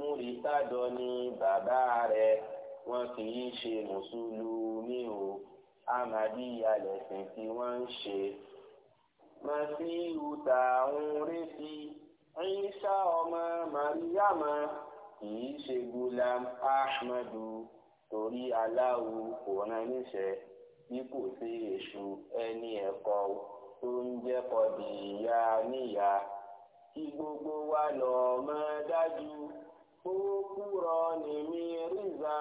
múrítàdọ́ ni bàbá rẹ̀ wọ́n kì í ṣe mùsùlùmí o amadi lẹ̀sìn tí wọ́n ń ṣe. masihu tá à ń retí Ìsá ọmọ Màríyàmá kì í ṣe Gulam Ahmadu torí aláwo kò rán níṣẹ́ bí kò sí èṣù ẹni ẹ̀kọ́ tó ń jẹ́ kọ́dìyà níyà kí gbogbo wa lọ́ọ́ mọ̀ dájú kúrọ ní mírízà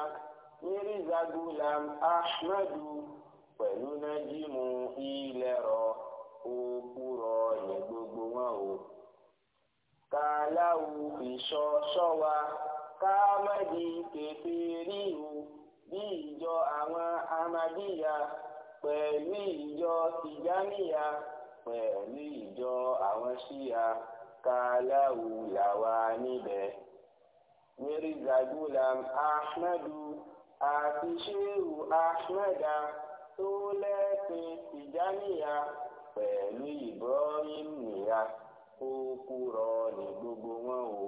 mírízà gulam ahmadu pẹ̀lú nájímù ilẹ̀rọ òkúrọ ní gbogbo wọn o. kàláwù ìṣọ ṣọwa káàmẹ́dì kẹfẹ́ríhù bí ìjọ àwọn amadíyà pẹ̀lú ìjọ tìjáníyà pẹ̀lú ìjọ àwọn ṣíyà kàláwù làwa níbẹ̀. mirza gulam ahmadu àti shehu ahmeda tó lẹ́sìn tìjáníyà pẹ̀lú ibrahim nìyà ó kúrọ ní gbogbo wọn o.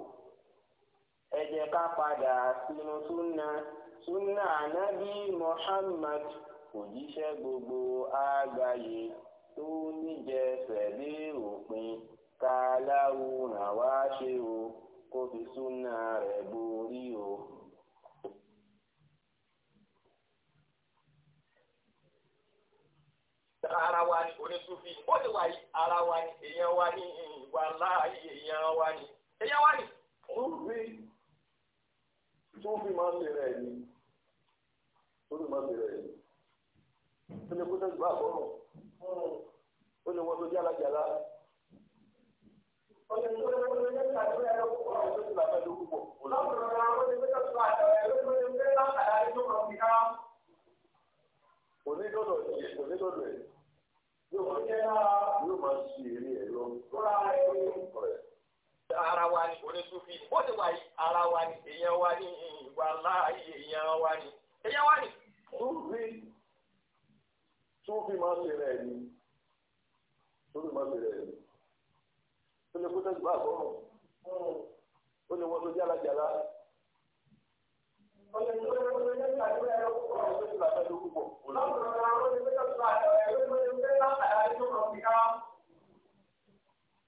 ẹ jẹ́ ká padà sínú súnà súnà muhammad òjíṣẹ́ gbogbo àgbáyé tó níjẹsẹ̀ dé òpin ká láwùrán wá o. kó fi súnà rẹ̀ borí o. ara wa ni onísùfì ó lè wà yí ara wa ni èèyàn wa ni ìwà èèyàn wa ni èèyàn wa ni. Súfì Súfì máa ń lè rẹ̀ ni Súfì máa ń lè rẹ̀ ni ó lè kó sẹ́yìn bá àbọ̀rọ̀ ó lè wọ́n tó jálajàla. ọ̀sẹ̀ tó lè wọ́n tó lè ṣàtúnyẹ̀wò bàbá ìlú púpọ̀. Olóòtú náà wọ́n ti fẹ́ sọ àjọ ẹ̀rọ tó ti fẹ́ látàdá ẹjọ́ kan fi ká. Onídọ́dọ̀ yìí, onídọ́dọ̀ yìí, yóò máa jẹ́ lára yóò máa ṣe eré lè kó tẹ́sí bá àgbọ̀rọ̀ ó ní wọ́n tó alájàlá.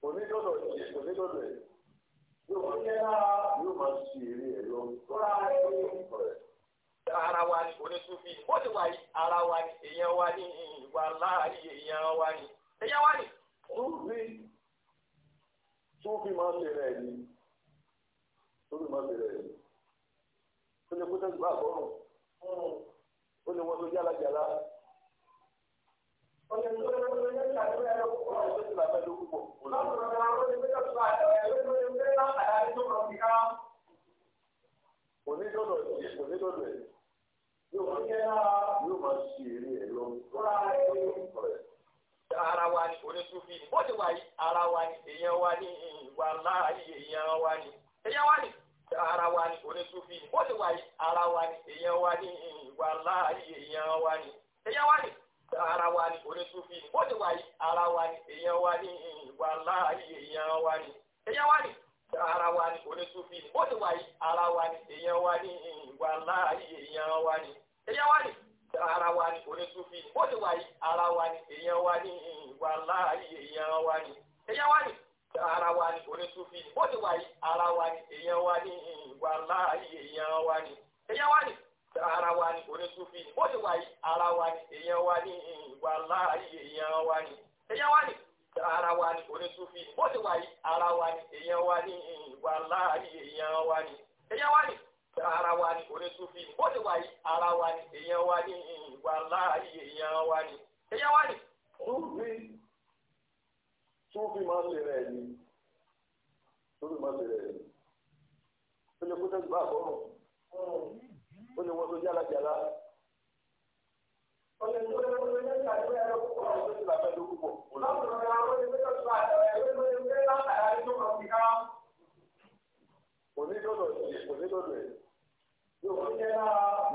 onídọ́dọ̀ yìí onídọ́dọ̀ yìí yóò máa ṣe eré ẹ̀ lọ. ara wa ni onítúbí ó ti wà yìí ara wa ni èèyàn wa ni ìwà láàyè èèyàn wa ni èèyàn wa ni. túbí túbí máa ń ṣe rẹ̀ yìí tó lè má bẹ̀rẹ̀ rẹ̀ ó lè kó tẹ́sí bá àbọ̀rùn ó lè wọ́n tó jálajàla. Ọ̀sẹ̀ tó lè wọ́n tó yẹ kí àdúrà ẹ̀rọ púpọ̀. Ọ̀sẹ̀ tó lè àbẹ̀lẹ̀ púpọ̀. Láti ọ̀dọ̀ àwọn olùgbé tó àtẹ̀wé lórí ẹgbẹ́ tó rọ̀ kíká. Onídọ̀dọ̀ ẹ̀ onídọ̀dọ̀ ẹ̀ yóò máa ṣe yóò máa ṣe eré ẹ̀ lọ. Ara wa ni onísùnfì, bó ti wà yí, ara wa ni, èèyàn wa ni, ìwà láàyè èèyàn wa ni èèyàn wá ní ara wa ni onísùfì ni ó lè wà ní ara wa ni èèyàn wá ní ìwà láàyè èèyàn wá ní èèyàn wá ní ara wa ni onísùfì ni ó lè wà ní ara wa ni èèyàn wá ní ìwà láàyè èèyàn wá ní èèyàn wá ní ara wa ni onísùfì ni ó lè wà ní ara wa ni èèyàn wá ní ìwà láàyè èèyàn wá ní èèyàn wá ní ara wa ni onísùfì ni ó lè wà ní ara wa ni èèyàn wá ní ìwà láàyè èèyàn wá ní èèyàn wá ní ara wa ni onísùfì ni bó ti wà yìí ara wa ni èèyàn wa ni ìwà láàyè èèyàn wa ni èèyàn wa ni ara wa ni onísùfì ni bó ti wà yìí ara wa ni èèyàn wa ni ìwà láàyè èèyàn wa ni èèyàn wa ni ara wa ni onísùfì bó ti wà yìí ara wa ni èèyàn wa ni ìwà láàyè èèyàn wa ni èèyàn wa ni ara wa ni onísùfì bó ti wà yìí ara wa ni èèyàn wa ni ìwà láàyè èèyàn wa ni èèyàn wa ni tó fi máa ń lè rẹ̀ ni tó fi máa ń lè rẹ̀ ni ó lè kó tẹ́sí bá àbọ̀rùn ó lè wọ́n tó jálajàla. Ọ̀sẹ̀ tó lè wọ́n tó ẹ̀ yóò fi jẹ́ náà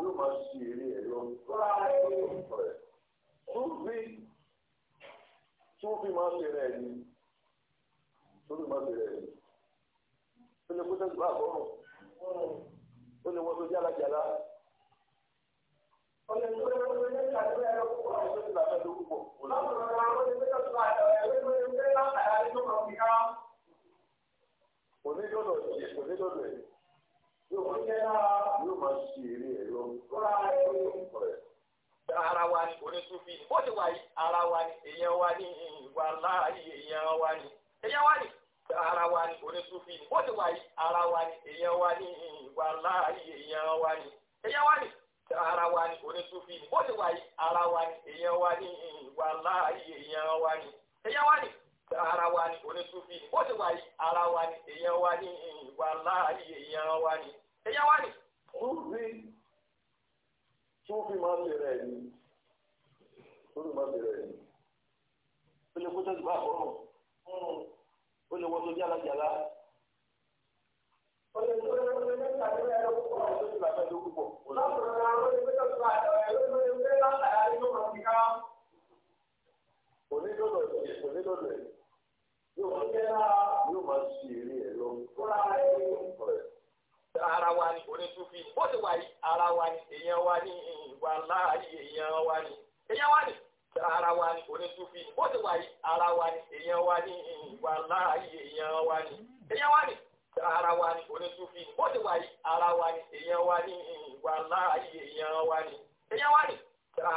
yóò máa ṣe eré ẹ̀ lọ. Tó fi tó fi máa ṣe rẹ̀ ni lórí mọ́tò rẹ̀ ó lè kó sẹ́gbẹ́ àbọ̀rùn ó lè wọ́n tó jálajàla. ọ̀nà ìgbẹ́ wọn ló ní ìgbàgbé ẹ̀rọ púpọ̀ ọ̀nà ìgbẹ́ ìgbàgbé ẹ̀rọ púpọ̀ ọ̀nà ìgbẹ́ ìgbàgbé ẹ̀rọ púpọ̀ òní yóò lọ sí òní yóò lọ sí yóò máa ṣe yóò máa ṣe eré ẹ lọ. ara wa ni onítúbí bó ti wà yìí ara wa ni èèyàn wa ni ìwà láàyè èèyàn wa ni èèyàn wa ni. ara wa ni sufi ni bóde wà yìí ara wa ni èèyàn wa ni ìwà láàyè wa ni èèyàn wa ni ara wa ni onísùfì ni bóde wà yìí ara wa ni èèyàn wa ni ìwà láàyè wa ni èèyàn wa ni ara wa ni onísùfì ni bóde wà ara wa ni wa ni ó lè wọ́n tó jálajàlá. ó lè tó lè tó lè nígbà púpọ̀. ó tó lè tó lè púpọ̀. lọ́sọ̀rọ̀ náà ó lè tó lè tó lè pé látàrí ló kàn sí ká. kò ẹ̀ kò ẹ̀ yóò máa ṣe yóò máa ṣe eré ẹ̀ lọ. kóra ẹ̀ ara wa ni onítúfi bó ti wà yìí ara wa ni èèyàn wa ni ìwà láàyè èèyàn wa ni èèyàn wa ni ara wa ni onísúfì ó ti wà yí ara wa ni èèyàn wa ni ìwà láàyè èèyàn wa ni èèyàn wa ni ara wa ni onísúfì ó ti wà yí ara wa ni èèyàn wa ni ìwà láàyè èèyàn wa ni èèyàn wa ni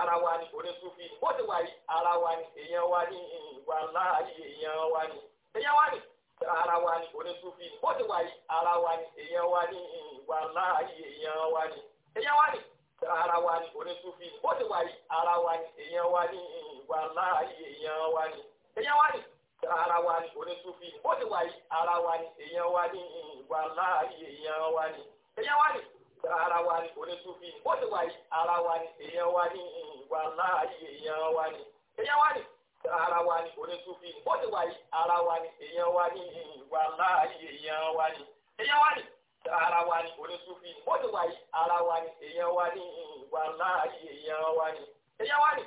ara wa ni onísúfì ó ti wà yí ara wa ni èèyàn wa ni ìwà láàyè èèyàn wa ni èèyàn wa ni ara wa ni onísúfì ó ti wà yí ara wa ni èèyàn wa ni ìwà láàyè èèyàn wa ni èèyàn wa ni ara wa ni onísùfì bó ti wà yìí ara wa ni èèyàn wa ni ìwà láàyè èèyàn wa ni èèyàn wa ni ara wa ni onísùfì bó ti wà yìí ara wa ni èèyàn wa ni ìwà láàyè èèyàn wa ni èèyàn wa ni ara wa ni onísùfì bó ti wà yìí ara wa ni èèyàn wa ni ìwà láàyè èèyàn wa ni èèyàn wa ni ara wa ni onísùfì bó ti wà yìí ara wa ni èèyàn wa ni ìwà láàyè èèyàn wa ni èèyàn wa ni ara wa ni onísùfì ni bó ti wà yìí ara wa ni èèyàn wa ni ìwà láàyè èèyàn wa ni èèyàn wa ni.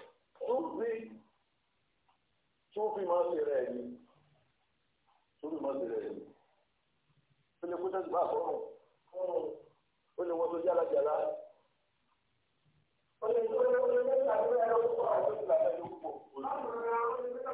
ó rí sófin máa ń lè rẹ̀ ni sófin máa ń lè rẹ̀ ni ó lè kó sẹ́sì bá a sọ̀rọ̀ ó lè wọ́n tó jálá jálá. ó lè tó lè wọ́n tó jálá jálá ó kọ́ àwọn tó ti là bẹ́ẹ̀ ló pọ̀. láti rẹ̀ ó lè tó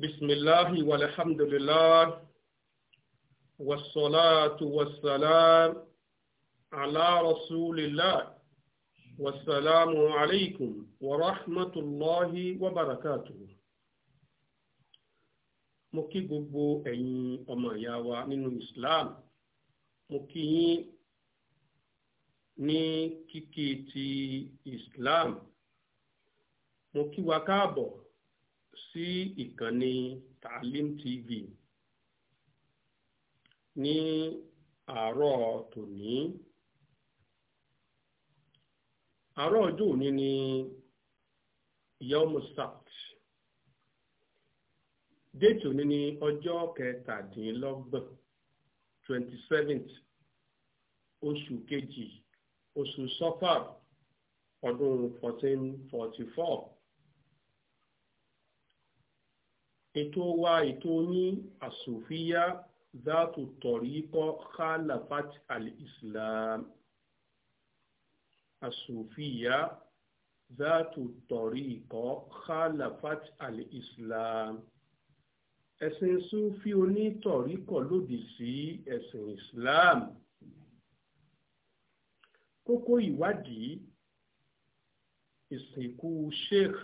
بسم الله والحمد لله والصلاة والسلام على رسول الله والسلام عليكم ورحمة الله وبركاته mo kí gbogbo ẹ̀yin ọmọ ìyá wa nínú Islam mo kí yín ní kíkí ti Islam mo kí wa káàbọ̀ sí ìkànnì Taalim TV ní àárọ̀ tòní àárọ̀ ọjọ́ òní ni yomusat déètì òní ni ọjọ́ kẹtàdínlọ́gbọ̀n twenty seventh oṣù kejì oṣù sọfà ọdún fourteen ètò wa ètò ní àsòfíà dátù tọ̀ríkọ́ khalafat al-islam àsòfíà dátù tọ̀ríkọ́ khalafat al-islam ẹ̀sìn súfí onítọ̀ríkọ̀ lòdì sí ẹ̀sìn islam kókó ìwádìí ìsìnkú sheikh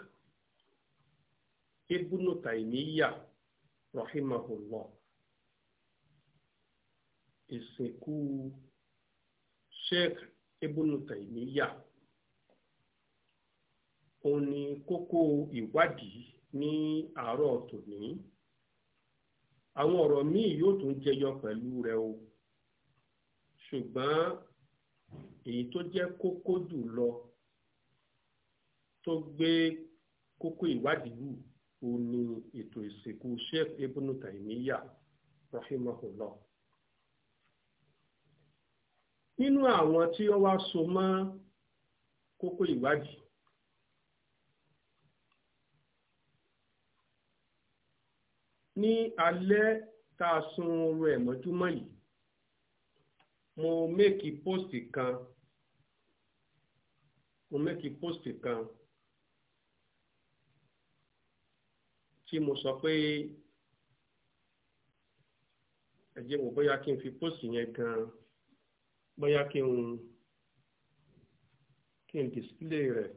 ibùnú tàìmíyà rahimahullah ìsìnkú sheikh ibùnú tàìmíyà òun ni kókó ìwádìí ní àárọ̀ tòní àwọn ọ̀rọ̀ míì yóò tún jẹyọ pẹ̀lú rẹ o ṣùgbọ́n èyí tó jẹ́ kókó jù lọ tó gbé kókó ìwádìí wù ó ní ètò ìsìnkú Sheikh Ibn Taymiyyah rahimahullah nínú àwọn tí ó wá so mọ́ kókó ìwádìí ní alẹ́ tá a sun oorun ẹ̀ yìí mo mẹ́kì póòsì kan mo mẹ́kì póòsì kan. tí mo sọ pé ẹ jẹ́ wò bóyá kí n fi póòsì yẹn gan bóyá kí n kí n display rẹ̀.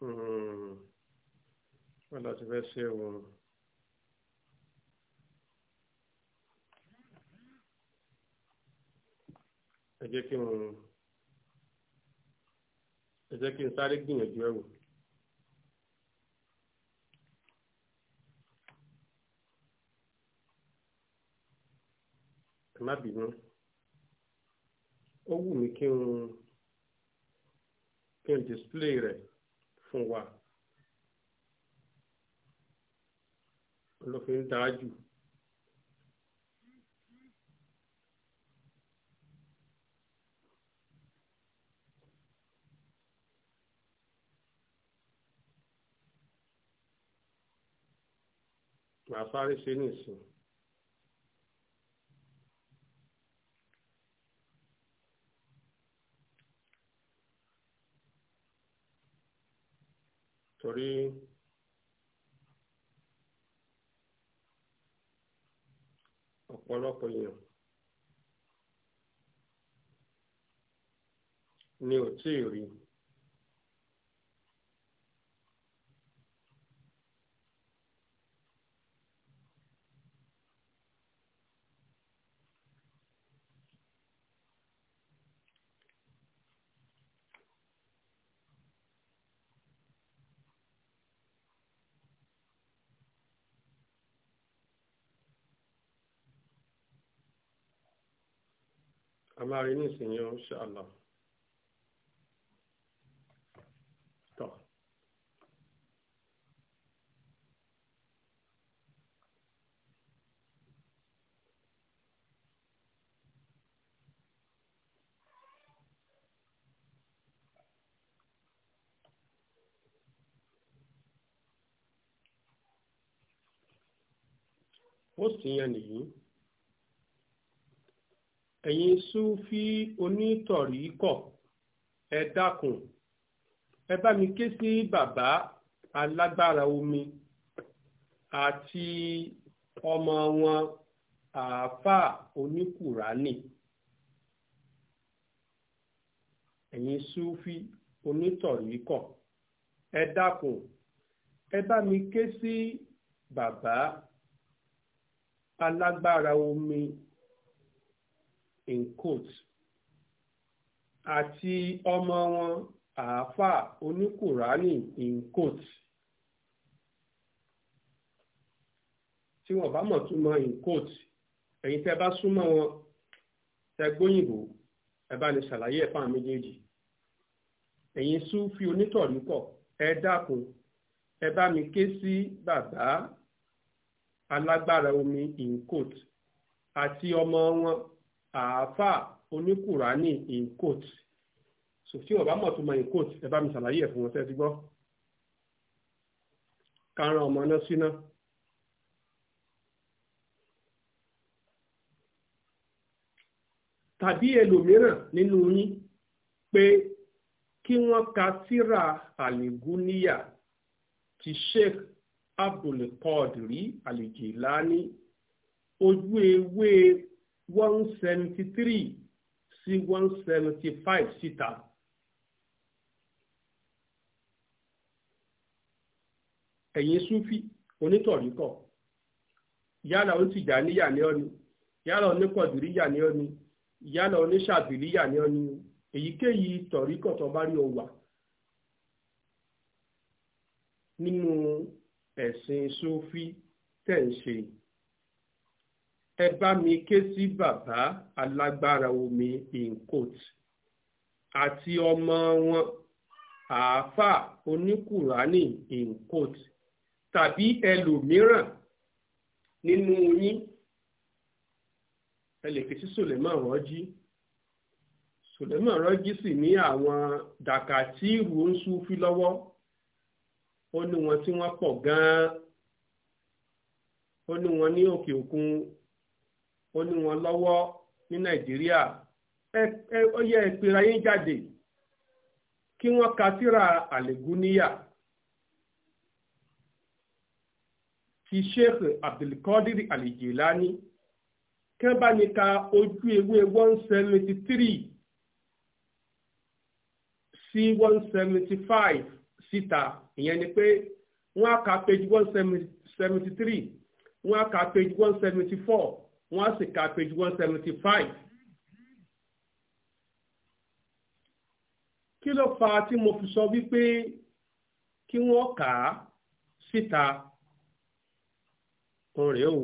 Hmm. Wọ́n láti fẹ́ ṣe òun. Ẹ jẹ́ kí n ẹ jẹ́ kí n sáré gbìyànjú ẹ̀wò. ẹ má bínú ó wù mí kí n kí n display rẹ̀ fún wa ndị ndị dáa jù. màá sáré ṣe ní ìsìn. torí ọ̀pọ̀lọpọ̀ èèyàn ni ò tí rí i. máa rí ní ìsinyìí ó ṣàlọ. tọ́ ó sì yẹn ẹ̀yin súfí onítọ̀rí kọ̀ ẹ dákun ẹ bá mi ké sí bàbá alágbára omi àti ọmọ wọn àáfàá oníkùránì ẹ̀yin súfí onítọ̀rí kọ̀ ẹ dákun ẹ bá mi ké sí bàbá alágbára omi in quotes àti ọmọ wọn àáfàá oníkùránì in quotes tí wọn bá mọ̀ túmọ̀ in quotes ẹ̀yin tẹ́ bá súnmọ́ wọn tẹ́ gbóyìnbó ẹ bá ní ṣàlàyé ẹ̀fà méjèèjì ẹ̀yin súnfì onítọ̀ríkọ̀ ẹ dákun ẹ bá mi ké sí bàbá alágbára omi in quotes àti ọmọ wọn àáfàá oníkùránì in court so tí ọba mọ̀ tó mọ in court ẹ bá mi ṣàlàyé ẹ̀ fún wọn tẹ́tí gbọ́ kárán ọmọ náà síná. tàbí ẹlòmíràn nínú yín pé kí wọ́n ka síra àlìgúníyà ti sheikh abdulkadir alijilani ojú ewé one seventy three sí one seventy five síta. ẹ̀yin súfì onítọ̀ríkọ̀ yálà onítìjàníyà ni ọ́ ni yálà oníkọ̀dìríyà ni ọ́ ni yálà oníṣàbìríyà ni ọ́ ni èyíkéyìí tọ̀ríkọ̀ tó bá rí ọ wà nínú ẹ̀sìn súfì tẹ̀ ń ṣe ẹ bá mi ké sí bàbá alágbára omi incoat àti ọmọ wọn àáfàá oníkùránì incoat tàbí ẹlòmíràn nínú yín ẹ lè ké sí Suleiman Rọ́jí Suleiman Rọ́jí sì ní àwọn dàkàtìrù ń súnfí lọ́wọ́ ó ní wọn tí wọ́n pọ̀ gan-an ó ní wọn ní òkè òkun onu ní wọn lọ́wọ́ ní nàìjíríà ó yẹ ìpera yín jáde kí wọ́n ka síra àlègúníyà ti sheikh abdulkadir alijilani kẹ́ ka ojú ewé one seventy three sí one seventy five síta ìyẹn ni pé ka page one seventy ka page one wọ́n sì ka page one seventy five. kí ló fa tí mo fi sọ wípé kí wọ́n kà á síta ọ̀rẹ́ o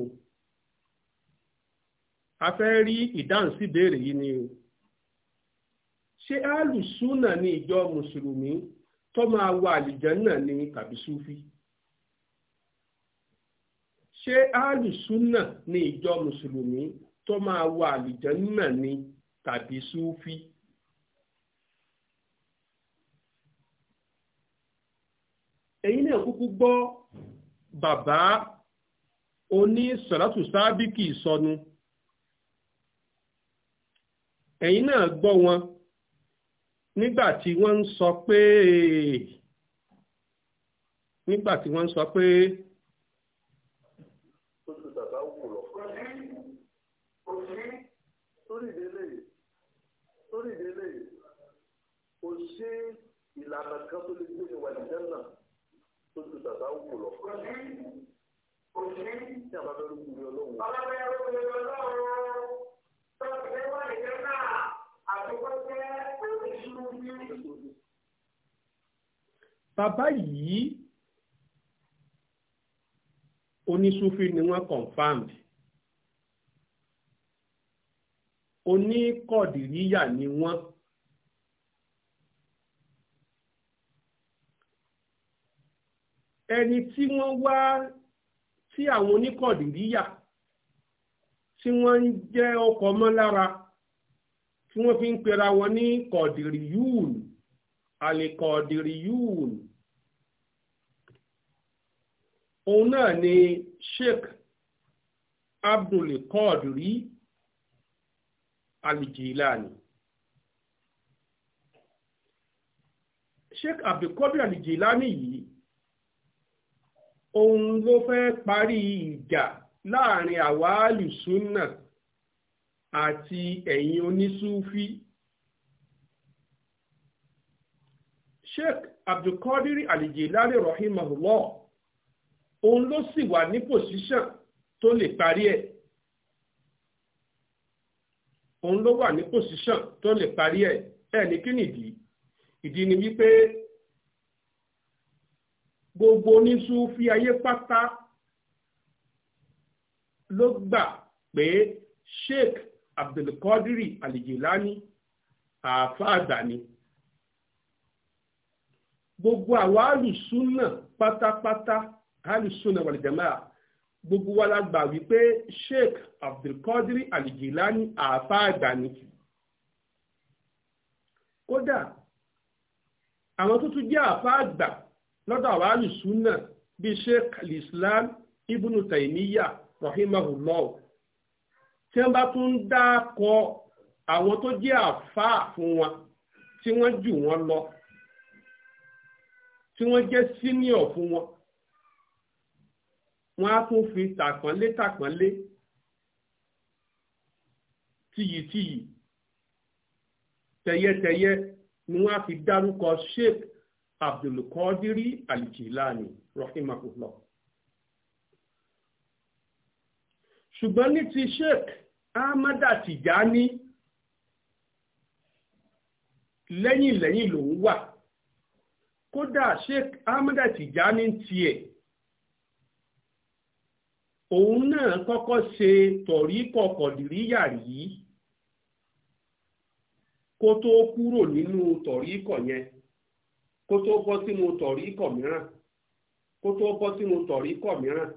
a fẹ́ rí ìdáhùn sí ìbéèrè yìí ni o ṣé alùsùnà ní ìjọ mùsùlùmí tó máa wọ àlìjànnà ní tàbí súfì. ṣé alùsùnà ní ìjọ mùsùlùmí tó máa wọ àlùjànnà ni tàbí súfì. èyí náà kúkú gbọ́ bàbá oní sọ̀látù sábìkì sọnù èyí náà gbọ́ wọn nígbà tí wọ́n ń sọ pé nígbà tí wọ́n ń sọ pé. ṣe ìlànà kan tó lè gbé ìwà ìjẹ́nà tó ju tàbá wù lọ. ní àbábẹ́ ló kúrò ọlọ́run. ọlọ́run ẹ̀rọ kúrò ọlọ́run tó ti lé wà àtúkọ́ jẹ́ oníṣúrú bí. bàbá yìí oníṣúfì ni wọ́n confirmed oníkọ̀dìríyà ni wọ́n. ẹni tí wọ́n wá tí àwọn oníkọ̀dìríyà tí wọ́n ń jẹ́ ọkọ̀ mọ́ lára tí wọ́n fi ń pera wọn ní kọ̀dìríyùn àlèkọ̀dìríyùn òun náà ni Sheikh Abdul Qadiri Al-Jilani Sheikh Abdul Qadiri Al-Jilani yìí òun ló fẹ́ parí ìjà láàrin àwáàlù súnà àti ẹ̀yin onísúfí. Sheikh Abdulkadir Alijilari rahimahullah òun ló sì wà ní pòsíṣàn tó lè parí ẹ̀ òun ló wà ní pòsíṣàn tó lè parí ẹ̀ ẹ̀ ní kí nìdí ìdí ni wípé gbogbo onísúfí ayé pátá ló gbà pé Sheikh Abdulkadiri Alijilani àáfà àgbà ni gbogbo àwa alùsúnà pátápátá alùsúnà wàlìjàmá gbogbo wa la gbà wípé Sheikh Abdulkadiri Alijilani àáfà àgbà ni kódà àwọn tó tún jẹ́ àáfà lọ́dọ̀ àwọn alùsùnà bíi sheikh al-islam ibn taymiya rahimahullah tí wọ́n bá tún ń dákọ àwọn tó jẹ́ àfáà fún wọn tí wọ́n jù wọ́n lọ tí wọ́n jẹ́ senior fún wọn wọ́n á tún fi tàpọ́nlé tàpọ́nlé tìyìtìyì tẹ̀yẹtẹ̀yẹ ni wọ́n á fi dárúkọ sheikh Abdul abdulkadiri alijilani rahimahullah ṣùgbọ́n ní ti sheikh ahmada tijani lẹ́yìn lẹ́yìn lòun wà kódà sheikh ahmada tijani tiẹ̀ òun náà kọ́kọ́ ṣe tọ̀rí kọkọ̀dìríyà yìí kó tó kúrò nínú tọ̀ríkọ̀ yẹn kó tó bọ́ sínú tọ̀rí kọ̀ mìíràn kó tó bọ́ sínú tọ̀rí kọ̀ mìíràn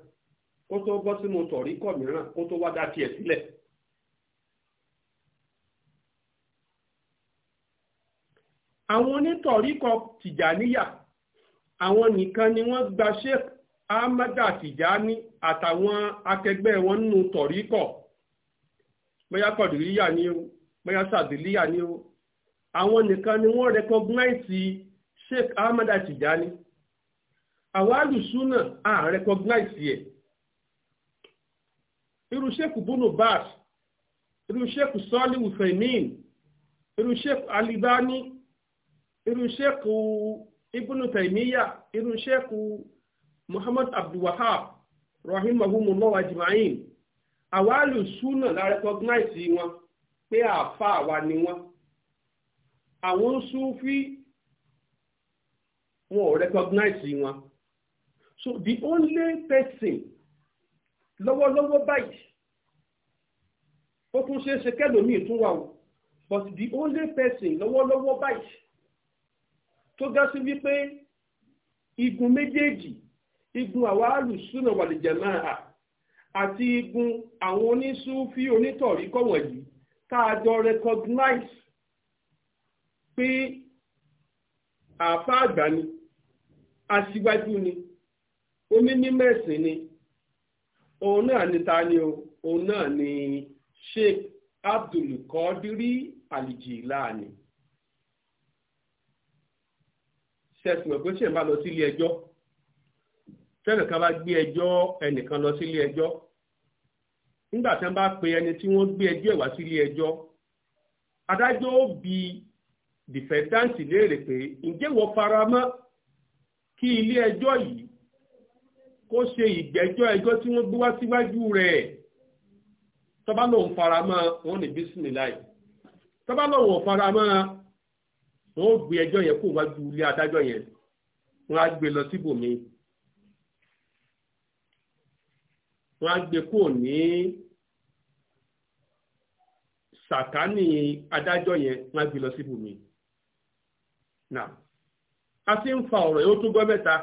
kó tó bọ́ àwọn nìkan ni wọ́n gba sheikh ahmada ní àtàwọn akẹgbẹ́ wọn nínú tọ̀ríkọ bóyá ni o bóyá sàdìlíyà ni o àwọn Sheikh Ahmed Atijani àwọn alùsùnà à recognize yẹ irú Sheikh Bono Bass irú Sheikh Sọ́lí Wùfẹ̀mín irú Sheikh Alibani irú Sheikh Ibn Taymiyyah irú Sheikh Muhammad Abdulwahab rahimahumullah ajma'in àwọn alùsùnà la recognize wọn pé àfa àwa ni wọn àwọn Sufi wọn ò recognize wọn so the only person lọ́wọ́lọ́wọ́ báyìí ó tún ṣe é ṣe kẹ́lòmíì tún wà o but the only person lọ́wọ́lọ́wọ́ báyìí tó dá sí wípé igun méjèèjì igun àwa alùsùnà wàlìjàmáà àti igun àwọn onísúfí onítọ̀ríkọ̀ wọ̀nyí tá a jọ recognize pé àáfàá àgbà ni aṣíwájú ni onímọ̀ ẹ̀sìn ni òun náà ni ta ni o òun náà ni Sheikh Abdul Qadiri Alijilani sẹ́sìn ọ̀pẹ́ ṣe máa lọ sí ilé ẹjọ́ tẹ́nìkan bá gbé ẹjọ́ ẹnìkan lọ sí ilé ẹjọ́ nígbà tí wọ́n bá pe ẹni tí wọ́n gbé ẹjọ́ ẹ̀wá sí ẹjọ́ adájọ́ ó bi dìfẹ́dáǹtì léèrè pé ǹjẹ́ wọ́n fara mọ́ kí ilé ẹjọ́ yìí kó ṣe ìgbẹ́jọ́ ẹjọ́ tí wọ́n gbé wá síwájú rẹ̀ tọ́ba lòun fara mọ́ wọn ní bísímìláì tọ́ba lòun ò fara mọ́ wọn ó gbé ẹjọ́ yẹn kó wájú ilé adájọ́ yẹn wọn á gbé lọ síbòmí wọn á gbé kó ní sàkání adájọ́ yẹn wọn á gbé lọ síbòmí náà a ti ń fa ọ̀rọ̀ yóò tó gbọ́ mẹ́ta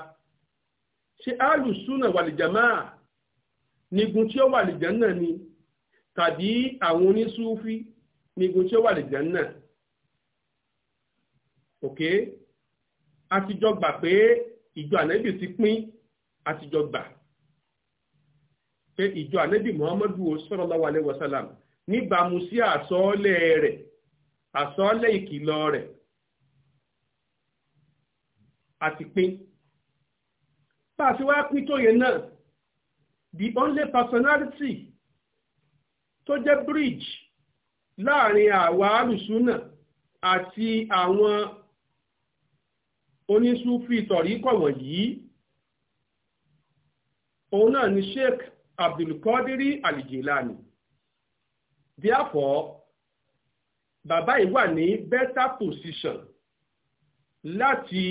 ṣé alùsùnà wàlìjàmá nígun tí ó wàlìjàn náà ni tàbí àwọn onísúfí nígun tí ó wàlìjàn náà ok a ti jọ gbà pé ìjọ ànẹ́bì ti pín a gbà pé ìjọ ànẹ́bì muhammadu sallallahu alaihi wasallam níbàámu sí àsọọ́lẹ̀ rẹ̀ àsọọ́lẹ̀ ìkìlọ̀ rẹ̀ àti pín bá a ṣe wá pín tó yẹn náà the only personality tó jẹ́ bridge láàrin àwa alùsùnà àti àwọn onísúfì tọ̀ríkọ̀ wọ̀nyí òun náà ni Sheikh Abdulkadiri Alijilani therefore bàbá yìí wà ní better position láti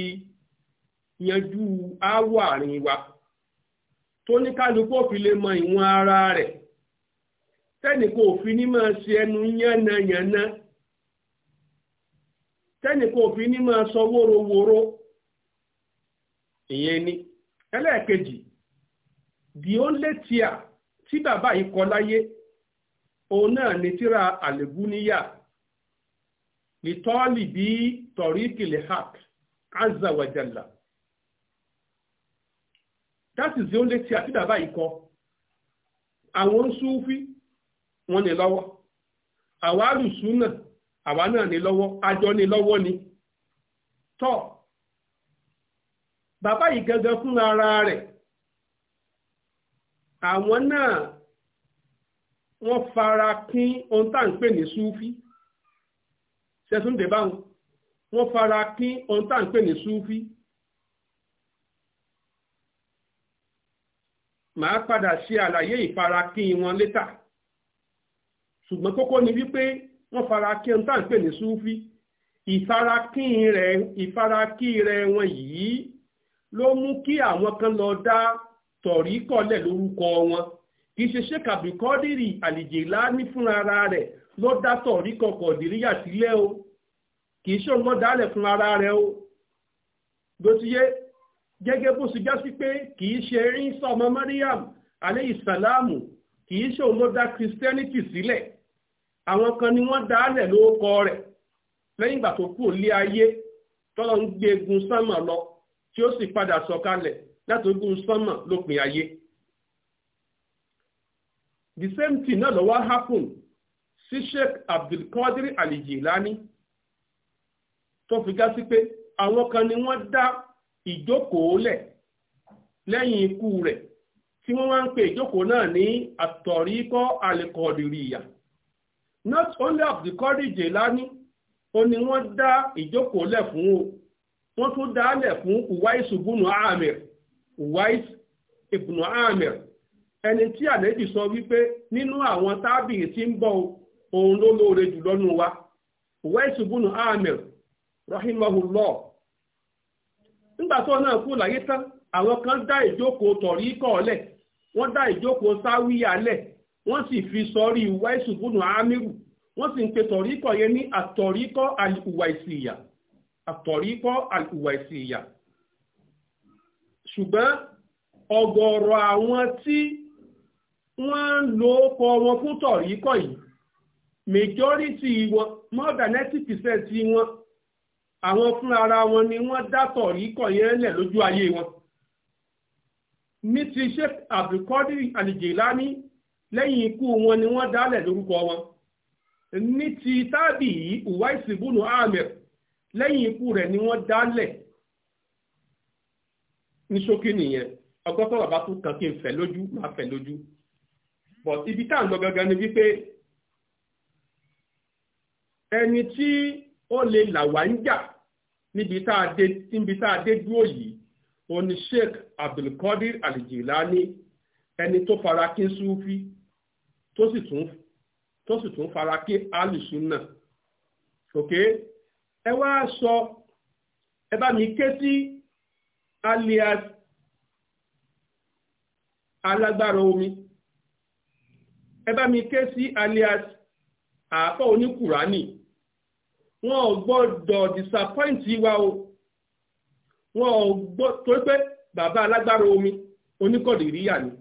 yanjú áwọ̀ àárín wa tó ní kálukú òfin lè mọ ìwọ̀n ara rẹ̀ tẹ́nìkan òfin ní máa ṣe ẹnu yánnayànna tẹ́nìkan òfin ní máa sọ wóróworó ìyẹn ni ẹlẹ́ẹ̀kejì the only tí bàbá yìí kọ láyé òun náà tíra bíi hàk that is the only tí àtìdá báyìí kọ àwọn Súfí wọn ní lọ́wọ́ àwa àlùsúnà àwa náà ní lọ́wọ́ àjọ ní lọ́wọ́ ni tọ́ bàbá yìí gangan fún ara rẹ̀ àwọn náà wọ́n fara kín ohun tá à ń pè ní Súfí ṣẹ́túndé báwọn wọ́n fara kín ohun tá à ń pè ní Súfí. màá padà ṣe àlàyé ìfarakín wọn létà ṣùgbọ́n kókó ni wípé wọ́n farakín ohun tá à ń pè ní súfí ìfarakín rẹ̀ ìfarakín rẹ̀ wọn yìí ló mú kí àwọn kan lọ dá tọ̀rí kọ́lẹ̀ lórúkọ wọn kì í ṣe ṣé kàbíkọ́dìrì àlìjèlá ní fúnra rẹ̀ ló dá tọ̀rí kọkọ̀ dìríyà sílẹ̀ o kì í ṣe òun dálẹ̀ fúnra rẹ̀ o gbòtíyé gẹ́gẹ́ bó ṣe já sí pé kì í ṣe Ìsá ọmọ Mariam aleyhi salamu kì í ṣe òun ló dá Christianity sílẹ̀ àwọn kan ni wọ́n dá lẹ̀ lórúkọ rẹ̀ lẹ́yìn ìgbà tó kú òlé ayé tọ́lọ́ ń gbé egun sánmà lọ tí ó sì padà sọ̀kalẹ̀ láti ogun sánmà lópin ayé the same thing náà ló wá happen sí Sheikh Abdulkadir Alijilani tó fi gá sí pé àwọn kan ni wọ́n dá ìjókòólẹ̀ lẹ́yìn ikú rẹ̀ tí wọ́n wá ń pe ìjókòó náà ní àtọ̀ríkọ́ àlekọ̀dìríyà not only of the courage lani ó ní wọ́n dá ìjókòólẹ̀ fún o wọ́n tún dálẹ̀ fún uwais ibùnú amir uwais ibùnú amir ẹni tí àlejò sọ wípé nínú àwọn tábìlì tí ń bọ̀ òun ló lóore jùlọ nù wa uwais ibùnú amir rahimahullah nígbà tó náà kú láyé tán àwọn kan dá ìjókòó tọ̀rí kọ̀ọ̀lẹ̀ wọ́n dá ìjókòó sáwíyà lẹ̀ wọ́n sì fi sọ́rí wáìsù bùnú àmírù wọ́n sì ń pe tọ̀ríkọ̀ yẹn ní àtọ̀ríkọ̀ àlùwà ìsìyà àtọ̀ríkọ̀ àlùwà ìsìyà ṣùgbọ́n ọ̀gọ̀ọ̀rọ̀ àwọn tí wọ́n ń lo ọkọ̀ wọn fún tọ̀ríkọ̀ yìí majority wọn more than ninety percent wọn àwọn fúnra ara wọn ni wọ́n dátọ̀ yíkọ̀ yẹn lẹ̀ lójú ayé wọn ní ti Sheikh Abdulkadir Al-Jilani lẹ́yìn ikú wọn ni wọ́n dálẹ̀ lórúkọ wọn ní ti tábì yìí Uwais ibn Amir lẹ́yìn ikú rẹ̀ ni wọ́n dálẹ̀ ní ṣókí nìyẹn ọgọ́tọ̀ bàbá tó kàn kí n fẹ̀ lójú máa fẹ̀ lójú but ibi tá à ń lọ gangan ni wípé ẹni tí ó lè là ń jà níbi tá a dé níbi yìí òun ni Sheikh Abdulkadir Alijilani ẹni tó fara kí Sufi tó sì tún tó sì tún fara kí Alusunna ok ẹ wá sọ ẹ bá mi ké sí alias alágbára omi ẹ bá mi ké sí alias àáfà oníkùránì wọn ò gbọ́dọ̀ disappoint wa o wọn ò gbọ torí pé bàbá alágbára omi oníkọ̀dìríyà ni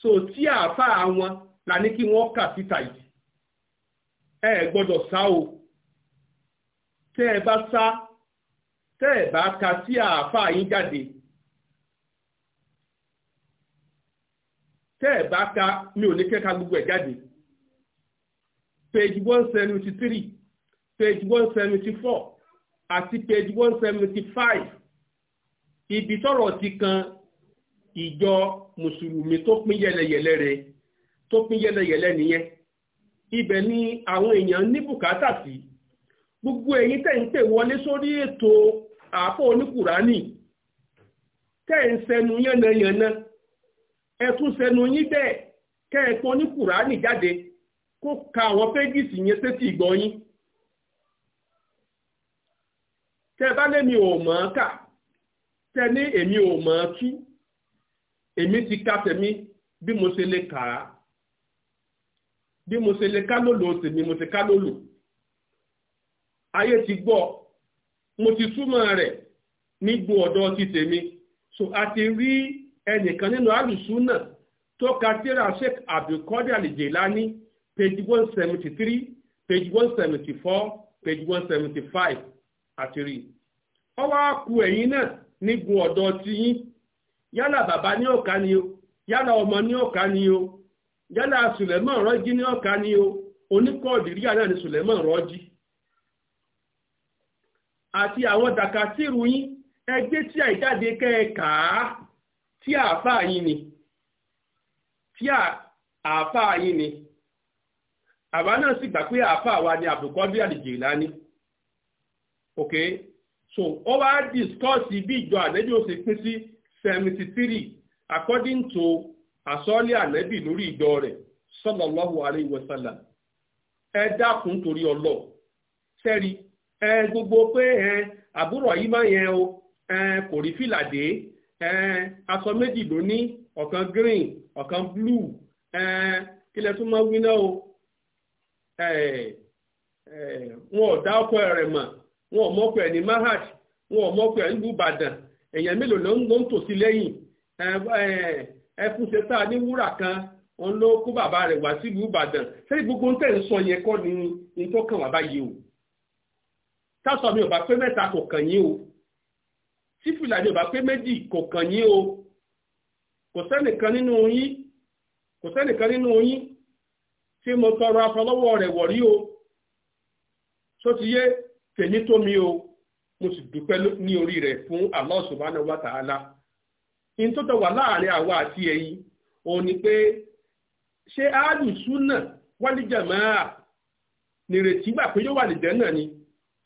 so tí àáfàá wọn la ní kí wọ́n kà síta yìí ẹ gbọdọ sá o tẹ ẹ bá sá tẹ́ ẹ bá ka sí àáfàá yín jáde tẹ́ ẹ bá ka mi ò ní kẹ́ka gbogbo ẹ jáde page one seventy three. page one seventy four àti page one seventy five ibi tọ́rọ̀ ti kan ìjọ mùsùlùmí tó pín yẹlẹyẹlẹ rẹ̀ tó pín yẹlẹyẹlẹ nìyẹn ibẹ̀ ni àwọn èèyàn ní bùkátà sí gbogbo ẹ̀yin tẹ̀ ń pè wọlé sórí ètò àáfọ̀ oníkùránì tẹ̀ ń sẹnu yánnayànna ẹ tún sẹnu yín bẹ́ẹ̀ kẹ́ ẹ pọ̀ oníkùránì jáde kó ka àwọn péjìsì yẹn sétí ìgbọ́ yín tẹ́ bá lèmi ò mọ̀ ọ́n kà tẹ́ ní èmi ò mọ̀ ọ́n tú èmi ti ka tèmi bí mo ṣe lè kà á bí mo ṣe lè ká lòlò tèmi mo ti ká lòlò ayé ti gbọ́ mo ti túmọ̀ rẹ̀ nígbò ọ̀dọ̀ ti tèmi so a ti rí ẹnìkan nínú alùsùnà tó ka tíra Sheikh Abdulkadir al page one seventy three page one seventy four page one seventy five àti ọ wá ku ẹ̀yìn náà nígun ọ̀dọ̀ yín yálà bàbá ní ọ̀ka ni o yálà ọmọ ní ọ̀ka ni o yálà sùlẹ̀mọ̀ rọ́jí ní ọ̀ka ni o oníkọ̀ọ̀dìríà náà ni sùlẹ̀mọ̀ rọ́jí àti àwọn yín ẹgbẹ́ tí àìjáde tí àáfà yín ni tí àáfà yín ni náà sì gbà pé àáfà wa ni àbùkọ́ bí Ok, so ó wá discuss bí ìjọ alebi ó ṣe pín seventy three according to àsọ́lé alebi lórí ìjọ rẹ̀ sallallahu alayhi wa sallam ẹ dákun torí ọlọ sẹ́rí gbogbo pé ẹ àbúrò yìí máa o ẹ kò rí fìlà ẹ aṣọ méjì ló ní green ọ̀kan blue ẹ kílẹ̀ máa o ẹ ẹ wọn ọkọ rẹ̀ mọ̀ wọn ò mọ́kọ ẹ̀ ní mahaj wọn ò mọ́kọ ẹ̀ nílùú ìbàdàn èèyàn mélòó ló ń tò sí lẹ́yìn ẹfun ṣe tá a ní wúrà kan òun ló kó bàbá rẹ̀ wá sílùú ìbàdàn sẹ́yìn gbogbo ń tẹ̀ ń sọ yẹn kọ́ ni ní tó kàn wá báyìí o sásọ mi ò bá pé mẹ́ta kò kàn yín o sífìlà mi ò bá pé méjì kò kàn yín o kò sẹ́nìkan nínú yín kò sẹ́nìkan nínú yín tí mo tọrọ afọlọ́wọ́ rẹ̀ wọ̀ rí o sótìyé tèmi tó mi o mo sì dúpẹ́ ní orí rẹ̀ fún Allah subhanahu wa ta'ala in tó tọ̀ wà láàrin àwa àti ẹ̀yin òun ni pé ṣé alùsùnà wálìjàmáà nìrètí gbà pé yóò wà lìjẹ́ náà ni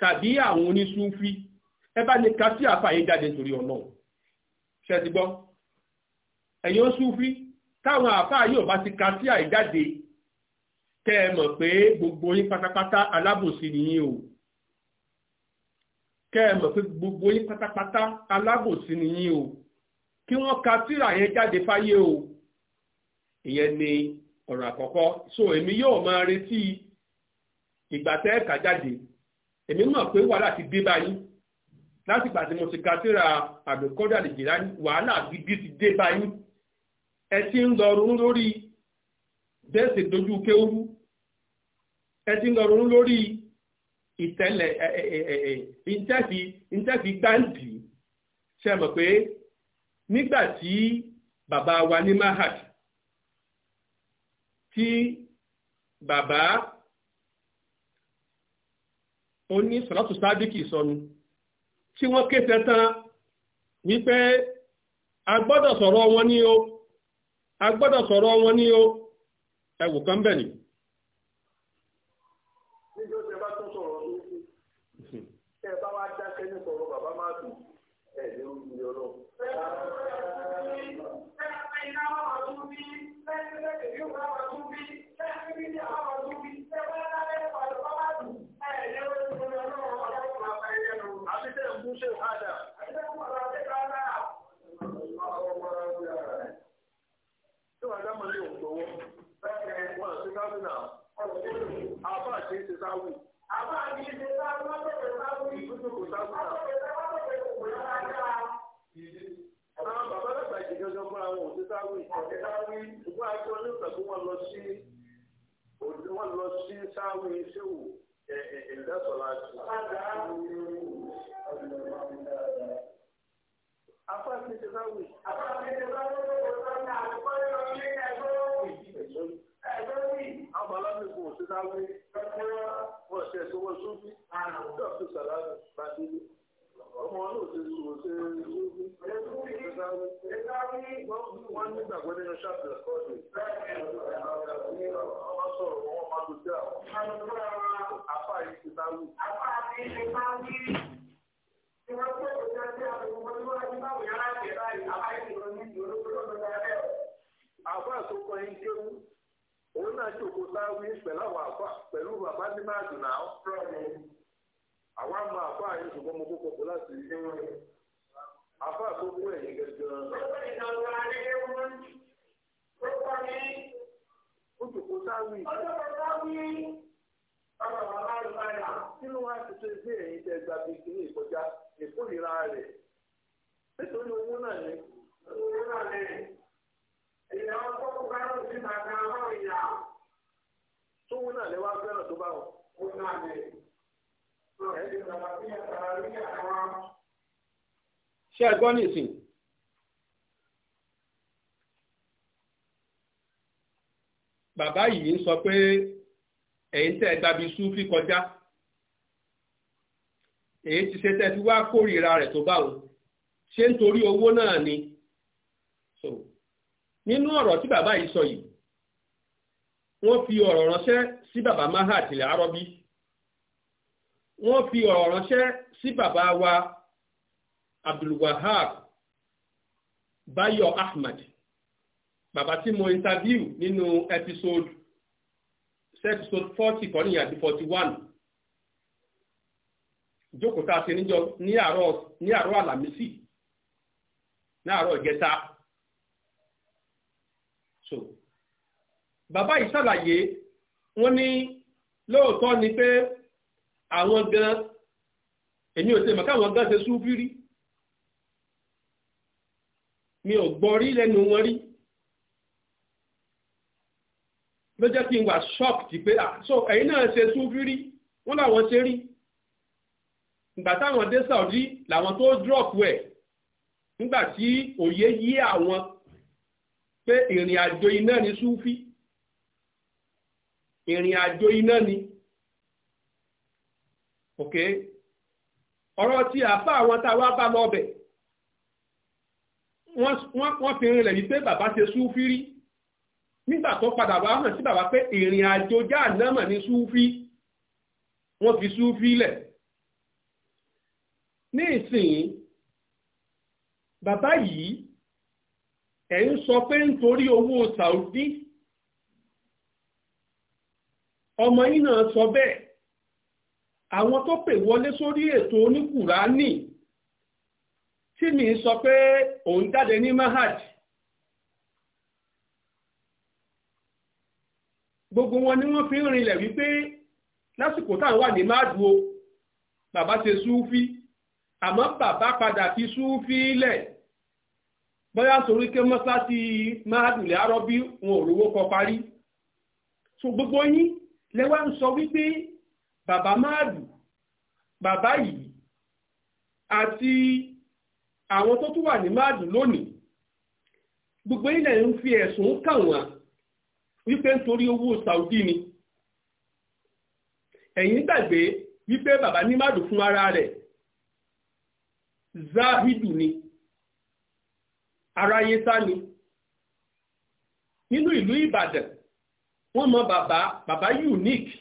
tàbí àwọn onísúfí ẹ bá ní ká sí àfààyè jáde nítorí ọlọ́run ṣe ti gbọ́ ẹ̀yin ó súfí táwọn àfààyè ò bá ti ká sí àìjáde kẹ́ ẹ mọ̀ pé gbogbo yín pátápátá alábòsí nìyí o kẹ́ ẹ mọ̀ pé gbogbo yín pátápátá alábòsí ni yín o kí wọ́n ka tírà yẹn jáde fáyé o ìyẹn ni ọ̀rọ̀ àkọ́kọ́ so èmi yóò máa retí ìgbà tẹ́ ẹ̀ka jáde èmi mọ̀ pé wàhálà ti dé báyìí láti ìgbà tí mo ti ka tírà àbẹ̀kọ́dà lè jìlá wàhálà gidi ti dé báyìí ẹ ti ń lọ ronú lórí bẹ́ẹ̀ sì dojú kéwú ẹ ti ń lọ ronú lórí ìtẹ́lẹ̀ ìtẹ́fi ìtẹ́fi gbáǹdì ṣe mọ̀ pé nígbà tí bàbá wa ní mahad tí bàbá oní sọ̀rọ̀tù sábíkì sọnù tí wọ́n ké tẹ́tán wípé a sọ̀rọ̀ wọn ní o a sọ̀rọ̀ wọn ní o ni sáwù. àbá mi ṣe sáwù lọ́sọ̀tẹ̀ sáwù. ìbùsùn kò sáwù náà. lọ́sọ̀tẹ̀ sáwù lọ́sọ̀tẹ̀ kò wọ́n dáadáa. àwọn bàbá lọ́sà ìṣe gangan fúnra wọn ò ti sáwù. ọ̀sẹ̀ sáwù. ṣùgbọ́n àjọ onígbà tó wọ́n lọ sí wọ́n lọ sí sáwù iṣẹ́wò ìdásọ̀lá Apá mi ti sáwù. Apá mi ti sáwù lọ́wọ́ sọ́nà àgbọ̀dọ̀ ní ẹgbẹ́ òwì. Ẹgbẹ́ òwì. Àwọn bàbá mi kò sí sáwù ṣe ìṣòwò sóbí dọ́ọ̀tù sàlámù bàdílé ọmọ náà ti sùn ṣe sóbí wọ́n nígbàgbọ́ nínú ṣáàpì ẹ̀kọ́ọ̀dì wọ́n sọ̀rọ̀ wọn máa lò sí àwọn apá yìí ti bá wù. na ṣòkò sáwí pẹ̀lú àwọn àfà pẹ̀lú bàbá ní máa dùn náà. ṣùgbọ́n mo kó kọ̀kọ́ láti ilé ẹ̀yìn gẹ́gẹ́ gan. ó ṣòkò sáwí. kiri wú náà lẹ́wọ́ fẹ́ràn tó bá wọn. ó náà lè ẹ̀ẹ́dì sọ̀rọ̀ ṣé ẹ gbọ́ bàbá yìí ń sọ pé ẹ̀yin tẹ́ ẹ gbàbí súfì kọjá èyí ti ṣe tẹ́ fi wá kórìíra rẹ̀ tó báwo ṣé nítorí owó náà ni. nínú ọ̀rọ̀ tí bàbá yìí sọ yìí wọ́n fi ọ̀rọ̀ ránṣẹ́ sí bàbá mahat lárọ́bí wọ́n fi ọ̀rọ̀ ránṣẹ́ sí bàbá wa abdulwahab bayo ahmed bàbá tí mo interview nínú episode episode forty kọ́ni àti forty one jókòó tá a ṣe níjọ ní bàbá yìí ṣàlàyé wọ́n ní lóòótọ́ ni pé àwọn gan èmi ò ṣe mọ̀ káwọn gan ṣe súfí rí mi ò gbọ́ rí lẹ́nu wọn rí ló jẹ́ kí n wà shocked pé ah, so ẹ̀yin náà ṣe súfí rí wọ́n làwọn ṣe rí ìgbà táwọn dé Saudi làwọn tó drop ẹ̀ nígbà tí òye yí àwọn pé ìrìn àjò iná ni súfí ìrìn àjò iná ni ok ọ̀rọ̀ tí àfa àwọn tá a wá bá lọ ọbẹ̀ wọ́n fi rinlẹ̀ wípé bàbá ṣe súfírí nígbà tó padà wá hàn sí bàbá pé ìrìn àjò jáànámà ní súfí wọ́n fi súfí lẹ̀ ní ìsìn bàbá yìí ẹ̀ ń sọ pé nítorí owó Saudi ọmọ yín náà sọ bẹ́ẹ̀ àwọn tó pè wọlé sórí ètò oníkùránì tí mi sọ pé òun jáde ní mahad gbogbo wọn ni wọ́n fi ń rinlẹ̀ wípé lásìkò táwọn wà ní máàdù o bàbá ṣe súúfí àmọ́ bàbá padà fi súúfí lẹ̀ bóyá torí ké mọ́sáàtì máàdù lè arọ́bí wọn ò rówó kọ parí so gbogbo yín lẹ́wà ń sọ wípé bàbá máàlù bàbá yìí àti àwọn tó tún wà ní máàlù lónìí gbogbo ilẹ̀ ń fi ẹ̀sùn kàn wọ́n wípé nítorí owó Saudi ni ẹ̀yin gbàgbé wípé bàbá ní máàlù fún ara rẹ̀ záhídù ni aráyé sá ni nínú ìlú Ìbàdàn wọ́n mọ bàbá bàbá unique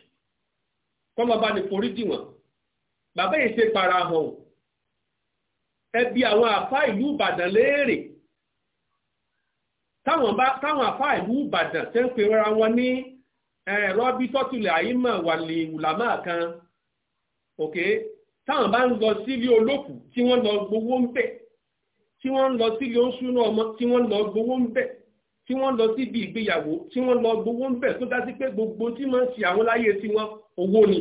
kọ́mọba ní forí dì wọ́n bàbá yìí ṣe para hàn o ẹbí àwọn àfá ìlú Ìbàdàn léèrè táwọn àfá ìlú Ìbàdàn ṣe ń pe ra wọn ní rọ́bí tọ́tulẹ̀ àyímọ̀ wàlẹ̀ ìwùlámà kan òkè táwọn bá ń lọ sílé olókù tí wọ́n lọ gbowó ń bẹ̀ tí wọ́n lọ sílé oṣù náà tí wọ́n lọ gbowó ń bẹ̀ tí wọ́n lọ síbi ìgbéyàwó tí wọ́n lọ gbowó ń bẹ̀ tó dá sí pé gbogbo tí máa ń ṣe àwọn láyé tí wọ́n owó ni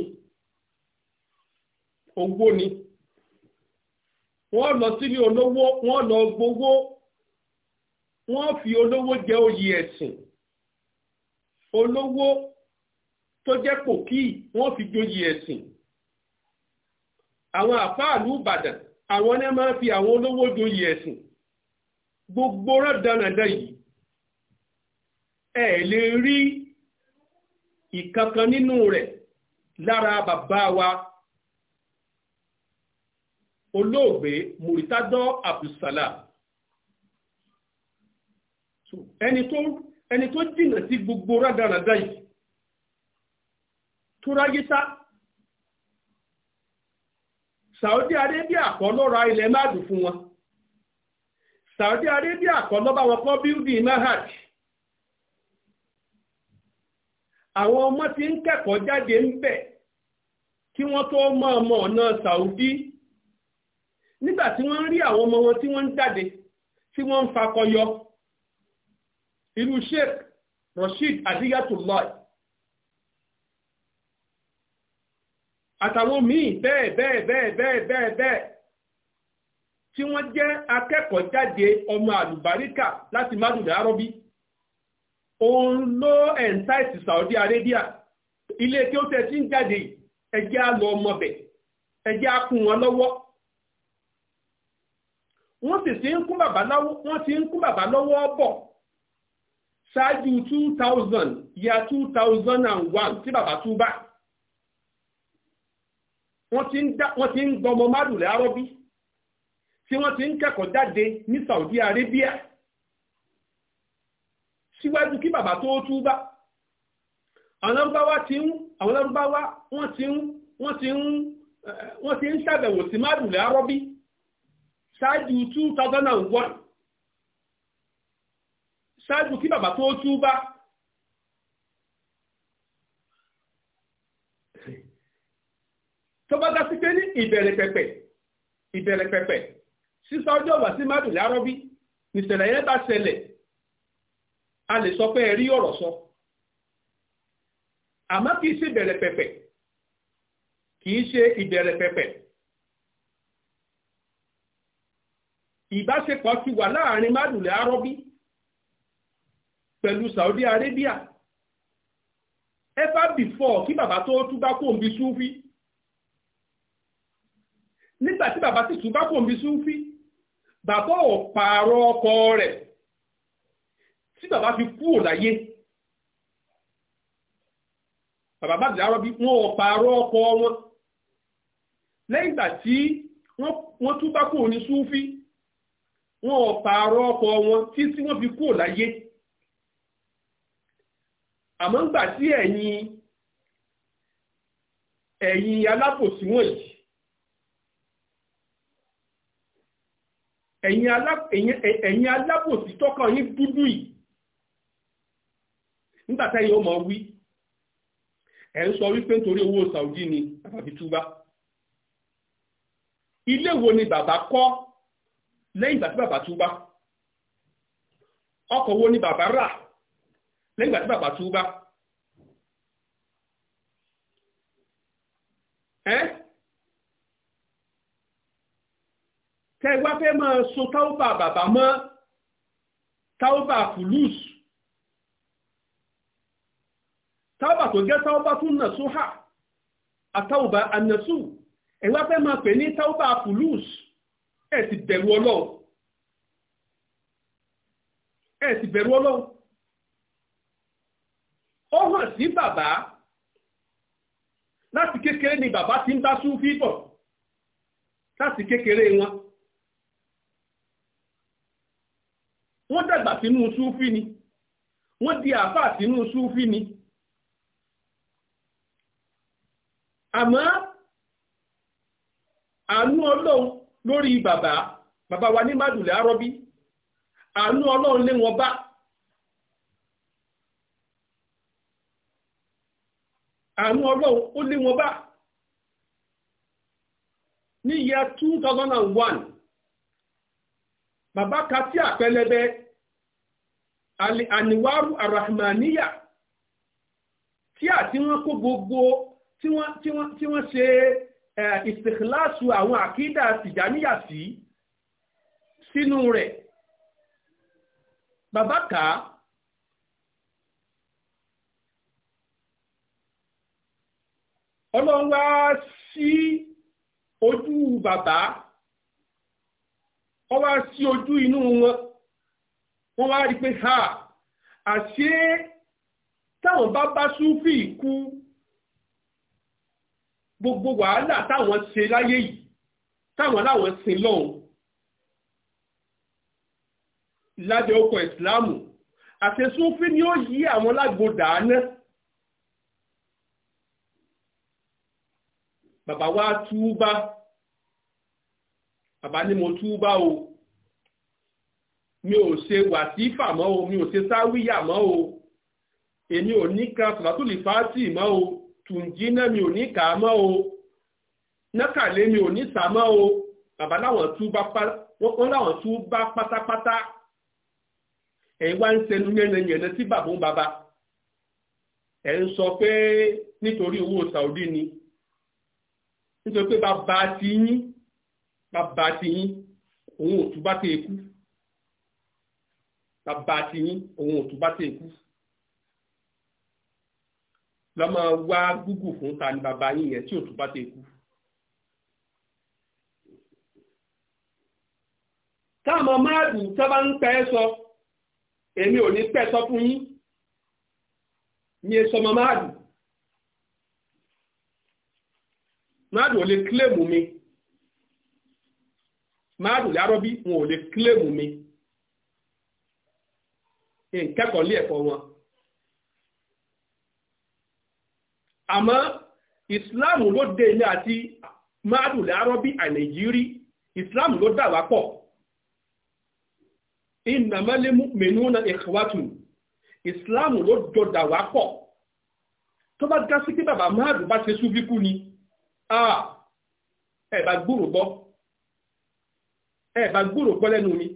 owó ni wọ́n lọ sílé olówó wọ́n lọ gbowó wọ́n fi olówó jẹ oyè ẹ̀sìn olówó tó jẹ́ pòkí wọ́n fi joyè ẹ̀sìn àwọn àfáàlú Ìbàdàn àwọn náà máa ń fi àwọn olówó joyè ẹ̀sìn gbogbo rẹ̀ dánadáa yìí ẹ lè rí ìkankan nínú rẹ lára bàbá wa olóògbé muritadọ abdulsalam ẹni tó ẹni tó jìnnà sí gbogbo rádaràdá yìí tó ráyé sá Saudi Arabia kọ ló ra ilẹ̀ máàdù fún wọn Saudi Arabia kọ ló bá wọn kọ́ bíldì mahad àwọn ọmọ tí ń kẹ́kọ̀ọ́ jáde ń bẹ̀ kí wọ́n tó mọ ọmọ ọ̀nà Saudi nígbà tí wọ́n ń rí àwọn ọmọ wọn tí wọ́n ń jáde tí wọ́n ń fakọyọ irú Sheikh Rasheed Adiyatullah àtàwọn míì bẹ́ẹ̀ bẹ́ẹ̀ bẹ́ẹ̀ bẹ́ẹ̀ bẹ́ẹ̀ bẹ́ẹ̀ tí wọ́n jẹ́ akẹ́kọ̀ọ́ jáde ọmọ àlùbáríkà láti mádùdà arọ́bí òun ló ẹ̀ǹtáìtì Saudi Arabia ilé tí ó tẹ̀sí ń jáde ẹjẹ́ á lọ ọmọbẹ̀ ẹjẹ́ á kún wọn lọ́wọ́ wọ́n sì ti ń kún bàbá lọ́wọ́ wọ́n ti ń kún bàbá lọ́wọ́ bọ̀ ṣáájú two thousand ya two thousand and one tí bàbá tún bá wọ́n ti ń gbọmọ márùn-ún lárọ́bí tí wọ́n ti ń kẹ́kọ̀ọ́ jáde ní Saudi Arabia síwájú kí bàbá tó túbá àwọn lárúbáwá ti ń àwọn lárúbáwá wọ́n ti ń wọ́n ti ń eh, wọ́n ti ń ṣàbẹ̀wò sí márùnlẹ̀ arọ́bí ṣáájú 2001 ṣáájú kí bàbá tó túbá tó bá dá sí pé ní ìbẹ̀rẹ̀ pẹ̀pẹ̀ ìbẹ̀rẹ̀ pẹ̀pẹ̀ sísá ọjọ́ wà sí márùnlẹ̀ arọ́bí nìṣẹ̀lẹ̀ yẹn bá ṣẹlẹ̀ a lè sọ pé ẹ rí ọ̀rọ̀ sọ àmọ́ kì í ṣe ìbẹ̀rẹ̀ pẹ̀pẹ̀ kì í ṣe ìbẹ̀rẹ̀ pẹ̀pẹ̀ ìbáṣepọ̀ ti wà láàrin mádùlẹ̀ arọ́bí pẹ̀lú Saudi Arabia ever before kí bàbá tó túbá kòmbi súnfí nígbà tí bàbá ti túbá kòmbi súnfí bàbá ò pààrọ̀ ọkọ rẹ̀ tí bàbá fi kúrò láyé bàbá bá dìlárọ́ bí wọ́n ò pààrọ̀ ọkọ wọn lẹ́yìn ìgbà tí wọ́n tún bá kúrò ní súfí wọ́n ò pààrọ̀ ọkọ wọn títí wọ́n fi kúrò láyé àmọ́ ń gbà tí ẹ̀yin ẹ̀yin alápòsí wọ̀nyí ẹ̀yin alápòsí tọ́kàn yín dúdú yìí nígbà tẹ́yìn ó mọ̀ wí ẹ̀ ń sọ wípé nítorí owó Saudi ni àbàbí túbá ilé wo ni bàbá kọ́ lẹ́yìn ìgbà tí bàbá túbá wo ni bàbá rà lẹ́yìn ìgbà tí bàbá túbá ẹ́ tẹ́ fẹ́ máa so bàbá tábà tó jẹ́ tábà tún nà sóhà àtàwùbà ànàsù ẹ̀wá fẹ́ máa pè ní tábà fùlùs ẹ̀ ti bẹ̀rù ọlọ́run ẹ̀ ti bẹ̀rù ọlọ́run ó hàn sí bàbá láti kékeré ni bàbá ti ń bá súnfí bọ̀ láti kékeré wọn wọ́n dàgbà sínú súnfí ni wọ́n di àáfàá sínú súnfí ni. àmọ́ àánú ọlọ́run lórí bàbá bàbá wa ní mádùlẹ̀ arọ́bí àánú ọlọ́run lé wọn bá àánú ọlọ́run ó lé wọn bá ní 2001 bàbá ka tí àpẹlẹbẹ àníwárù àràhàmàníyà tí àti wọn gbogbo tí wọ́n ṣe ìsìkìláṣù àwọn àkídà tìjàníyà sí sínú rẹ̀ bàbá kà á ọlọ́run wá sí ojú bàbá ọ wá sí ojú inú wọn wọ́n wá rí pé ha àṣé táwọn bá bá súfì kú gbogbo wàhálà táwọn ṣe láyé yìí táwọn láwọn sin lọ́hùn lábẹ́ ọkọ̀ ìsìláàmù àtẹ̀sófin ni ó yí àwọn lágbo dàánà bàbá wa túbá bàbá ní mo túbá o mi ò ṣe wàsífà mọ́ o mi ò ṣe sáwíyà mọ́ o èmi ò ní kan sọ̀rọ̀ tó lè fàá tì mọ́ o tùǹjínà mi ò ní kà á mọ́ o nákàlẹ́ mi ò ní sà mọ́ o bàbá láwọn tú bá wọ́n láwọn tú bá pátápátá ẹ̀yin wá ń sẹnu yẹnẹyẹnẹ sí bàbá ń bàbá ẹ̀ ń sọ pé nítorí owó Saudi ni nítorí pé bàbá ti yín bàbá ti yín òun ò tún bá tẹ̀ kú bàbá ti yín òun ò tún bá tẹ̀ kú lọ máa wá gúgù fún ta ni bàbá yín yẹn tí òtún bá ti kú. táwọn máàlù tó bá ń pẹ́ sọ èmi ò ní pẹ́ sọ fún yín ní èso ọmọ máàlù máàlù ò lè kílèmù mi máàlù lárọ́bí wọn ò lè kílèmù mi nǹkẹ́kọ̀ọ́ lé ẹ̀kọ́ wọn. àmọ́ islam ló dé ilé àti máàdùn lárọ́bí àìnàìjírí islam ló dà wá pọ̀ innamal mu'minuna ikhwatun islam ló jọ dà wá pọ̀ tó bá dá sí pé bàbá máàdùn bá ṣe súnfíkú ni ẹ bá gbúrò gbọ́ ẹ bá gbúrò gbọ́ lẹ́nu ni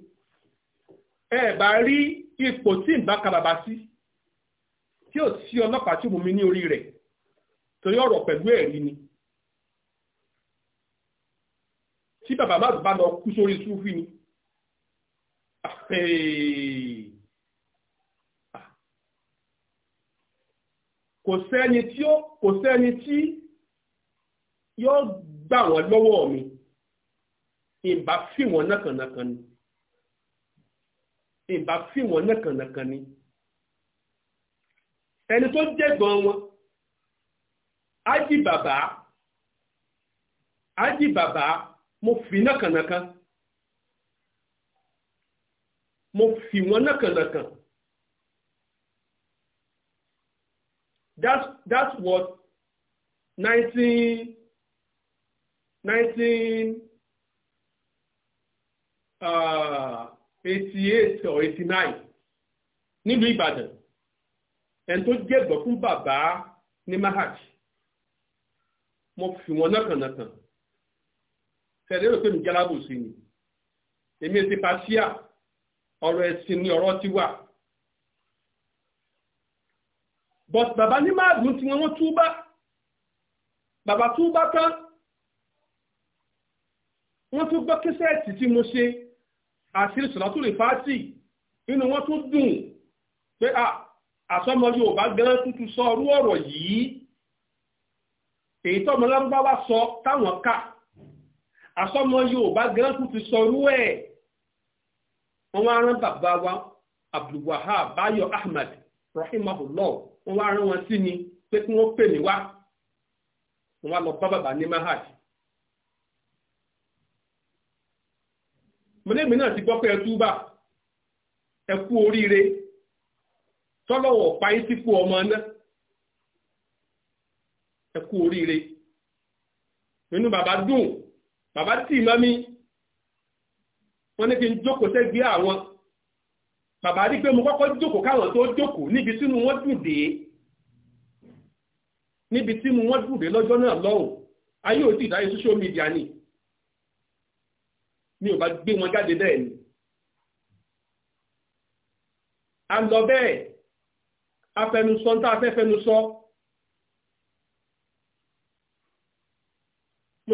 ẹ bá rí ipò tí ìbá ka bàbá sí tí ò sí ọlọ́pàá tí mo mi ní orí rẹ̀ torí ọ̀rọ̀ pẹ̀lú ẹ̀rí ni tí bàbá márùn bá lọ kú sórí súfì ni ah, ah. kò sẹ́ni tí ó kò sẹ́ni tí yóò gbà wọ́n lọ́wọ́ mi ìbá fi wọ́n nákànnákan ni ìbá fi wọ́n nákànnákan ni ẹni tó jẹ́gbọ́n wọn ájì Baba, ájì Baba, mo fi nákànàkan mo fi wọn nákànàkan that's that's what nineteen nineteen uh, eighty eight or eighty nine nílùú Ìbàdàn ẹni tó jẹ́gbọ́ fún bàbá ní mahaj mo fi wọn nákànnàkàn tẹ̀lé rò pé mi jálábù sí ni èmi ti pàṣíà ọ̀rọ̀ ẹ̀sìn ni ọ̀rọ̀ ti wà but bàbá ní máàgùn tí wọ́n túbá bàbá túbá tán wọ́n tún gbọ́ kíṣẹ́ẹ̀tì tí mo ṣe àti ìṣòlátò lè fásì nínú wọ́n tún dùn pé àsọmọ Yorùbá gan tuntun sọ orú ọ̀rọ̀ yìí èyí tọ́mọ wà sọ táwọn ká asọmọ yorùbá gẹ́gẹ́ kù ti sọ irú ẹ̀ wá rán bàbá wa abdulwahab bayo ahmed rahimahullah wọ́n wá rán wọn sí ni pé kí pè mí wá wọ́n wá lọ bá bàbá ní mahad náà ti ẹ kú oríire nínú bàbá dùn bàbá tì mọ́ mi wọ́n ní kí n jókòó sẹ́gbẹ́ àwọn bàbá rí pé mo kọ́kọ́ jókòó káwọn tó jókòó níbi tí mo wọ́n dùn dé níbi tí mo wọ́n dùn dé lọ́jọ́ náà lọ́hùn ayé ò tí social media ni mi ò bá gbé wọn jáde bẹ́ẹ̀ ni a lọ bẹ́ẹ̀ afẹnusọ ń tá afẹ́fẹnusọ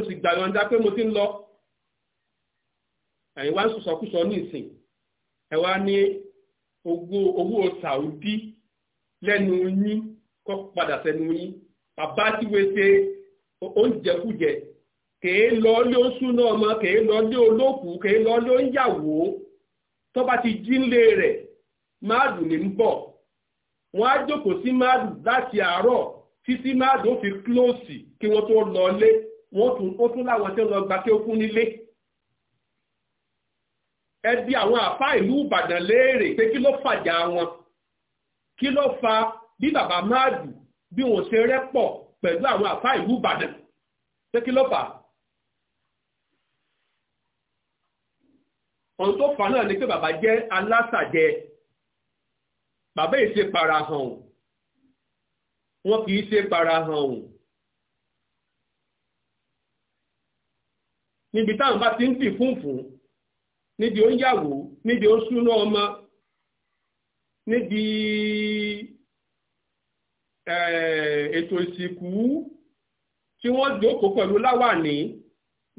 sì gbàyànjá pé mo ti ń lọ ẹ̀yin wá ń sọ̀sọ̀kúsọ ní ìsìn ẹ wá ní owó owó sàúdí lẹ́nu yín kọ́ padà sẹ́nu yín bàbá tí wọ́n ṣe oúnjẹkújẹ kèé lọ lé oṣù náà mọ kèé lọ lé olóòkú kèé lọ lé oúnjàwó tó bá ti jí ńlé rẹ̀ máàdù ní ń bọ̀ wọ́n á jókòó sí máàdù láti àárọ̀ títí máàdù ó fi kílòsì kí wọ́n tó lọ lé wọ́n tún láwọn tí ó lọ gba kí ó kún nílé ẹ bi àwọn àfá ìlú Ìbàdàn léèrè pé kí ló fàjà wọn kí ló fa bí bàbá máàdù bí wọ́n ṣe rẹ́pọ̀ pẹ̀lú àwọn àfá ìlú Ìbàdàn pé kí ló fà ohun tó fà náà ni pé bàbá jẹ́ alásàjẹ bàbá yìí ṣe para hàn wọn kì í ṣe para hàn òun níbi táwọn bá ti ń dì fúnfún níbi ó ń yàwó níbi ó ń súná ọmọ níbi eh, ètò ìsìnkú tí wọ́n jókòó pẹ̀lú láwàní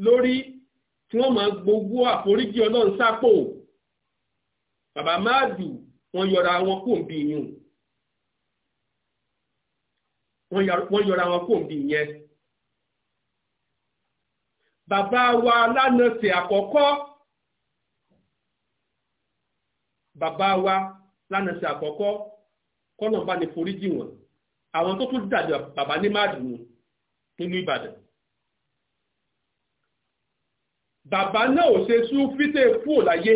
lórí tí wọ́n máa gbogbo àforíjì ọlọ́run sápò bàbá máàdù wọ́n yọra wọn kò ń bí yùn wọ́n yọra wọn kò ń bí yẹn bàbá wa lánàṣe àkọ́kọ́ bàbá wa lánàṣe àkọ́kọ́ kọ́nà bá ní foríjì wọn àwọn tó tún dàbí bàbá ní máàdùn nínú Ìbàdàn bàbá náà ò ṣe sún fítẹ̀ fúò láyé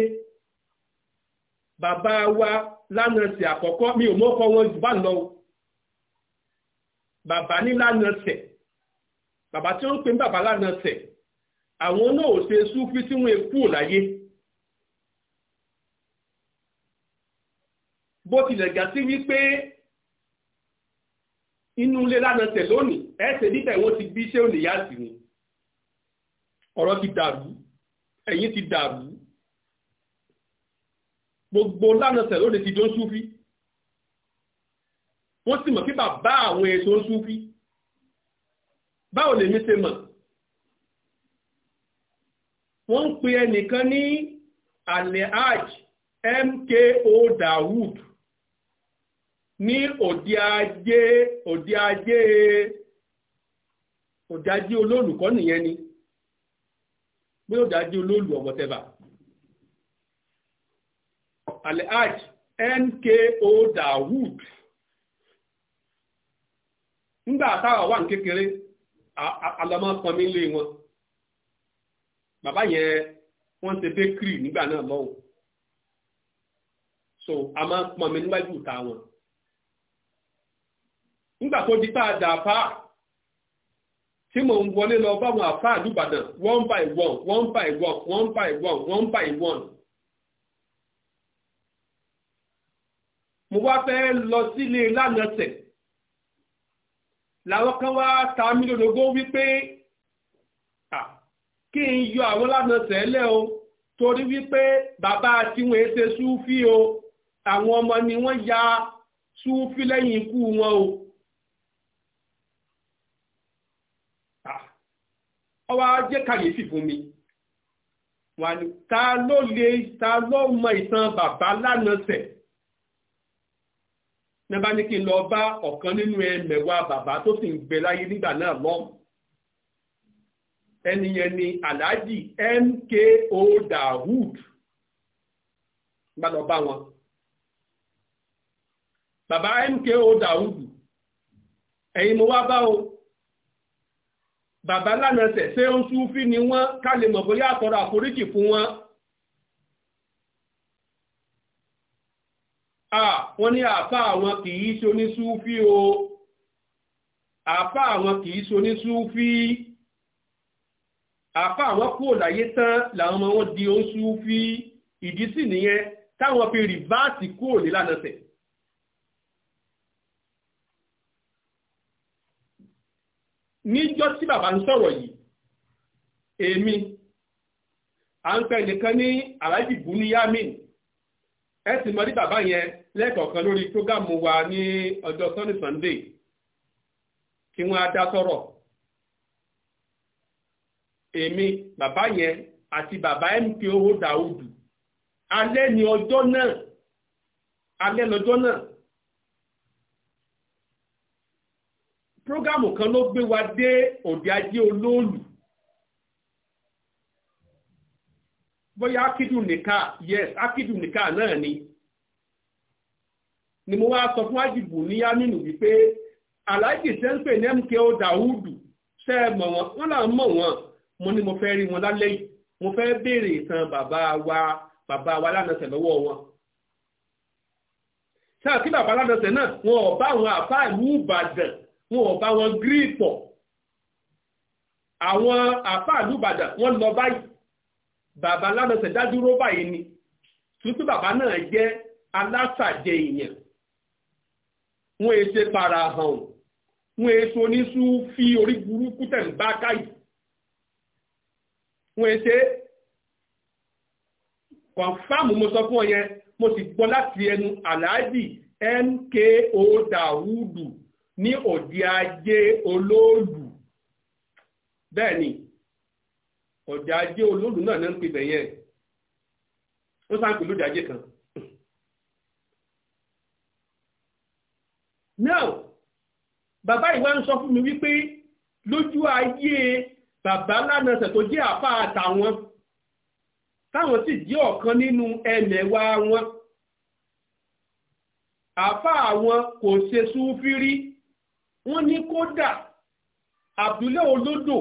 bàbá wa lánàṣe àkọ́kọ́ mi ò mọ́kọ́ wọn jù bá lọ bàbá ní lánàṣe bàbá tí ó ń pè ní bàbá lánàṣe àwọn náà ò ṣe súfí tí wọ́n kú láyé bó tilẹ̀ gà sí wípé inú ilé lánà tẹ̀ lónìí ẹ̀ẹ́sẹ̀ níta ìwọ́n ti bí ṣé òníyá sí ni ọ̀rọ̀ ti dàrú ẹ̀yìn ti dàrú gbogbo lánà tẹ̀ lónìí ti dó súfí wọ́n sì mọ̀ kí bàbá àwọn èso súfí báwo lèmi ṣe mọ̀ wọ́n ń pe ẹnìkan ní alehaj mko dawood ní òde ajé òde ajé ajé olólùkọ́ nìyẹn ni pé òde ajé olólù ọ̀gbọ̀tẹ́bà alehaj mko dawood nígbà wà ní wọn. bàbá yẹn wọ́n ṣe bakery nígbà náà lọ́hùn so a máa ń pọnmi níwájú ìta wọn nígbà tó di tá a dà pa tí mò ń wọlé lọ báwọn àfáà àdúbàdàn one by one one by one one by one one by one. mo wá fẹ́ lọ sílé lánàá tẹ̀ làwọn kan wá ta mí lólogó wípé kí n yọ àwọn lánà sẹ́lẹ̀ o torí wípé bàbá tiwọn ètè súfì o àwọn ọmọ ni wọ́n ya súfì lẹ́yìn ikú wọn o. ọwọ́ ah, ajé kàyéfì fún mi wà ní ta ló lè ta ló mọ ìtàn bàbá lánà nígbà ní kí n lọ bá ọ̀kan nínú ẹ̀mẹ̀wá bàbá tó sì ń gbé láyé nígbà náà lọ́wọ́ ẹnìyẹn ni alhaji mko dahood gbàdọ̀ bá wọn bàbá mko dahood ẹ̀yin mo wá bá o bàbá lánàá tẹ̀sẹ̀ ń súnfí ni wọn ká lè mọ̀ bóyá àtọrọ àforíjì fún wọn. wọ́n ní àáfà àwọn kì í ṣoní súnfí o àáfà àwọn kì í ṣoní súnfí. àfa àwọn kúrò láyé tán làwọn ọmọ wọn di oṣù fi ìdí sí nìyẹn táwọn fi rìváàsì kúrò nílànà tẹ̀. níjọ́ tí bàbá ń sọ̀rọ̀ yìí èmi à ń pẹ́ nìkan ní aláàjì buniyamin ẹ sì mọ̀ rí bàbá yẹn lẹ́ẹ̀kọ̀ọ̀kan lórí prógámù wa ní ọjọ́ sunday sunday kí wọ́n á dá sọ̀rọ̀ èmi bàbá yẹn àti bàbá mp owó dàúdù alẹ́ ni ọjọ́ náà alẹ́ lọ́jọ́ náà prógámù kan ló gbé wa dé òde ajé olóòlù bóyá akídùn nìka yes akídùn nìka náà ni ni mo wá sọ fún àjìbù ní yámínú wípé aláàjì tẹ́ ń pè ní mko dàúdù ṣe é mọ̀ wọ́n wọ́n là mọ̀ wọ́n mo ní mo fẹ́ rí wọn lálẹ́ yìí mo fẹ́ béèrè ìtàn bàbá wa bàbá wa lánàṣẹ̀ lọ́wọ́ wọn. sáà kí bàbá lánàṣẹ̀ náà wọn ò bá àwọn àfa ìlú Ìbàdàn wọn ò bá wọn gírí pọ̀ àwọn àfa ìlú Ìbàdàn wọn lọ báyìí bàbá lánàṣẹ̀ dádúró báyìí ni tuntun bàbá náà jẹ́ alásàjẹ èèyàn wọn èsè e para hàn wọn èso e oníṣú fi orí burúkú tẹ̀ ń bá káyìí wọ́n ṣe kọ̀nfàmù mo sọ fún ọ yẹn mo sì gbọ́ láti ẹnu aláàjì MKO Dàwúdù ní òde ajé olóòlù bẹ́ẹ̀ ni òde ajé olóòlù náà náà ń pè bẹ̀yẹn ó sáà ń pè lóde ajé kan. now bàbá ìwà ń sọ fún mi wípé lójú ayé bàbá lánàṣẹ̀ tó jẹ́ àfá àtàwọn táwọn sì jẹ́ ọ̀kan nínú ẹlẹ́wà wọn àfá àwọn kò ṣe súnfírí wọ́n ní kódà àbúlé olódò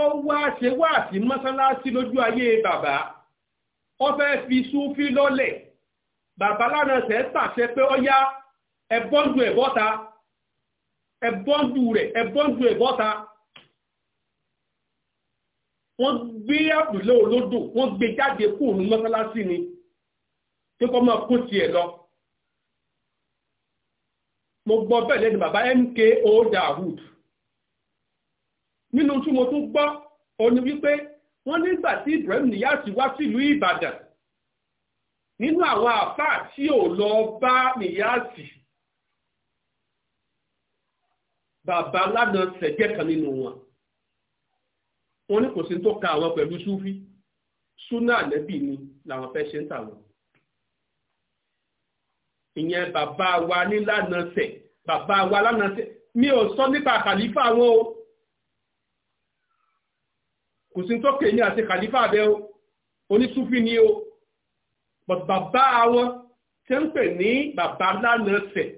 ó wá ṣe wá sí mọ́sálásí lójú ayé bàbá ó fẹ́ fi súnfí lọ́lẹ̀ bàbá lánàṣẹ̀ pàṣẹ pé ó yá ẹ̀bọ́ndù ẹ̀bọ́ta ẹ̀bọ́ndù rẹ̀ ẹ̀bọ́ndù ẹ̀bọ́ta wọ́n gbé àbùlé olódò wọ́n gbé jáde kúrò ní mọ́sálásí ni pé kọ́ máa kó tiẹ̀ lọ. mo gbọ́ bẹ́ẹ̀ lẹ́nu bàbá MKO Dawood nínú tí mo tún gbọ́ òní wípé wọ́n nígbà tí Ibrahim Niyas wá sílùú Ìbàdàn nínú àwọn àfáà tí ò lọ bá Niyas bàbá lánàá sẹ̀jẹ̀ kan nínú wọn wọ́n ní kò sí tó ka àwọn pẹ̀lú súfí súnà àlẹ́bì ni làwọn fẹ́ ṣe ń tàwọn ìyẹn bàbá wa nílànà sẹ̀ bàbá wa lánà sẹ̀ mi ò sọ nípa kàlífà wọn o kò sí tó kéèyàn àti kàlífà bẹ́ o onísúfí ni o but bàbá wọn ṣe ń pè ní bàbá lánà sẹ̀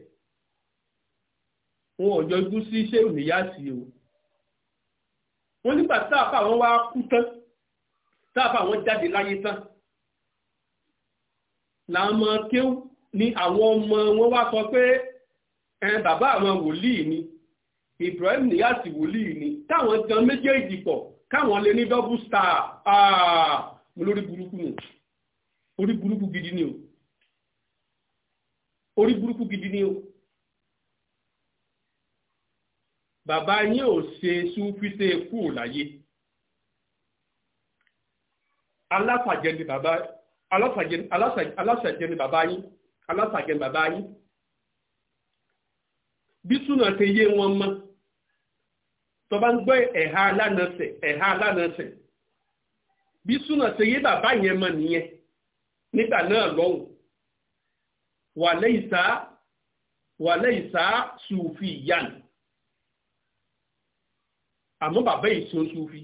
wọn ò yọ sí ṣé òníyá sí o wọ́n nígbà táàfà wọn wá kú tán táàfà wọn jáde láyé tán làwọn ọmọ kéwù ni àwọn ọmọ wọn wá sọ pé bàbá àwọn wòlíì ni Ibrahim Niyasi wòlíì ni táwọn gan méjèèjì pọ̀ káwọn lè ní double star mo lórí burúkú nù orí burúkú gidi ni o orí burúkú gidi ni o. bàbá yín ò ṣe súnfíṣe kú láyé aláfàjẹ ni bàbá aláfàjẹ aláfàjẹ ni bàbá yín aláfàjẹ ni bàbá yín bí súnà ti yé wọn mọ́ tó bá ń gbọ́ ẹ̀ha alánàṣẹ̀ ẹ̀ha alánàṣẹ̀ bí súnà ti yé bàbá yẹn mọ́ nìyẹn nígbà náà lọ́hùn wà lẹ́yìn sá wà lẹ́yìn sá sùfìyàn àmọ́ bàbá yìí tí ó súnfí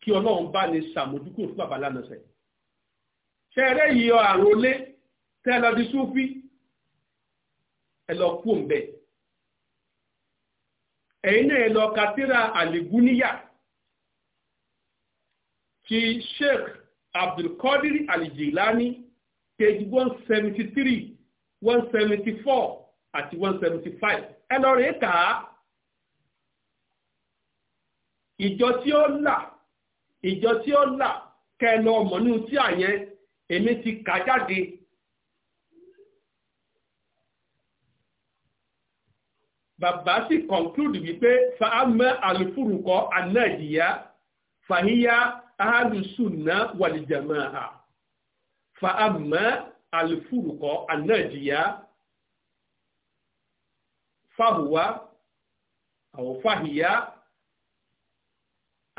kí ọlọ́run bá ní sàmójúkúrò fún bàbá lánàá sẹ́yìn ṣẹ́rẹ́ yìí ọ àrùn olé tẹ́ lọ di súnfí ẹ lọ kú òǹbẹ ẹ̀yin náà ẹ lọ katira àlìgúníyà ti Sheikh Abdulkadir Alijilani page one seventy three one seventy four àti one seventy five ẹ lọ rèé kàá ìjọ tí ó là ìjọ tí ó là kẹlọ ọmọ nínú tí àyẹn èmi ti kà jáde bàbá sì conclude wípé fàámẹ àlùfùrùkọ ànáàdìyà fàhíyà ahàlùsùnà wàlìjàmáà fàámẹ àlùfùrùkọ ànáàdìyà fàhùwà àwòfàhíyà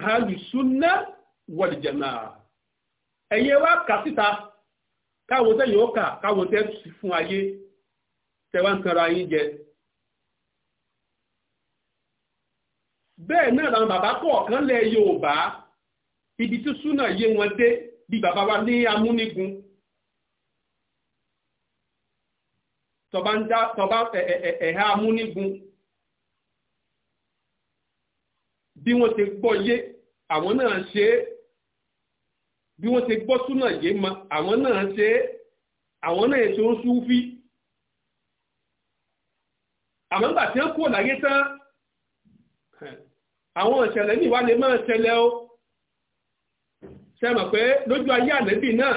alùsùnà wọ̀lìjẹ̀mà ẹ̀yẹ wá kà síta káwọn tẹ́yìn ó kà káwọn tẹ́ fún ayé tẹ́wà ń kanra yín jẹ bẹ́ẹ̀ náà làwọn bàbá kọ̀ọ̀kan lẹ Yorùbá ibi tí súnà yé wọn dé bí bàbá wa ní amúnigun tọba ẹ̀há amúnigun bí wọ́n ti gbọ́ yé àwọn náà ṣe é bí wọ́n ti gbọ́ súnà yé ma àwọn náà ṣe é àwọn náà ṣe ń súnfí àmọ́ nígbà tí wọ́n kúrò láyé tán àwọn ìṣẹ̀lẹ̀ ní ìwà lè máa ṣẹlẹ̀ o ṣe pé lójú ayé àlẹ́bì náà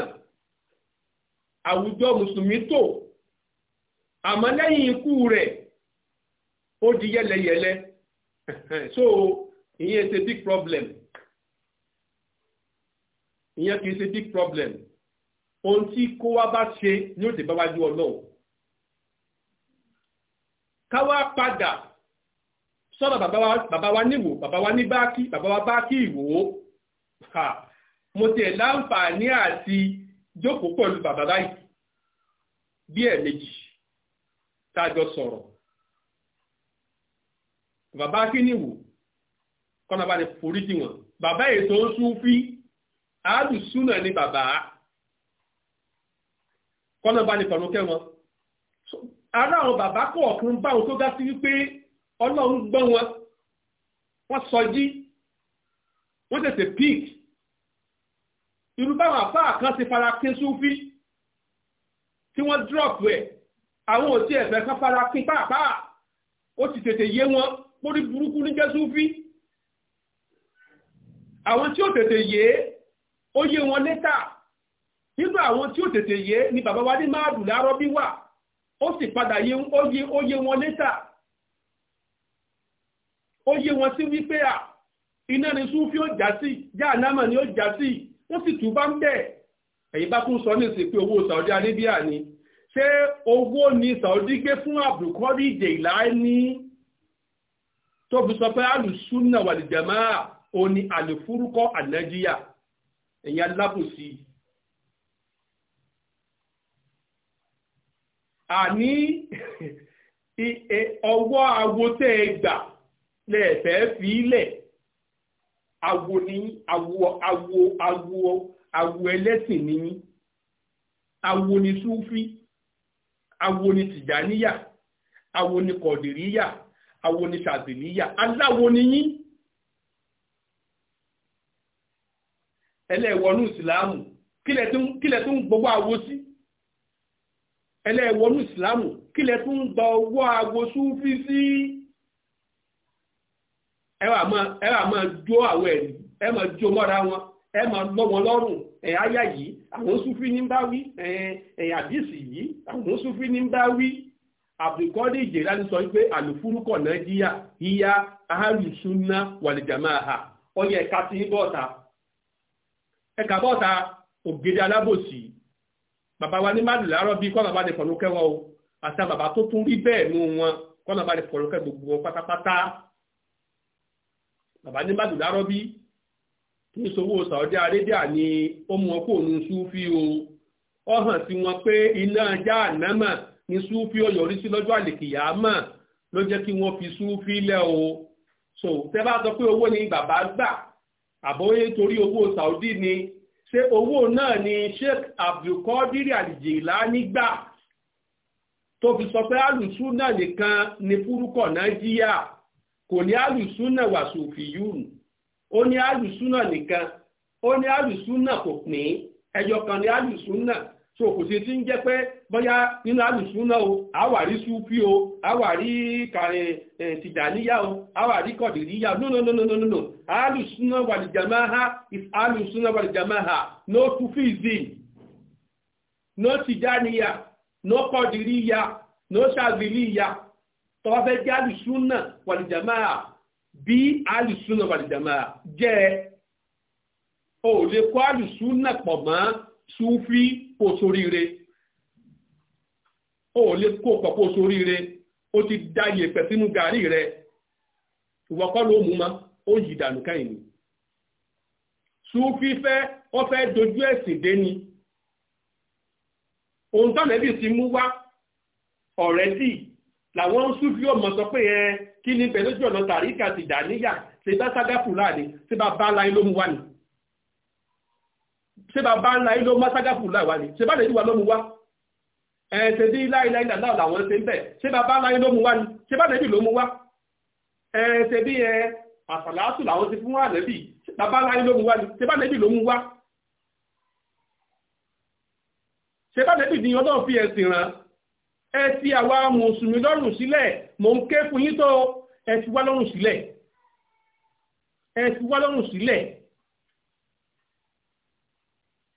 àwùjọ mùsùlùmí tò àmọ́ lẹ́yìn ikú rẹ̀ ó di yẹlẹyẹlẹ so ìyẹn ṣe big problem ìyẹn kì í ṣe big problem ohun tí kó wá bá ṣe ní òde bá wájú ọlọ́run káwá padà sọ́dọ̀ bàbá wa níwò bàbá wa ní báàkì bàbá wa báàkì ìwò mo tiẹ̀ láǹfààní àti jókòó pẹ̀lú bàbá báyìí bí ẹ̀ẹ̀mejì tájọ sọ̀rọ̀ bàbá kí níwò kọ́nà bá ní foríjì wọn bàbá ètò súnfí àádùsúnà ní bàbá kọ́nà bá ní fọ̀rọ̀kẹ́ wọn ara àwọn bàbá kọ̀ọ̀kan bá wọn tó dá sí wípé ọlọ́run gbọ́ wọn wọ́n sọjí wọ́n tètè pík irú báwọn àfáà kan ti fara kín súnfí tí wọ́n dúrọ̀pù ẹ̀ àwọn òtí ẹ̀fẹ́ kan fara kín pàápàá ó ti tètè yé wọn mórí burúkú ní jẹ́ súnfí àwọn tí ó tètè yé ó yé wọn létà nínú àwọn tí ó tètè yé ni bàbá wa ní máàdù lárọ́ bí wà ó sì padà yé ó yé wọn létà ó yé wọn sí wípé à iná ni súnfí ó já sí jáànámà ni ó já sí wọ́n sì tún bá ń bẹ̀ èyí bá tún sọ ní ìsìnkú owó Saudi Arabia ni ṣé owó ni Saudi gbé fún Abdulkadir Jilani tó fi sọ pé alùsùn náà wà lìjàmáà ó ní àlèfúrúkọ ànájíyà ẹ̀yin alábòsí àní ọwọ́ awo tẹ́ ẹ gbà lẹ́ẹ̀fẹ́ fi lẹ̀ awo ní awo awo awo awo ẹlẹ́sìn nìyí awo ní súfí awo ní tìjáníyà awo ní kọ̀dìríyà awo ní sàbìlíyà aláwo nìyí. ẹlẹ́wọ̀nú ìsìláàmù kílẹ̀ tó ń gbogbo àwo sí ẹlẹ́wọ̀nú ìsìláàmù kílẹ̀ tó ń gba ọwọ́ àwo súnfí sí ẹ wà máa jó àwọn ẹ̀rí ẹ máa jó mọ́ra wọn ẹ máa lọ́ wọn lọ́rùn ẹ̀ áyà yìí àwọn súnfí ní bá wí ẹ̀ àdìsí yìí àwọn súnfí ní bá wí àbùkọ́dé ìjẹ́lá ń sọ pé àlùfúrúkọ̀ náà jíyà yíyá ahàlùsúnná wàlìjàmáà ọyẹ ẹ̀ka ti ń bọ̀ ọ̀ta ẹ̀ka bọ́ta ògèdè alábòsí bàbá wa ní mádùlá rọ́ bí kọ́nà bá lè pọ̀ lókẹ́ wọn o àti bàbá tó tún rí bẹ́ẹ̀ nú wọn kọ́nà bá lè pọ̀ lókẹ́ gbogbo wọn pátápátá bàbá ní mádùlá rọ́ bí kí sowó Saudi Arabia ni ó mú ọkọ̀ òun súfì o ó hàn sí wọn pé iná jáànámà ni súfì ó yọrí sí lọ́jọ́ àlèkìyàmà ló jẹ́ kí wọ́n fi súfì lẹ́ o so tẹ́ bá sọ pé owó ni bàbá gbà àbóyé torí owó Saudi ni ṣé owó náà ni Sheikh Abdulkadir Al-Jilani gbà tó fi sọ pé alùsúnà nìkan ni fúrúkọ̀ náà jíyà kò ní alùsúnà wàsùfìyùn ó ní alùsúnà nìkan ó ní alùsúnà kò pín ẹyọ kan ní alùsúnà so kò sí ti ń jẹ́ pé bóyá nínú àlùsúnà o àwárí súfì o àwárí kàrẹ̀ tìjàníyà o àwárí kọ̀dìríyà no no no no no no àlùsúnà wàlìjàmáhà no sufism no tìjàníyà no kọ̀dìríyà no ṣàbìlíyà tó fẹ́ jẹ́ àlùsúnà bi bí àlùsúnà wàlìjàmáhà jẹ́ ò lè kó àlùsúnà pọ̀ mọ́ súfí kò sóríire ó lè kó pọ̀pọ̀ sóríire ó ti dá yẹ̀pẹ̀ sínú gàrí rẹ̀ ìwọ́kọ́ ló mú ma ó yí dànù káyìn ni súfí fẹ́ ó fẹ́ dojú ẹ̀sìn dé ni ohun tọ́nà ẹbí ti mú wá ọ̀rẹ́ sí làwọn súfí ọmọ sọ pé ẹ kí ni pẹ̀lú ìjọ̀nà tàríkà ti dà níyà ṣe bá ságáfù láàrin ṣe bá bá láyé ló mú wá ni. Se ba ńlá yìí ló má ságàfù láìwá ni ṣé bá lè wà ló mú wá ẹ̀ẹ́sẹ̀ bí láìláìlà náà làwọn ṣe ń bẹ̀ ṣé bàbá ńlá yìí ló mú wá ni ṣé bá lè ló mú wá ẹ̀ẹ́sẹ̀ bí Se àfàlásù làwọn ti fún Se ba ńlá yìí ló mú wá ni ṣé bá lè ló mú wá ṣé bá lè ní ọlọ́run fi ẹ̀sìn ràn E ti àwa mùsùlùmí lọ́rùn sílẹ̀ mò ń ké fún yín tó ẹ ti wá lọ́rùn sílẹ̀ ẹ ti wá lọ́rùn sílẹ̀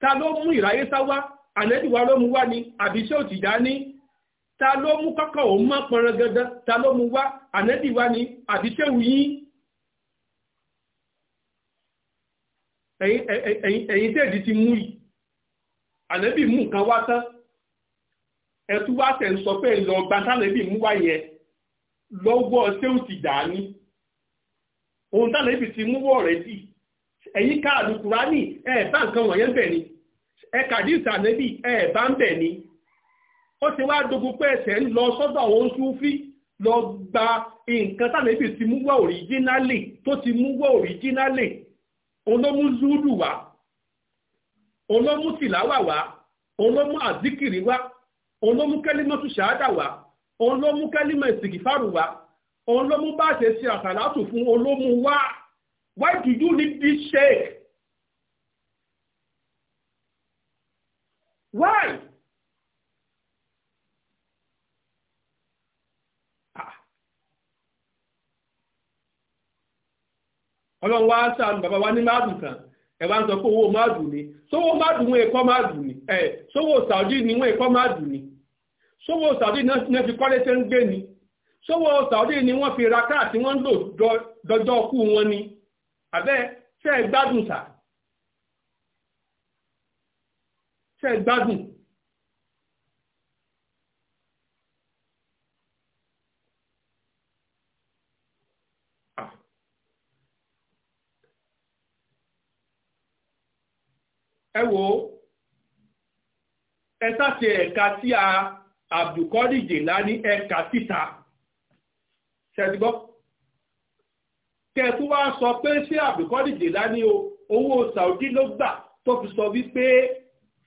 ta ló mú ìráyé wá wa ló mú wá ni àbí ṣé ní ta ló mú kọ́kọ́ òun mọ́ ta ló mú wá wa ni àbí ṣé yín ẹ̀yin tẹ́ẹ̀dì ti mú yìí ànẹ́bì mú nǹkan wá tán ẹ̀tú wá tẹ̀ ń sọ pé gba mú wá yẹn lọ́wọ́ ṣé ní ohun ti mú ẹ̀yin ká àlùkùránì ẹ̀ bá nǹkan wọ̀nyẹn bẹ̀ ni ẹ kàdí ìsànẹ́bì ẹ̀ bá ń bẹ̀ ni ó ti wá dogun pé ẹsẹ̀ ń lọ sọ́dọ̀ àwọn Súfí lọ gba nǹkan sànẹ́bì ti mú wá òríjínálì tó ti mú wá òríjínálì olómú zúdù wá olómú tìláwà wá olómú àzíkìrì wá olómú kẹ́límọ́tù ṣáádà wá olómú kẹ́límọ̀ ìsìkìfàrù wá olómú bá ṣe ṣe àsàlátù fún olómú wá. Why do you need this sheikh? Why? Ah. Ọlọ́run wá sáàmù bàbá wa ní máàdùn kan, ẹ̀wà ń sọ pé owó máàdùn ni, sówó máàdùn wọn èkọ́ máàdùn ni, ẹ̀ sówó Saudi ni wọn èkọ́ máàdùn ni, sówó Saudi náà fi kọ́lé tẹ́ ń gbé ni, sówó Saudi ni wọ́n fi ra káà tí wọ́n ń lò dọjọ́ ọkú wọn ni. abẹ́ ṣe é gbádùn sà ṣe é gbádùn. ẹ wò ó ẹ sáṣe ẹ̀ka tí a Abdulkadir Jelani ẹ̀ka síta ṣẹ́dúgbọ́n kẹ́ẹ̀tú wá sọ pé ṣé àbíkọ́dì jèlá ní o owó Saudi ló gbà tó fi sọ wípé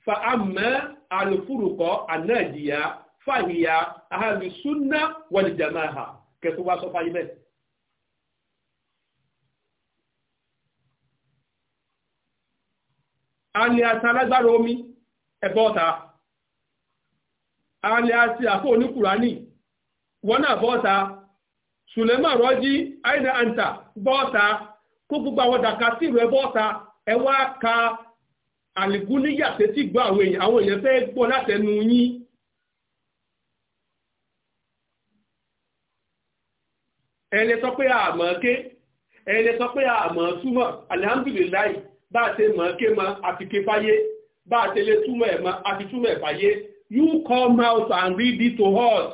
fa àmọ́ àlùfùrùkọ́ ànáàjìyà fàhìyà àhàlùsúnà wàlìjàmáà kẹ́ẹ̀tú wá sọ fáyé bẹ́ẹ̀. alẹ́ àti alágbára omi ẹ̀bọ́ta alẹ́ àti àfọ́ oníkùránì wọ́n náà bọ́ta sulema roji aina anta bọ́ọ̀ta kó gbogbo àwọn dàka sí ìrẹ́ bọ́ọ̀ta ẹ wá ka àlìkú níyà tẹ́tí gbọ́ àwọn èèyàn àwọn èèyàn fẹ́ gbọ́ látẹnu yín. ẹni sọ pé àmọ́ ké ẹni sọ pé àmọ́ túmọ̀ bá a ṣe mọ̀ ké mọ́ àti ké bá a ṣe lè to us.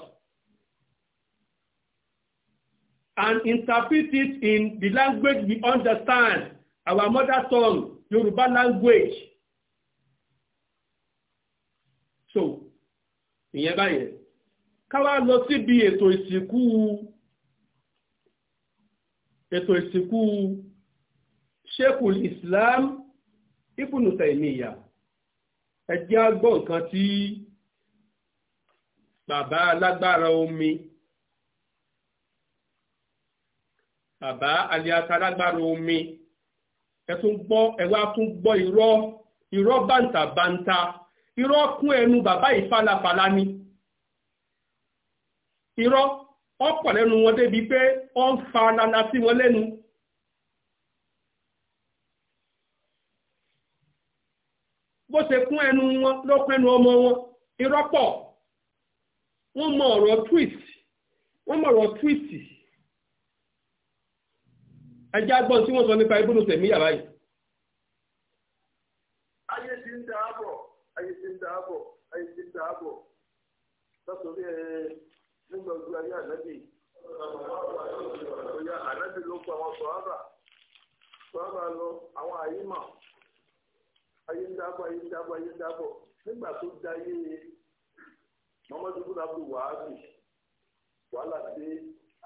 and interpret it in the language we understand, our mother tongue, Yoruba language. So, ìyẹn báyẹn. Ká wá lọ síbi ètò ìsìnkú ètò ìsìnkú Sheikhul Islam Ibn Taymiyyah. Ẹ jẹ́ á gbọ́ nǹkan tí bàbá alágbára omi bàbá aliata alágbára omi ẹ tún gbọ́ ẹ wá tún gbọ́ irọ́ irọ́ bàǹtàbàǹtà irọ́ kún ẹnu bàbá yìí falafala ni irọ́ ọ̀pọ̀ lẹ́nu wọn débi pé ó ń fa nana sí wọn lẹ́nu. bó ṣe kún ẹnu wọn ló kún ẹnu ọmọ wọn irọ́ pọ̀ wọ́n mọ ọ̀rọ̀ twist wọ́n mọ ọ̀rọ̀ twist ẹjẹ́ agbọ́n tí wọ́n sọ nípa ibùdó tẹ̀mí yàrá yìí. ayé ti ń dáàbọ̀ ayé ti ń dáàbọ̀ ayé ti ń dáàbọ̀ lọ́sọ̀rí ẹ nígbà ojú ayé ànábì ọ̀yà ànábì ló kọ àwọn sọ̀hábà sọ̀hábà lọ àwọn àyímọ̀ ayé ń dáàbọ̀ ayé ń dáàbọ̀ ayé ń dáàbọ̀ nígbà tó dayé mọ́mọ́dé bùnà bù wàhálì wàhálà dé.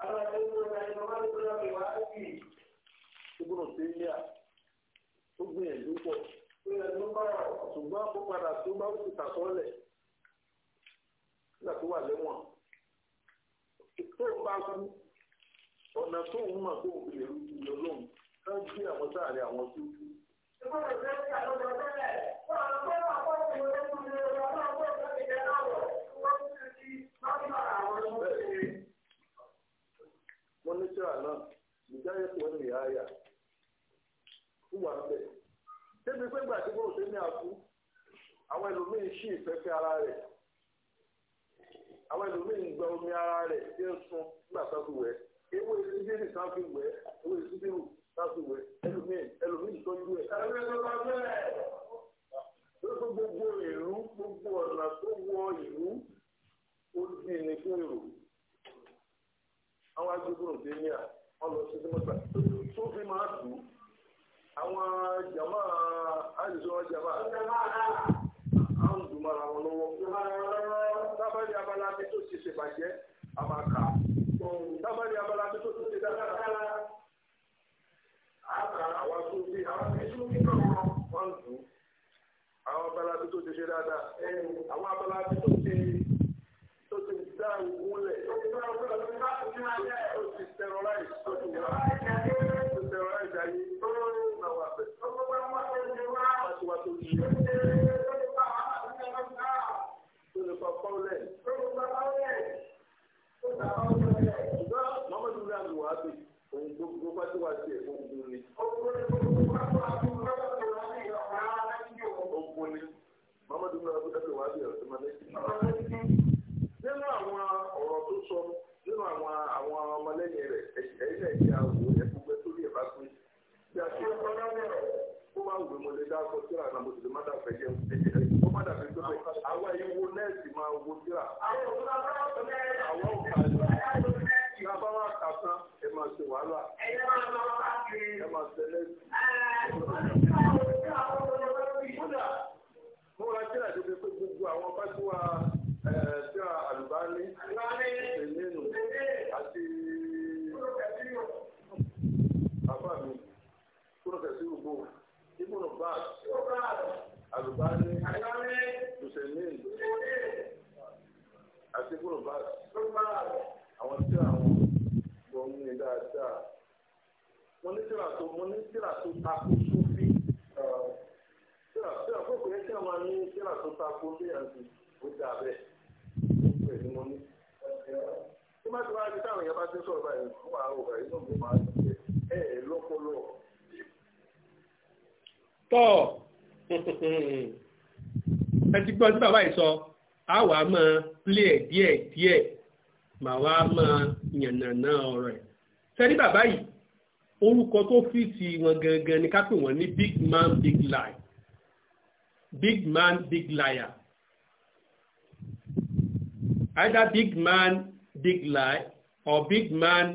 àwọn ẹgbẹ́ wọn ni mọ́mọ́dé bùnà bù wàhálì ṣùgbọ́n tẹ́lẹ̀ ó gbìyànjú pọ̀ ó yẹ ló bá ṣùgbọ́n ó padà tó bá ó ti tàkọ́lẹ̀ nígbà tó wà lẹ́wọ̀n tó ń bá kú ọ̀nà tó ń mọ̀ tó ń fi lè rújú lọ ká gbé àwọn sáàrí àwọn tó kú. ṣùgbọ́n ìgbésẹ̀ àlọ́jọ́ tẹ́lẹ̀ wọ́n á lọ bá ó wà ń bẹ̀. débi pé gbà tí mo ṣe ní àbú àwọn ẹlòmíín ṣì ìfẹ́fẹ́ ara rẹ̀ àwọn ẹlòmíín gba omi ara rẹ̀ tí ń sun nígbà tó fi wẹ̀ ewé sídìrì tá fi wẹ̀ ewé sídìrì tá fi wẹ̀ ẹlòmíín ẹlòmíín tọ́jú ẹ̀. ẹlòmíín tó gbogbo ìlú gbogbo ọ̀nà tó wọ ìlú ó di ní fún èrò àwọn agbègbè òde ní à wọn lọ sí símọ́tà tó fi máa dùn àwọn jama àìsàn jama àwọn dùmọ̀ràn wọn lọ́wọ́ tábàlì abala bí tó ti ṣèbàjẹ́ àmàkà tábàlì abala bí tó ti ṣe dáadáa àkàrà wà tó bí àwọn ìṣúná kíkọ́ wọn dùn àwọn abala bí tó ti ṣe dáadáa àwọn abala bí tó ti tó ti dá ògùn lẹ̀ tó ti tẹ̀rọ láì tó ti tẹ̀rọ láì jáyé. Mama, ṣùgbọ́n muhammadu ram buhari ohun gbogbo fatiwa tiẹ̀ ogun ni. ogun ni muhammadu ram buhari ọ̀sẹ̀ máa ń àwọn owó síra. àwọn òṣìṣẹ́ àwọn gbọ́ tí bàbá yìí sọ á wà á máa plé ẹ̀ díẹ̀ díẹ̀ màá wá máa yànnàná ọ̀rọ̀ ẹ̀ sẹ́ni bàbá yìí orúkọ tó fìtì wọn gangan ni ká pè wọ́n ní big man big lie big man big liar either big man big lie or big man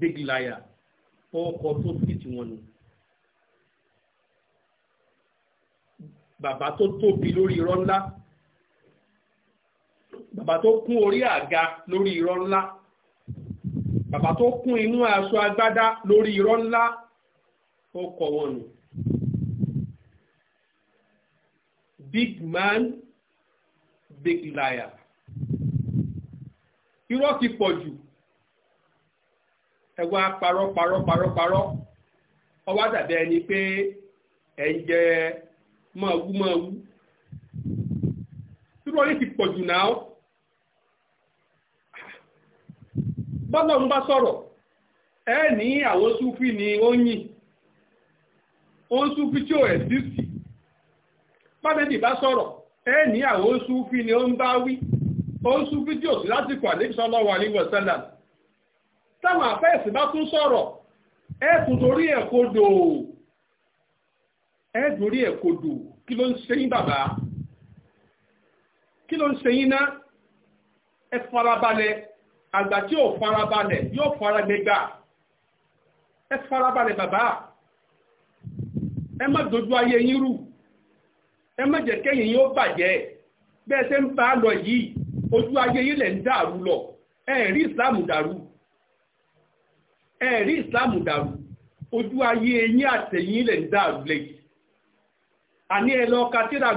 big liar orúkọ tó fìtì wọn ni. bàbá tó tóbi lórí irọ́ ńlá bàbá tó kún orí àga lórí irọ́ ńlá bàbá tó kún inú aṣọ agbádá lórí irọ́ ńlá ó kọ wọn nù. big man big liar irọ́ ti pọ̀ jù ẹ wá parọ́ parọ́ parọ́ parọ́ ọwọ́ dàbí ẹni pé ẹ̀ ń jẹ mọ̀ọ́wú mọ̀ọ́wú irọ́ yìí ti pọ̀ jù náà. bọ́lọ̀ ń bá sọ̀rọ̀ ẹ ní àwọn súfì ni ó yìn ó ń súfì tí ò ẹ̀sìsì pàtẹ́bì bá sọ̀rọ̀ ẹ ní àwọn súfì ni ó ń bá wí ó ń tí ò sí lásìkò àlébísọ́ lọ́wọ́ àlébísọ́ táwọn àfẹ́ẹ̀sì bá tún sọ̀rọ̀ ẹ tún torí ẹ̀ kodò ẹ torí ẹ̀ kodò kí ló ń ṣe yín bàbá kí ló ń ṣe yín ná ẹ farabalẹ̀ àgbà tí ò farabalẹ̀ yóò fara gbégbà ẹ farabalẹ̀ bàbá ẹ má dojú ayé yín rú ẹ má jẹ́ kẹ́yìn yóò bàjẹ́ bẹ́ẹ̀ ṣe ń bá a lọ yìí ojú ayé yín lẹ̀ ń dàrú lọ ẹ rí ìsìláàmù dàrú ẹ rí ìsìláàmù dàrú ojú ayé yín àtẹ̀yìn lẹ̀ ń dàrú lẹ́yìn àní ẹ lọ ka tíra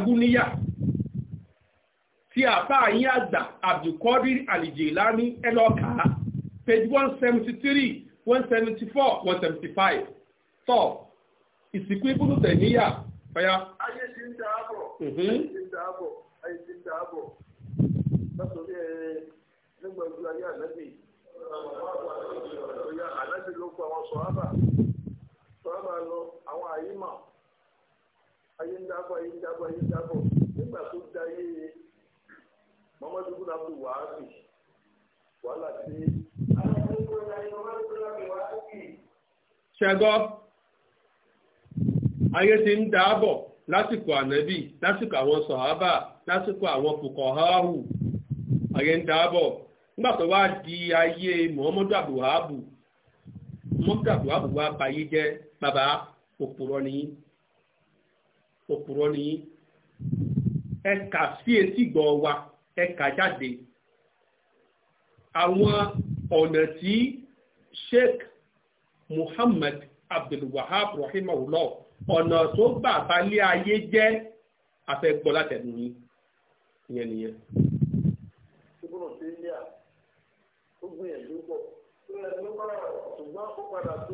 tí àbá yín àgbà Abdulkadir Al-Jilani ẹlọ́ka page one seventy three one seventy four one seventy five tọ́ ìsìnkú ibùdó tẹ̀níyà ọ̀yá. ayé ti ń dáàbọ̀ mhm. ayé ti ń dáàbọ̀ ayé ti ń dáàbọ̀ látọ̀rí ẹ nígbà ojú ayé ànábì ànábì ló kó àwọn sọ̀hábà sọ̀hábà lọ àwọn àyímà ayé ń dáàbọ̀ ayé ń dáàbọ̀ ayé ń dáàbọ̀ nígbà tó dá yé Muhammadu bin Abdul Wahabi wàhálà tí. ṣẹ́gọ́ ayé ti ń dáàbọ̀ lásìkò ànábì lásìkò àwọn sọ̀hábà lásìkò àwọn fòkànháhù ayé ń Muhammadu abuhabu Muhammadu abuhabu wá bayé bàbá ẹ kà ẹ kà jáde àwọn ọ̀nà tí Sheikh Muhammad Abdulwahab rahimahullah ọ̀nà tó gbà balẹ̀ ayé jẹ́ afẹ́gbọ́ látẹ̀nu yín ìyẹn nìyẹn. ìbúrò sí ilé à ó gbìyànjú pọ̀ ṣùgbọ́n ó padà tó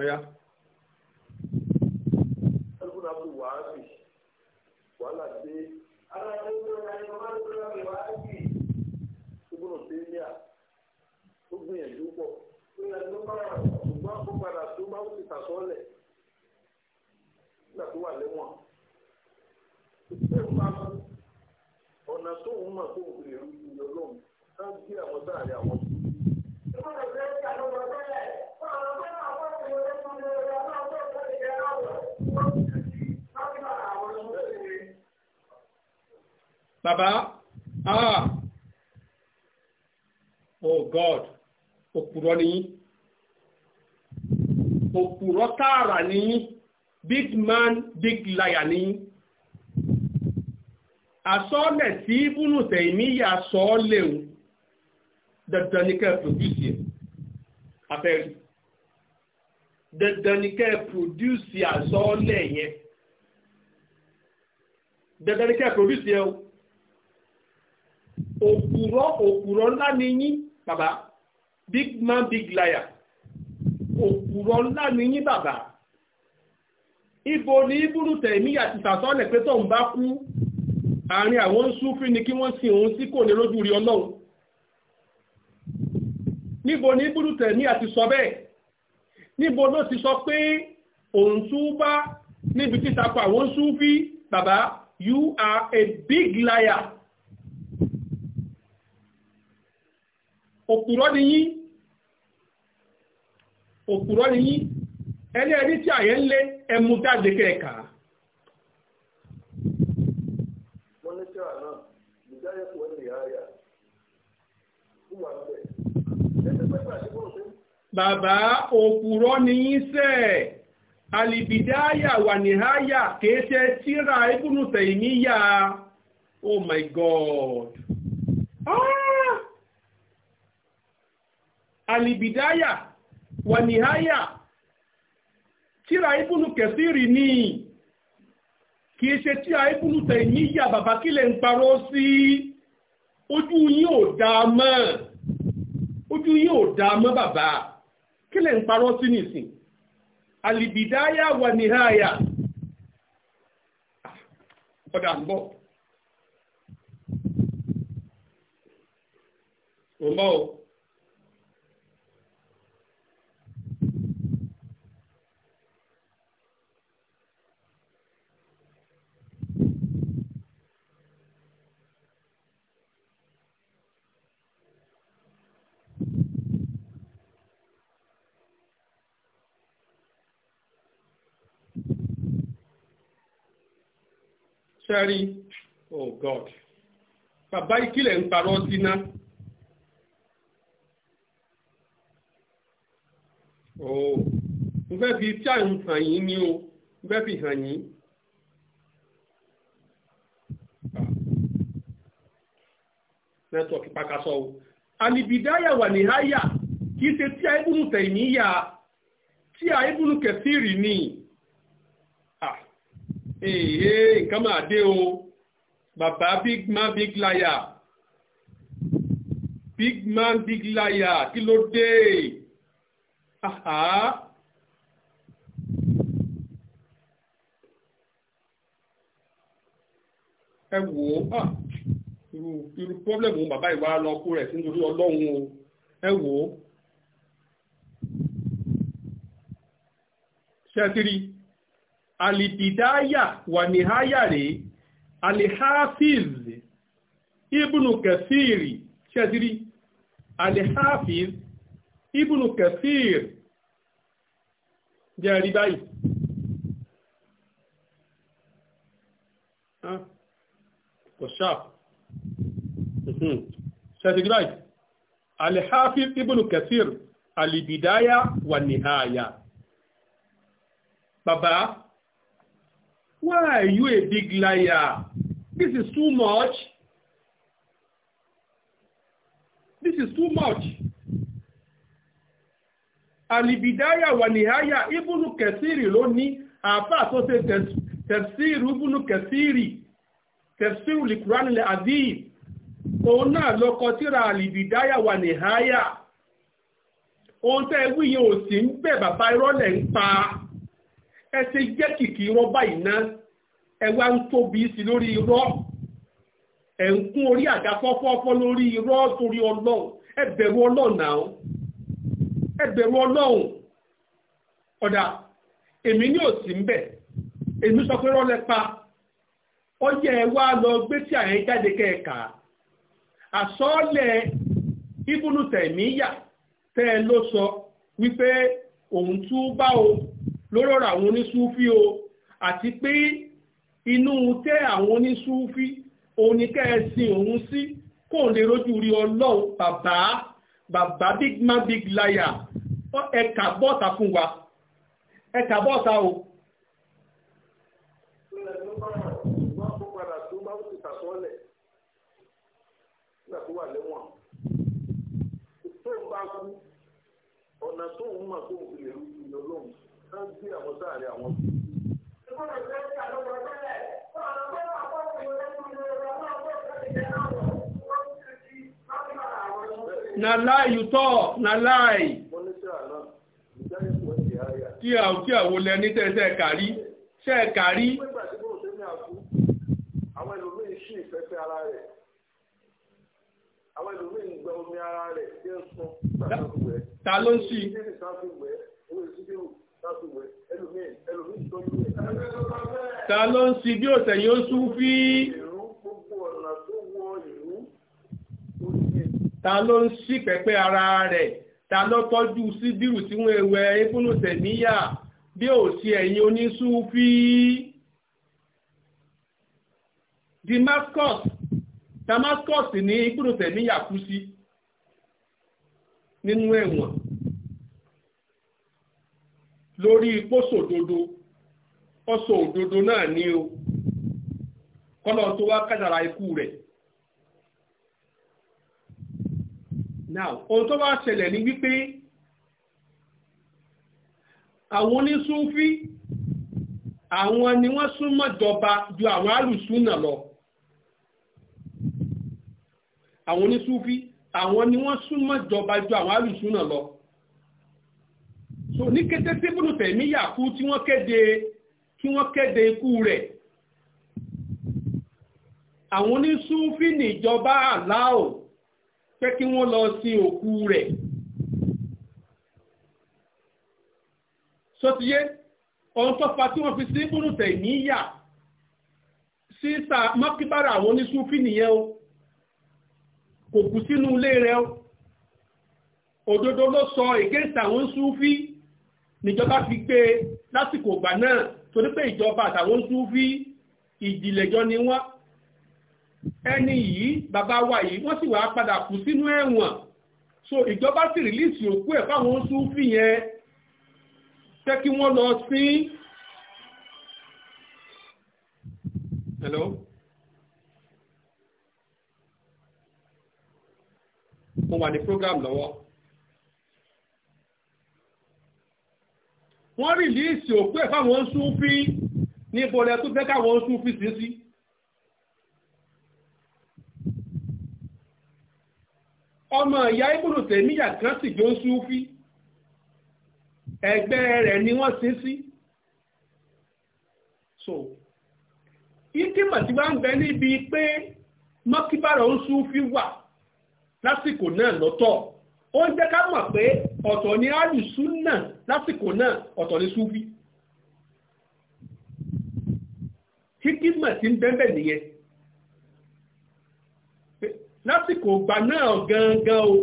ọ̀yá. ẹkún náà kò wá sí wàhálà dé. ara ẹni tó ń ra ẹni máa ń lọ rẹ wá sí. gbogbo nàìjíríà ó gbìyànjú pọ̀ ó yẹ kó bá ṣùgbọ́n kó padà tó bá ti tàṣọ́lẹ̀ nígbà tó wà lẹ́wọ̀n. ọ̀nà tó ń mọ̀ tó ń gbìyànjú lọ́lọ́run ká gbé àwọn sáàrin àwọn. Baba, ah oh god òpùrọ́ ni yín òpùrọ́ tààrà ni yín big man big liar ni yín àsọ́ọ̀lẹ̀ tí ibùnú tẹ̀míyà sọ́ọ̀lẹ̀ o dandan ni kẹ́ produce yẹn abẹ́rí dandan ni kẹ́ produce àsọ́ọ̀lẹ̀ yẹn dandan ni kẹ́ produce yẹn o òpùrọ́ òpùrọ́ ńlá ni yín bàbá big man big liar òpùrọ́ ńlá ni yín bàbá ibo ni ibùdó tẹ̀mí àti sàtọ́lẹ̀ pé tóun bá kú àárín àwọn súnfí ni kí wọ́n sin òun sí kò ní lójú rí ọlọ́run níbo ni ibùdó tẹ̀mí àti sọ bẹ́ẹ̀ níbo ló ti sọ pé òun tún bá níbi títakọ àwọn súnfí bàbá you are a big liar òpùrọ́ ni yín òpùrọ́ ni yín ẹni ẹni tí àyẹ̀ ń lé ẹmu jáde kẹ̀ẹ̀ka. mo ní tí àná bàbá òpùrọ́ ni yín sẹ́ẹ̀ alìbìdáyà wà níháyà kìí ṣe tíra ibùnùsẹ̀ ìníyà oh my god. alìbìdáyà wàníháyà tíra ibùnú kẹsìrì ni kì í ṣe tíra ibùnú tẹ̀yìnyà bàbá kílẹ̀ ń parọ́ sí ojú yín ò dáa mọ́ ojú yín ò dáa mọ́ bàbá kílẹ̀ ń parọ́ sí nìsín alìbìdáyà wàníháyà ọ̀dà ń bọ̀. Òmọ́ o. sẹ́rí oh god bàbá ìkìlẹ̀ ń parọ́ sí oh mo fẹ́ fi tí à ń hàn yín ní o mo fẹ́ fi hàn yín. nẹ́tọ̀ọ̀kì pàkàsọ o alìbìdáyà wà ní háyà kì í ṣe tí a ibùnú tẹ̀yìníyà tí a ibùnú kẹfìrì ni. Ah èyí nǹkan máa dé o bàbá big man big liar big man big liar kí ló dé aha ẹ wò ó ah, irú irú pọ́blẹ́mù bàbá ìwà lọ kó rẹ̀ sí nítorí ọlọ́run o ẹ wò ó ṣe é ti rí i. alibidaya wà níháyà rèé alihafiz ibnu kathiri chadri alihafiz ibn kathir jẹ́ rí báyìí. kò ṣáà chadri báyìí alihafiz ibn kathir alibidaya wà níháyà bàbá Why are you a big liar? This is too much. This is too much. Alibidaya wa nihaya Ibnu Kathiri ló ní àfà tó ṣe tẹ̀síìrì Ibnu Kathiri tẹ̀síìrì lìkùránì lè àdíì. Òun náà ló kọ tírà Alibidaya wa nihaya. Ohun tẹ́ wíyẹn ò sí ń bẹ̀ bàbá irọ́ ń pa. ẹ ṣe jẹ́ kìkì irọ́ báyìí ná ẹ ń tóbi sí lórí irọ́ ẹ̀ ń kún orí àga fọ́fọ́fọ́ lórí irọ́ torí ọlọ́run ẹ bẹ̀rù ọlọ́run náà ẹ bẹ̀rù ọlọ́run ọ̀dà èmi ní òsì ń bẹ̀ èmi sọ pé rọ́lẹ́ pa ẹ wá lọ gbé sọ wípé òun o. lórí ọ̀rọ̀ àwọn onísúfí o àti pé inú tẹ́ àwọn onísúfí òun ni kẹ́ ẹ sin òun sí kó o lè rójú rí ọlọ́run bàbá bàbá big man big liar ẹ̀ka bọ́ọ̀ta fún wa ẹ̀ka bọ́ọ̀ta o. ọ̀nà tó ń mọ̀ tó ń fi lè rú ìyọ́ lóhùn ń gbé àwọn sáàrin àwọn. nàláì yùtọ̀ nàláì tí àwọn tí àwọn olè ní tẹ́ẹ̀tẹ́ kàrí é kàrí àwọn ẹlòmíì sí ìfẹ́fẹ́ ara rẹ̀ àwọn ẹlòmíì gba omi ara rẹ̀ tí ń sun ta ló ń sí ta ló ń si bí òsè yóò sún fí. ta ló ń sí pẹ́pẹ́ ara rẹ̀ ta ló tọ́jú síbírù tí wọ́n ewé ẹ̀fúnnùsẹ̀ níyà bí ò sí ẹ̀yin onísúfí. Damascus Damascus ní ìpínlẹ̀ níyà kú sí nínú ẹ̀wọ̀n. lórí pósò òdodo ọsọ òdodo náà ni o kọlọ tó wá kádàrá ikú rẹ now ohun tó ṣẹlẹ̀ ni wípé àwọn onísúnfí àwọn ni wọ́n ju àwọn alùsúnà lọ lọ. so ní kété tí Ibn Taymiyyah kú tí wọ́n kéde kí wọ́n kéde ikú rẹ̀ àwọn onísúfì níjọba aláò pé kí wọ́n lọ sí òkú rẹ̀ sọtiyé ohun tó fa tí wọ́n fi sí Ibn Taymiyyah sísà mọ́kíbára àwọn onísúfì nìyẹn o kò kú sínú ilé rẹ̀ o òdodo ló sọ ègéǹsì àwọn súfì níjọba fi gbé lásìkò ìgbà náà torí pé ìjọba àtàwọn Sufi ìjìnlẹ̀jọ ni wọ́n ẹni yìí bàbá wa yìí wọ́n sì wàá padà kú sínú ẹ̀wọ̀n so ìjọba sì rìlíìsì òkú ẹ̀ fáwọn Sufi yẹn pé kí wọ́n lọ sí. Hello? mo wà ní program lọ́wọ́. wọ́n rìlíìsì òkú ẹ̀ fáwọn súnfí ní ìbọ̀lẹ̀ tó fẹ́ káwọn súnfí sí sí ọmọ ìyá ìbùrù tèmíyà kan sì jó súnfí ẹgbẹ́ rẹ̀ ni wọ́n sí sí so ìkímọ̀ tí wọ́n ń bẹ níbi pé mọ́kíbàrọ̀ ń súnfí wà lásìkò náà lọ́tọ̀ ó ń jẹ́ ká mọ̀ pé ọ̀tọ̀ ni alùsùn náà lásìkò náà ọ̀tọ̀ ni súfí hikima ti ń bẹ́ẹ̀ nìyẹn lásìkò ìgbà náà gangan o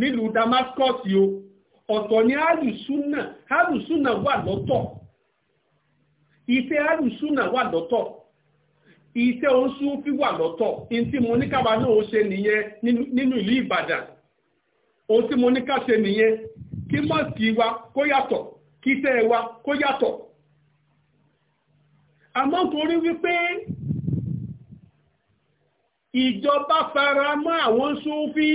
nílùú Damascus o ọ̀tọ̀ ni alùsúnà alùsúnà wà lọ́tọ̀ iṣẹ́ alùsúnà wà lọ́tọ̀ iṣẹ́ oṣù fi wà lọ́tọ̀ ní tí mo ní kábà náà ó ṣe nìyẹn nínú ìlú Ìbàdàn ohun tí mo ní ká ṣe nìyẹn kí mọ́ọ̀sì wa kó yàtọ̀ kí iṣẹ́ wa kó yàtọ̀ àmọ́ torí wípé ìjọba fara mọ́ àwọn súnfí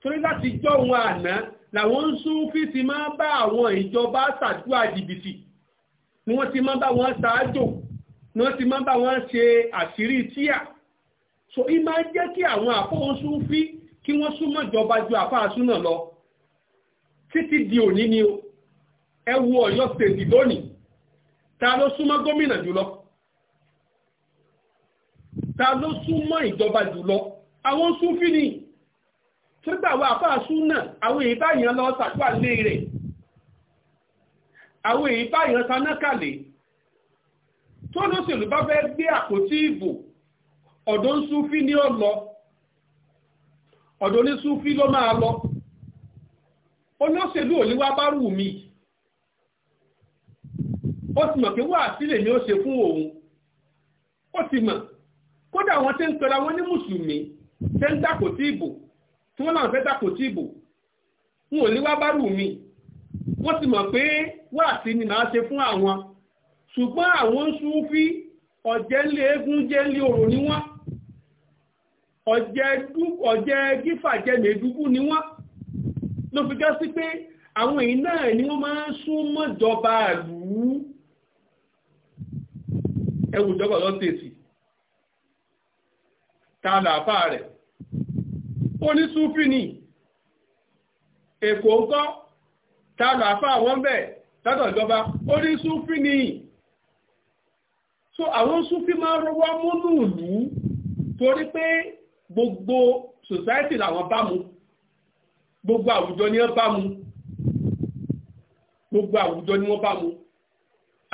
torí láti jọ wọn àná làwọn súnfí ti máa bá àwọn ìjọba ṣàdúrà jìbìtì ni wọ́n ti máa bá wọn ṣáájò ni wọ́n ti máa bá wọn ṣe àṣírí tíà so í máa jẹ́ kí àwọn àfọ́wọ́súnfí kí wọ́n súnmọ́ ìjọba ju àfáàsúnà lọ títí di òní ni o ẹ wo Ọ̀yọ́ stéètì lónìí ta ló súnmọ́ gómìnà jùlọ ta ló súnmọ́ ìjọba jùlọ àwọn súnfí ni sígbà wa àfáà súnà àwọn èyí báyìí lọ sàdúrà lé rẹ̀ àwọn èyí báyìí sanákàlẹ̀ tó lóṣèlú bá fẹ́ gbé àpótí ìbò ọ̀dọ̀ ń súnfí ní ọ̀lọ́ ọ̀dọ̀ ní súnfí ló máa lọ olóṣèlú ò ní wá bá rù mí ó ti mọ̀ pé wà sílẹ̀ ni ó ṣe fún òun ó ti mọ̀ kódà wọn tẹ́ ń pera wọn ní mùsùlùmí tẹ́ ń dàpọ̀ tí ìbò tí wọ́n náà fẹ́ dàpọ̀ tí ìbò n ò bá rù mí wọ́n ti mọ̀ pé wà sí ni màá ṣe fún àwọn ṣùgbọ́n àwọn ń sún fí ọ̀jẹ́ ńlẹ̀ eégún jẹ́ ńlẹ̀ òrò ni wọ́n ọ̀jẹ́ gífà jẹ́ mẹ́ẹ̀dúgbù ni wọ́n ló fi já sí pé àwọn èyí náà ni wọ́n máa ń sún mọ́jọba àlú ẹwù ìjọba lọ́tẹ̀ẹ̀sì tààlà àfà rẹ̀ onísúfì ni èkó ńkọ́ tààlà àfà wọ́n bẹ̀ látọ̀ ìjọba onísúfì ni so àwọn súfì máa rọwọ́ múnú ìlú torí pé gbogbo society làwọn bá mu gbogbo àwùjọ ni wọ́n bá mu gbogbo àwùjọ ni wọ́n bá mu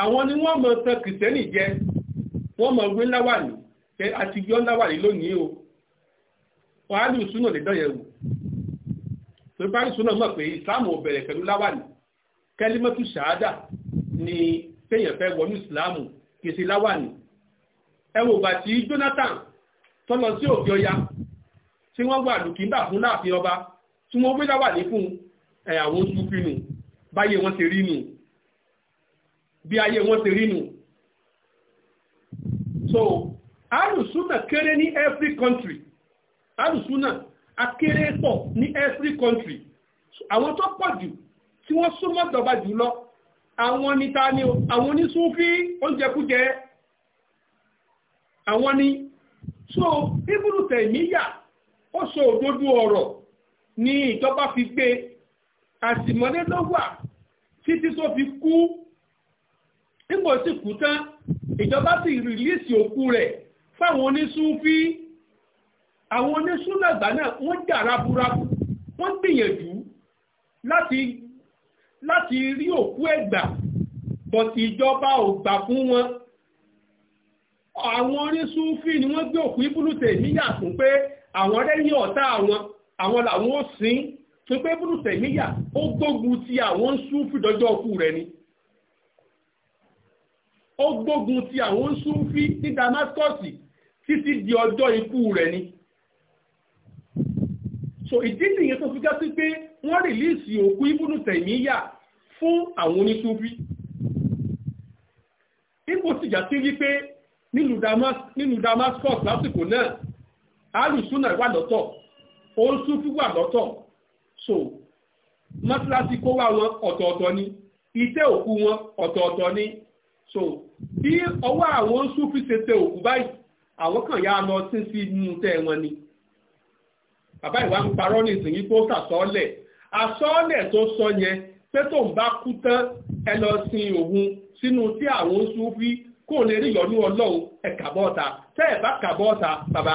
àwọn ni wọ́n mọ̀ tán kìtẹ́nì jẹ wọ́n mọ̀ wé láwàní ẹ àti yọ́ láwàní lónìí o wàhálì ìsúná lè dán yẹn wò pẹ̀lú báyìí mọ̀ pé ìsìláàmù ò pẹ̀lú láwàní kẹ́límọ́tù ṣáádà ni téèyàn fẹ́ wọnú ìsìláàmù kìí ṣe láwàní ẹ wò gbà tí Jonathan tọ́lọ sí òkè ọya tí wọ́n wà lùkìńbà fún láàfin ọba tí wọ́n wé láwà ní fún àwọn ṣúfì nù báyé wọ́n ti rí nù bí ayé wọ́n ti rí nù so alùsúnà kéré ní every country alùsúnà akéré pọ̀ ní every country àwọn tó pọ̀ jù tí wọ́n súnmọ́ dọ̀ba jù lọ àwọn ni ta ni àwọn oníṣúfì oúnjẹkújẹ àwọn ni so ibùdó tẹ̀míyà ó sọ òdodo ọ̀rọ̀ ni ìjọba fi gbé àtìmọ́lé ló wà títí tó fi kú nígbà tí kú tán ìjọba sì rìlíìsì òkú rẹ̀ fáwọn onísúnfí àwọn onísúnlàgbà náà wọ́n jà raburabu wọ́n gbìyànjú láti láti rí òkú ẹ̀gbà bọ̀tì ìjọba ò gbà fún wọn àwọn onísúnfí ni wọ́n gbé òkú ibùdó tèmíyà fún pé àwọn rẹ́yìn ọ̀tá àwọn àwọn làwọn ó sin tó pé búrú tẹ̀míyà ó gbógun ti àwọn súnfì dọjọ́ ọkù rẹ̀ ni ó gbógun ti àwọn súnfì ní Damascus títí di ọjọ́ ikú rẹ̀ ni so ìdí nìyẹn tó fi já sí pé wọ́n rìlíìsì òkú ibùnú tẹ̀míyà fún àwọn onísúnfì ipò sì já sí wípé nílùú Damascus lásìkò náà alùsùnà wà lọ́tọ̀ òun súnfí wà lọ́tọ̀ so mọ́sálásí kó wá wọn ọ̀tọ̀ọ̀tọ̀ ni ìtẹ́ òkú wọn ọ̀tọ̀ọ̀tọ̀ ni so bí ọwọ́ àwọn súnfí fi tẹ òkú báyìí àwọn kan yá lọ sí sí inú tẹ́ wọn ni bàbá ìwà ń parọ́ ní ìsìnyí tó sàsọ́ọ́lẹ̀ àsọ́ọ́lẹ̀ tó sọ yẹn pé tó ń bá kú tán tí àwọn kó lè rí ọlọ́run bàbá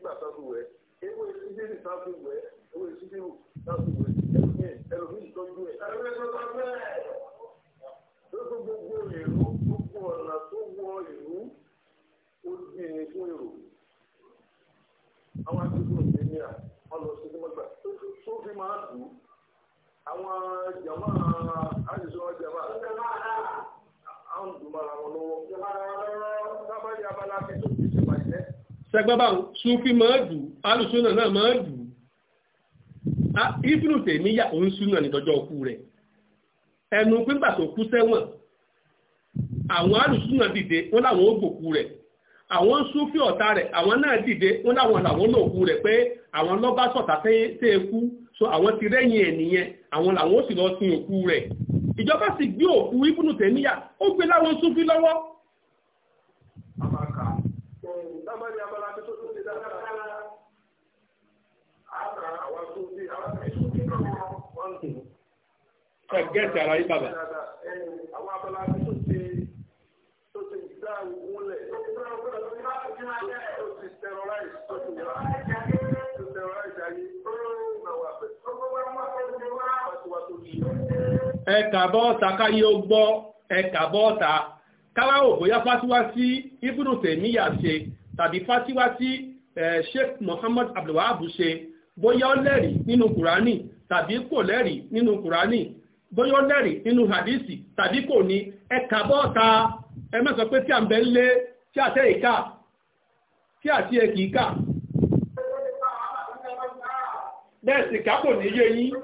nígbà tá a fi wẹ̀ ewé síbírì tá a fi wẹ̀ ewé síbírì tá a fi wẹ̀ ẹlòmíì ẹlòmíì tọ́jú ẹ̀. ẹlòmíì tó tọ́ bẹ́ẹ̀. lóṣù gbogbo ìlú gbogbo ọ̀nà tó wọ ìlú ó di ní e fún èrò. àwọn àtúntò ìdè ní à wọn lọ sí ìdímọ̀gbà tó fi máa dùn àwọn jàmá àyùsọ̀ jàmá àwọn dùn mọ́ra wọn lọ́wọ́. jàmá lọ́wọ́ sábà yà bá láti sẹgbẹ́bà sufi máa dù alùsùnà náà máa dù ibùdó tèmíyà òun súnà nìdọ́jọ́ ọkú rẹ̀ ẹnu pínpà tó kú sẹ́wọ̀n àwọn alùsùnà dìde wọ́n láwọn ó gbòkú rẹ̀ àwọn sufi ọ̀tá rẹ̀ àwọn náà dìde wọn láwọn làwọn lòkú rẹ̀ pé àwọn lọba lọ́bá sọ̀tà tẹ́ ekú so àwọn ti rẹ́yìn ẹ̀ nìyẹn àwọn làwọn ó sì lọ sin òkú rẹ̀ ìjọba sì gbé òkú ibùdó tèmíyà ó gbé láwọn sufi lọ́wọ́ sábà ní abala tó tó ti dáadáa àtà àwọn tó ti àwọn tó ti náà wọ́n ti. ẹ gẹ́ẹ̀tì ara yín bàbá. àwọn abala tó ti tó ti dá wúlẹ̀ tó ti terrorize tó ti yàrá ẹ kà bọ́ọ̀tà káyé ó gbọ́ ẹ kà bọ́ọ̀tà káwáwò bóyá fásiwá sí ibùdó tèmíyà ṣe tàbí fásiwá sí sheikh muhammad abdulwahab ṣe bóyá ó lẹ́rìí nínú kùránì tàbí kò lẹ́rìí nínú kùránì bóyá ó lẹ́rìí nínú hadisi tàbí kò ní ẹ kàbọ́ọ̀ta ẹ má sọ pé tí à ń bẹ ń lé tí àtẹ́ ìka tí àti ẹ kìí kà bẹ́ẹ̀ sì kápò níyé yín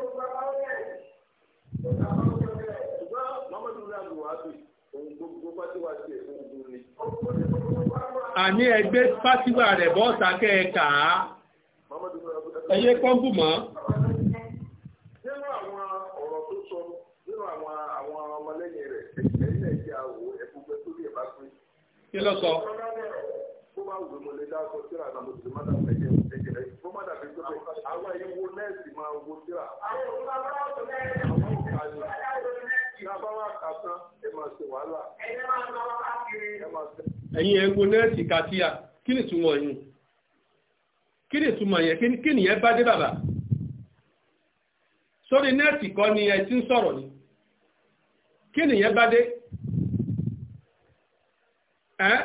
àní ẹgbẹ́ fásiwà rẹ̀ bọ́ọ̀ta kẹ́ẹ̀kà á ẹyẹ kọ́ngù mọ́. nínú àwọn ọ̀rọ̀ kí ló sọ. àwọn ìwo nẹ́ẹ̀sì máa wo síra. máa ṣe ẹ̀yin ẹ̀gbọ́ nẹ́ẹ̀sì kàtíyà kí ni ìtumọ̀ kí ni ìtumọ̀ kí ni bá dé bàbá sórí nẹ́ẹ̀sì kọ́ ni ẹ ti ń sọ̀rọ̀ ni kí ni bá dé ẹ́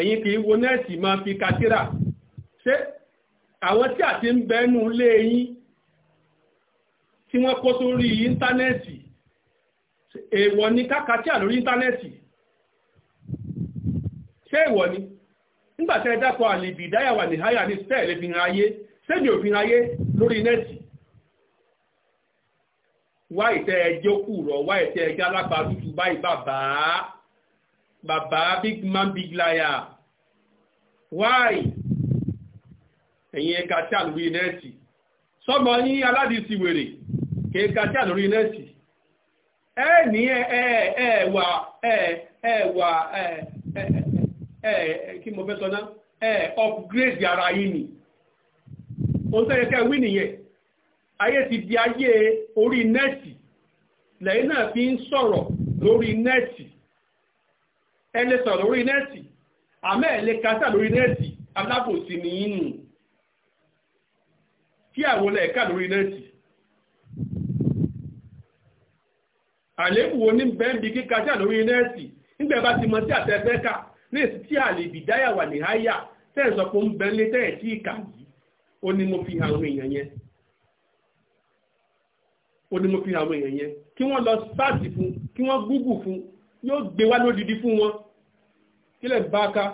ẹ̀yin kì í wo nẹ́ẹ̀sì fi kàtírà ṣé àwọn tí àti ń lé tí wọ́n kó sórí íńtánẹ́ẹ̀tì èèwọ̀ ni kákàtíà lórí íńtánẹ́ẹ̀tì ṣé èèwọ̀ ni nígbà ẹ dákọ̀ àlèbì ìdáyàwó ni ní stẹ́ẹ̀lì fi ayé sẹ́mi ò ayé lórí nẹ́ẹ̀tì wá ìtẹ́ ẹjọ́ kù rọ̀ wá ìtẹ́ ẹjọ́ alápá báyìí big man big liar why ẹ̀yin ẹ̀ka tí à lórí nẹ́ẹ̀tì sọ́mọ yín aládìsí wèrè tí ẹ ní ẹ ẹ wà ẹ ẹ wà ẹ ẹ kí mo fẹ́ sọ náà ẹ upgrade ara yìí ni o tẹ́lẹ̀ kẹ́ wí nìyẹn ayé ti di ayé orí nẹ́ẹ̀tì lẹ́yìn náà fi ń sọ̀rọ̀ lórí nẹ́ẹ̀tì ẹ lè sọ̀rọ̀ lórí nẹ́ẹ̀tì àmọ́ ẹ lè kásá lórí nẹ́ẹ̀tì alábòsí nìyí nù kí àwọn ẹ̀ka lórí nẹ́ẹ̀tì àléébù wo ní bẹ́ẹ̀bì kíkà sí àlórí nẹ́ẹ̀sì nígbà bá ti mọ sí àtẹ́fẹ́kà ní èsì tí àlèbì dáyà wà ní háyà tẹ́ẹ̀ sọ pé ń bẹ́ lé tẹ́ẹ̀ tí ìkà yìí ó ní mo fi àwọn èèyàn yẹn ó ní mo fi àwọn èèyàn yẹn kí wọ́n lọ sáàsì fún kí wọ́n gúgù fún yóò gbé wá lódìdí fún wọn kílẹ̀ bá ká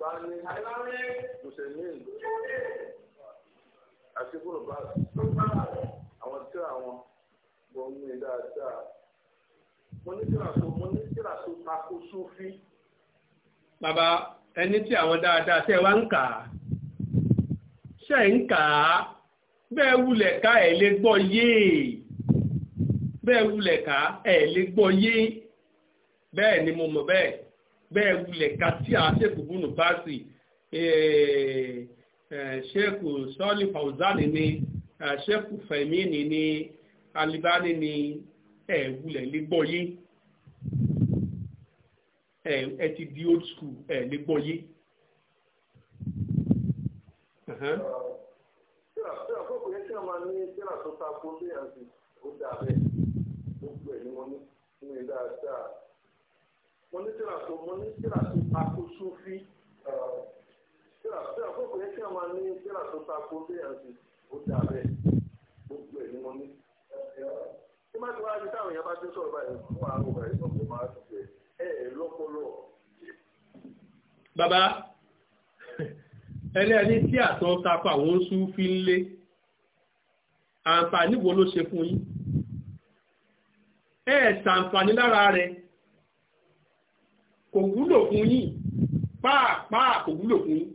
mùsùlùmí àti bùrùbá àwọn tí àwọn bọ̀ ń mi dáadáa mo ní tíra tó mo ní tíra tó takò sófì. bàbá ẹni tí àwọn dáadáa tẹ wá ń kà á ṣe ń kà á bẹ́ẹ̀ wulẹ̀ ká ẹ̀ lè gbọ́ yéè bẹ́ẹ̀ wulẹ̀ ká ẹ̀ lè gbọ́ yéè bẹ́ẹ̀ ni mo mọ̀ bẹ́ẹ̀ bẹ́ẹ̀ wulẹ̀ ká tí a ṣèkù bùnú báàsì ṣèkù sọ́ọ̀lì fàwùzánì ni ṣèkù eh, fẹ̀mínì ni alibani ni ẹ̀ wulẹ̀ lè gbọ́ yé ẹ ti di old school ẹ̀ lè gbọ́ yé. mo ní tíra tó mo ní tíra tó takò sófì tíra tíra fún òkè kí wọn ní tíra tó takò béèyàn sí ó dà bẹ́ẹ̀ gbogbo ẹ̀ ni mo ní. tí má ti wá di táwọn èèyàn bá ti sọ̀rọ̀ báyìí fún wa àwọn ọ̀rẹ́ náà kò máa ti bẹ̀ ẹ̀ ẹ̀ lọ́pọlọ. bàbá ẹlẹ́ni tí àtọ́ takò àwọn sófì lé àǹfààní wo ló ṣe fún yín ẹ ṣàǹfààní lára rẹ̀ kò wúlò fún yín pàápàá kò wúlò fún yín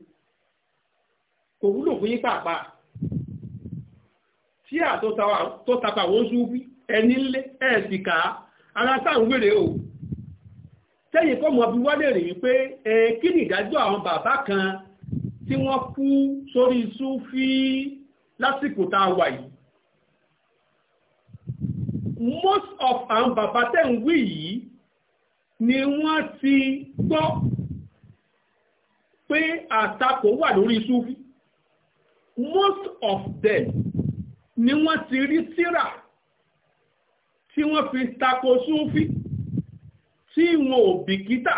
kò wúlò fún yín pàápàá tí à tó tapa àwọn ṣúbí ẹni lé ẹ̀sì ká ara sáà wèrè o tẹ́yìn kọ́ mọ̀ bí wálé rí wípé kí ni ìdájọ́ àwọn bàbá kan tí wọ́n kú sórí fi, lásìkò tá a wà yìí most of àwọn bàbá tẹ́ ń wí yìí ni wọ́n ti gbọ́ pé àtakò wà lórí súfí most of them ni wọ́n ti rí tírà tí wọ́n fi tako súfí tí wọn ò bìkítà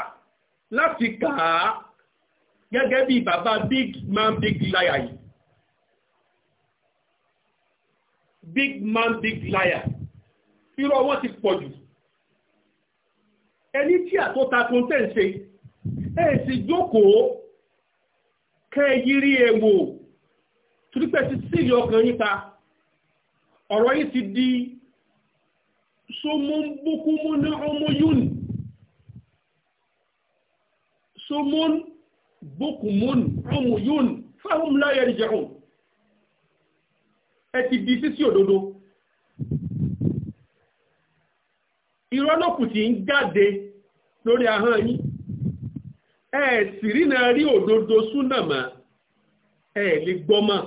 láti kà á gẹ́gẹ́ bí bàbá big man big liar yìí big man big liar irọ́ wọn ti pọ̀ jù ẹni tí àtó takun tẹ̀ ń ṣe ẹ̀ sì jókòó kẹ́ yírí ẹ̀wò torípẹ́ ti sílì ọkàn yípa ọ̀rọ̀ yìí ti di sọmọ́nbókúmọ́ ní ọmọ yún sọmọ́nbókúmọ́ ní ọmọ yún fáwọn láyé ìjẹun ẹ ti di sísí òdodo irọ́ ló kù ń jáde lórí ahọ́n yín ẹ sì rí náà rí òdodo súnàmà ẹ lè gbọ́mọ̀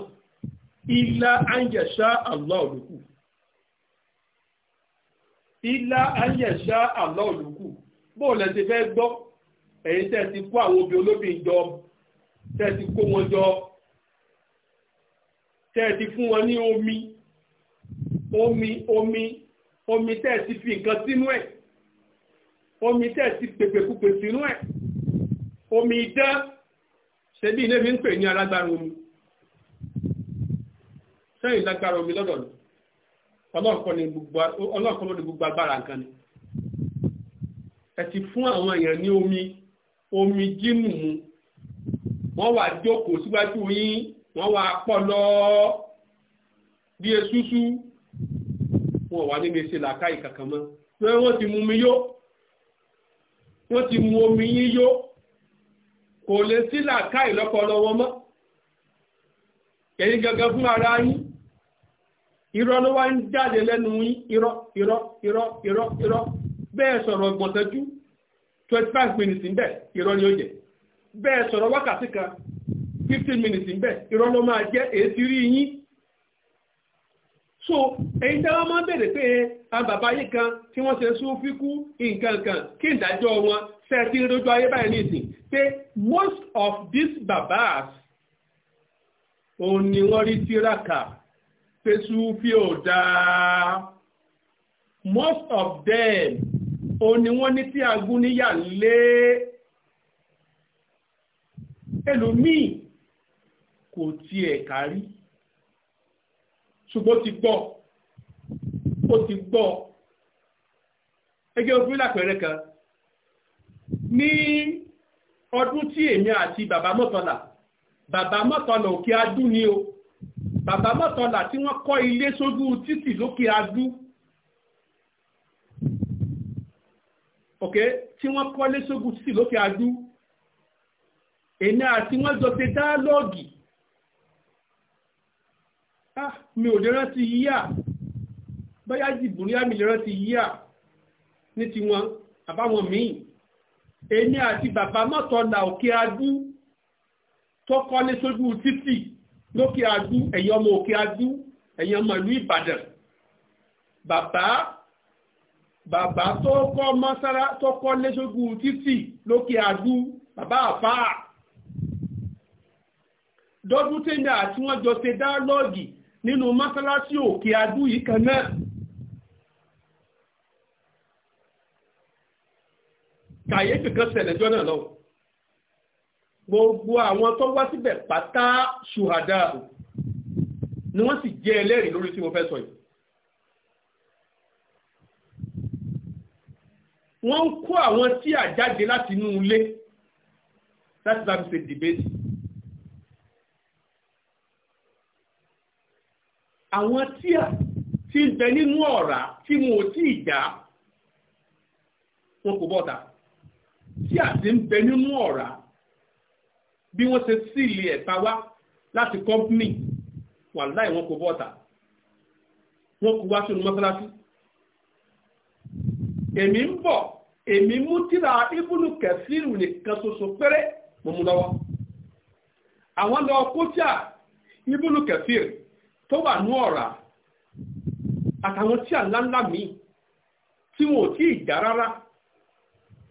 ilá àyẹ̀ṣá Allah olùkù ilá olùkù bóòlù ti fẹ́ gbọ́ ẹ̀yin tẹ́ ti kó àwọn obì olóbìn jọ tẹ́ ti kó wọn jọ tẹ́ ti fún wọn ní omi omi omi omi tẹ́ ẹ ti fi nǹkan sínú ẹ̀ omi tẹ́ ẹ ti pèpèkúpè sínú ẹ̀ omi idán ṣebí ilé mi ń pè ní alágbára omi sẹ́yìn lágbára omi lọ́dọ̀ ni ọlọ́ọ̀kọ́ ni gbogbo agbára nǹkan ni ẹ ti fún àwọn èèyàn ní omi omi jímù mu wọ́n wà jókòó síwájú yín wọ́n wà pọ̀ lọ́ọ́ bí esusu wọn wà níbi ṣe làákàyè kankan mọ́ wọ́n ti mú mi yó wọ́n ti mú omi yó kò lè sí làákàyè lọ́pọ̀lọpọ̀ mọ́ ẹ̀yìn gangan fún ara yín irọ́ ló wá ń jáde lẹ́nu yín irọ́ irọ́ irọ́ irọ́ bẹ́ẹ̀ minutes ń bẹ̀ irọ́ ni ó bẹ́ẹ̀ sọ̀rọ̀ wákàtí kan minutes ń bẹ̀ irọ́ so èyí tí wọ́n máa ń bèèrè pé bàbá yìí kan tí wọ́n ṣe sún fíkú nǹkan kan kí ìdájọ́ wọn ṣẹ́ẹ̀tì lójú ayé báyìí nìsín pé most of these babas òun ni wọ́n rí tíraka pé súnfí ò dáa most of them òun ni wọ́n ní tí agún níyà lé ẹlòmíì kò tiẹ̀ kárí. E ṣùgbọ́n ti gbọ́ ó ti gbọ́ ẹgbẹ́ òfin lápẹẹrẹ kan ní ọdún tí èmi àti bàbá mọ́tọ́là bàbá mọ́tọ́là òkè adú ni o bàbá mọ́tọ́là tí wọ́n kọ́ ilé sójú títì lókè adú ok tí wọ́n kọ́ ilé sójú títì lókè adú èmi àti wọ́n jọ ṣe dáálọ́ọ̀gì ah mi ò lè rántí yíyà bóyá jìbùrìyà mi lè rántí yíyà ní tiwọn àbáwọn míì èmi àti bàbá mọ́tọ́ là òkè adú tó kọ́lé sójú títì lókè adú ẹ̀yin ọmọ òkè adú ẹ̀yin ọmọ ìlú ìbàdàn bàbá bàbá tó kọ́ mọ́sára tó kọ́lé sójú títì lókè adú bàbá àfáà dọ́dún tẹ́lẹ̀ àti wọ́n jọ ṣe dáálọ́ọ̀gì nínú mọ́sálásí òkè adú yìí kan náà kàyéfì kan ṣẹlẹ̀ jọ náà lọ́wọ́ gbogbo àwọn tó wá síbẹ̀ pátá ṣùhàdá ni wọ́n sì jẹ́ ẹlẹ́rìí lórí tí mo fẹ́ sọ yìí wọ́n ń kó àwọn tí àjáde láti inú ilé láti bá mi ṣe dìbẹ́tì àwọn tíà tí ń bẹ nínú ọ̀rá tí wọn ò tí ì já wọn kò bọ́ta tíà tí ń bẹ nínú ọ̀rá bí wọ́n ṣe sílì ẹ̀ta wá láti kọ́mpínì wà láì wọn kò bọ́ta wọn kò wá sínú mọ́sálásí èmi ń bọ̀ èmi mú tíra ibùnú kẹfìrù nìkan ṣoṣo péré mo lọ́wọ́ àwọn lọ kó tíà ibùnú kẹfìrù tó wà ní ọ̀rá àtàwọn tí à ńláńlá míì tí wọn ò tí ì já rárá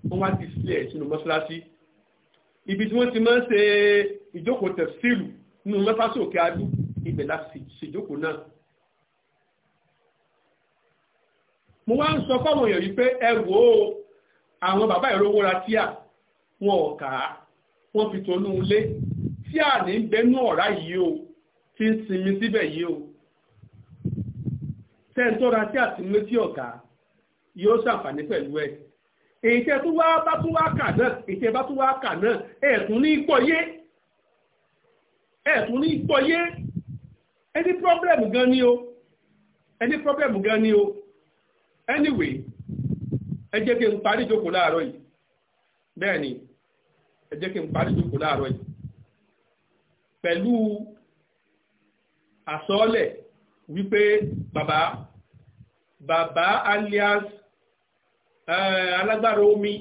wọ́n wá ti sílẹ̀ sínú mọ́ṣáláṣí ibi tí wọ́n ti máa ń ṣe ìjókòó tẹ̀síìlù nínú mọ́ṣáláṣí òkè adú ibẹ̀ láti ṣèjókòó náà mo wá ń sọ fáwọn èèyàn yìí pé ẹ wò àwọn bàbá ìrówó ra tíà wọn ò kà á wọ́n fi tonú ilé tíà ní bẹnú ọ̀rá yìí o tí ń sinmi síbẹ̀ yìí o tẹ́ ń tọ́ra sí àtìmọ́tì ọ̀gá yóò ṣàǹfààní pẹ̀lú ẹ̀ èyí tẹ́ tó wá bá tó wá kà náà èyí tẹ́ bá tó wá kà náà ẹ̀ẹ̀tún ní gbọ́yé ẹ̀ẹ̀tún ní gbọ́yé ẹni pọ́blẹ́mù gan ni o ẹni pọ́blẹ́mù gan ni o anyway ẹ jẹ́ kí n parí ìjókòó láàárọ̀ yìí bẹ́ẹ̀ ni ẹ jẹ́ kí n parí ìjókòó láàárọ̀ yìí pẹ̀lú àsọ́ọ́lẹ̀ wípé bàbá bàbá alias eh, alágbára omi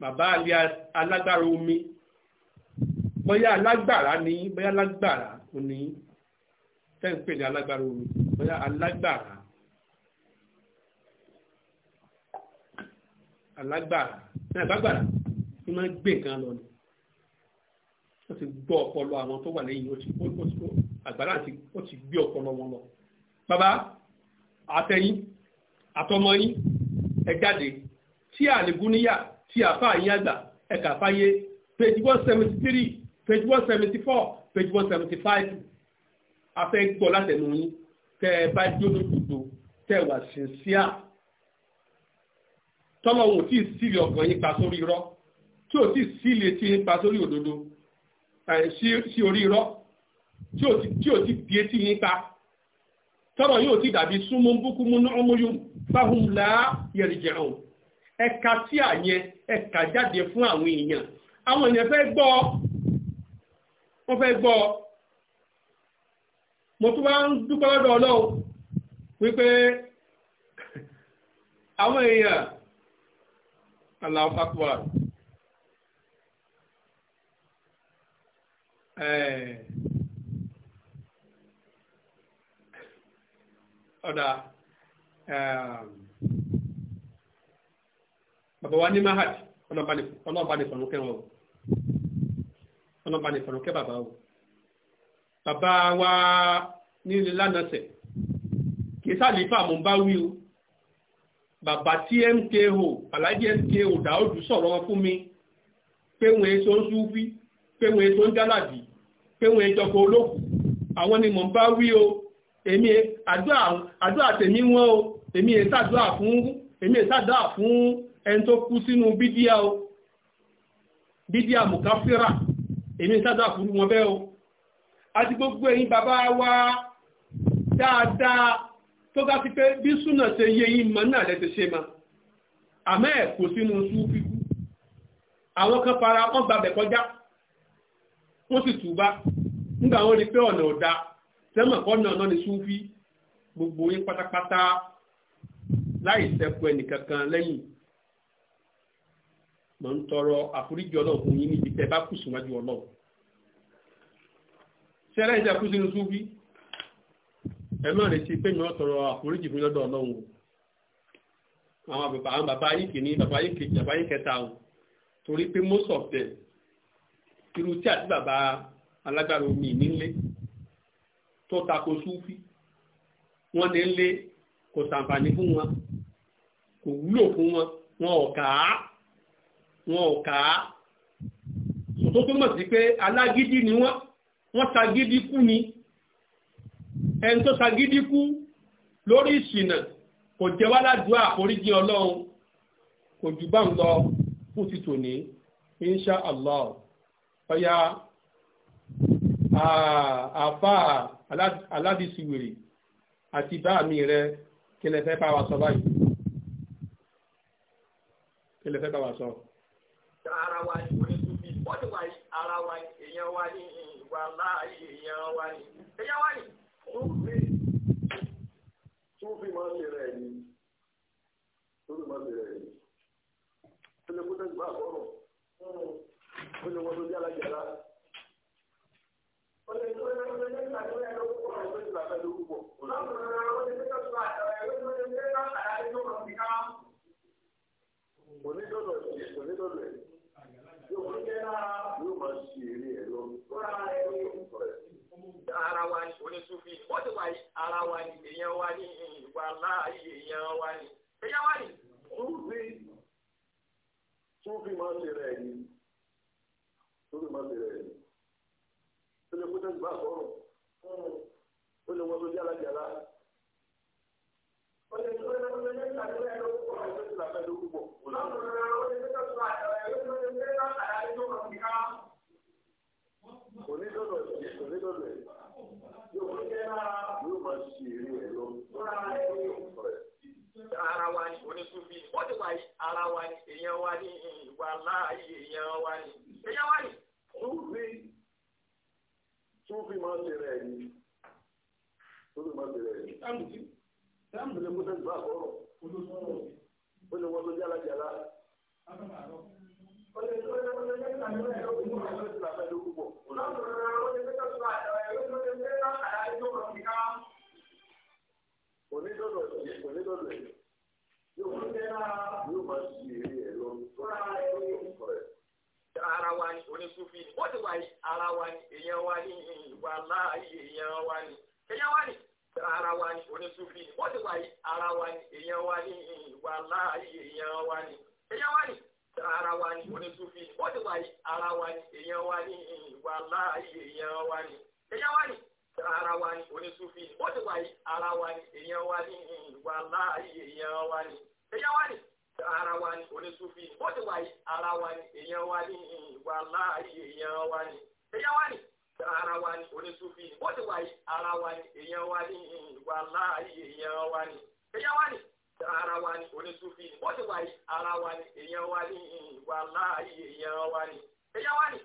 bàbá alias alágbára omi bóyá alágbára ni bóyá alágbára ni tẹ́ǹpẹ̀ ní alágbára omi bóyá alágbára alágbára ní àgbàgbára ní máa gbé nǹkan lọ ni ó ti gbọ́ ọpọlọ àwọn tó wà lẹ́yìn ó ti àgbàrá ti ó ti gbé ọpọlọ wọn lọ. bàbá àtẹ̀yìn àtọmọ yín ẹ jáde tí àlègúnníyà tí àfa yín àgbà ẹ kà fáyé page one seventy three page one seventy four page one seventy five afẹ́ gbọ́ látẹnu yín tẹ́ ẹ bá jóná gbogbo tẹ́ ẹ wà sínsíà tọ́lọ́hún ò tí ì sílẹ̀ ọkàn yín pa sórí irọ́ tí ò tí ì sílẹ̀ tí yín pa sórí òdodo sí orí irọ́ tí ò ti di etí yín pa tọ́rọ̀ yóò ti dàbí súnmọ́ búkúmú náà mọ́yó fáhùn láà yẹ̀rìjẹ̀ ọ̀hún ẹ̀ka tí àyẹn ẹ̀ka jáde fún àwọn èèyàn àwọn èèyàn fẹ́ gbọ́ wọ́n fẹ́ gbọ́ mo tún wá ń dúpẹ́ lọ́dọ̀ ọlọ́run wípé àwọn èèyàn aláwọ̀ Ọda eh. um, baba wa n'i mahad ọlọ́ọ̀bá ní fọ̀nùkẹ́ wọn o ọlọ́ọ̀bá ní fọ̀nùkẹ́ baba o baba wa n'i lánàṣẹ kìí sàlífà mò ń bá o bàbá tí mko alájí mko dàódù sọ̀rọ̀ wọn fún mi wọn wọn pé wọ́n ìjọpọ̀ olókù àwọn ni mò ń bá wí o èmi àdúrà tèmi wọn o èmi èsàdúrà fún èmi èsàdúrà fún ẹni tó kú sínú bídíà o bídíà mùkáfíra èmi èsàdúrà fún wọn bẹ́ẹ̀ o àti gbogbo ẹ̀yin bàbá wa dáadáa tó ká sí pé bí súnà ṣe yé yín mọ náà lẹ́tẹ̀ ṣe máa àmọ́ ẹ̀ kò sínú súnfí àwọn kan fara wọn gbàbẹ̀ kọjá wọ́n sì tùbá nígbà wọn rí pé ọ̀nà ọ̀dà sẹ́mọ̀ kọ́nà ọ̀nà ni súfí gbogbo yín pátápátá láì sẹ́kù ẹnìkankan lẹ́yìn mọ̀ ń tọrọ àforíjì ọlọ́run fún yín níbi tẹ́ bá kù síwájú ọlọ́run sẹ́rẹ́ ìjà kú sínú súfí ẹ má retí pé mi ò tọrọ àforíjì fún lọ́dọ̀ ọlọ́run àwọn àbẹ̀bà àwọn bàbá yín kìíní bàbá yín kejì bàbá yín kẹta torí pé most of them irú tí àti bàbá alágbára omi nílé tó tako súfì wọ́n nílé kò sàǹfààní fún wọn kò wúlò fún wọn wọn ò kà á wọn ò kà á tó túmọ̀ sí pé alágídí ni wọ́n wọ́n sagídí kú ni ẹni tó sagídí kú lórí ìṣìnà kò jẹ́ wá ládùúgbò àforíjì ọlọ́run kò jù bá ń lọ fún ti tòní insha allah ọ̀ya àfà aládìsíwèrè àti bá mi rẹ kí lẹ fẹ́ bá wa sọ báyìí kí lẹ fẹ́ bá wa sọ. ara wa ni mo ní tóbi bọ́dì wa yìí ara wa èèyàn wa ni ìwà láàyè èèyàn wa ni èèyàn wa ni tóbi máa ń lè rẹ̀ ni tóbi máa ń lè ni. ó lè kó tẹ́sí bá a bọ̀rọ̀ ó lè wọ́n tó yára yàrá. Ara wa ni onísúfì, wọ́n ti wà ara wa ni èèyàn wa ni ìwà láàyè èèyàn wa ni. Èèyàn wa ni. Súfì Súfì máa ń ṣe rẹ̀ ni. Súfì máa ń ṣe rẹ̀ ni ó lè kó tẹ́sí ó lè wọ́n tó alájàlá. ara wa ni onísùnfì wọ́n ti wà ara wa ni èèyàn wa ni ìwà èèyàn wa ni èèyàn wa ni tó fi máa ṣe rẹ̀ yìí tó fi máa ṣe rẹ̀ yìí. sáàmùtì sáàmùtì kó tẹ̀sí bá sọ̀rọ̀ ó lè wọ́n tó jálá jálá. Onídọ̀dọ̀ yìí, onídọ̀dọ̀ yìí, yóò fún un. ní sufi ni wọ́n ti wà ní ara wa ni èèyàn wa ni ìwà láàyè èèyàn wa ni èèyàn wa ni ara wa ni onísufi ni wọ́n ti wà ní ara wa ni èèyàn wa ni ìwà láàyè èèyàn wa ni èèyàn wa ni ara wa ni onísufi ni wọ́n ti wà ara wa ni èèyàn wa ni ìwà láàyè èèyàn wa ni èèyàn wa ni ara wa ni onísufi ni wọ́n ti wà ara wa ni èèyàn wa ni ìwà láàyè èèyàn wa ni èèyàn wa ni ara wa ni onísùfì ni bó ti wà yìí ara wa ni èèyàn wa ni ìwà láàyè èèyàn wa ni èèyàn wa ni ara wa ni onísùfì ni bó ti wà yìí ara wa ni èèyàn wa ni ìwà láàyè èèyàn wa ni èèyàn wa ni ara wa ni onísùfì ni bó ti wà yìí ara wa ni èèyàn wa ni ìwà láàyè èèyàn wa ni èèyàn wa ni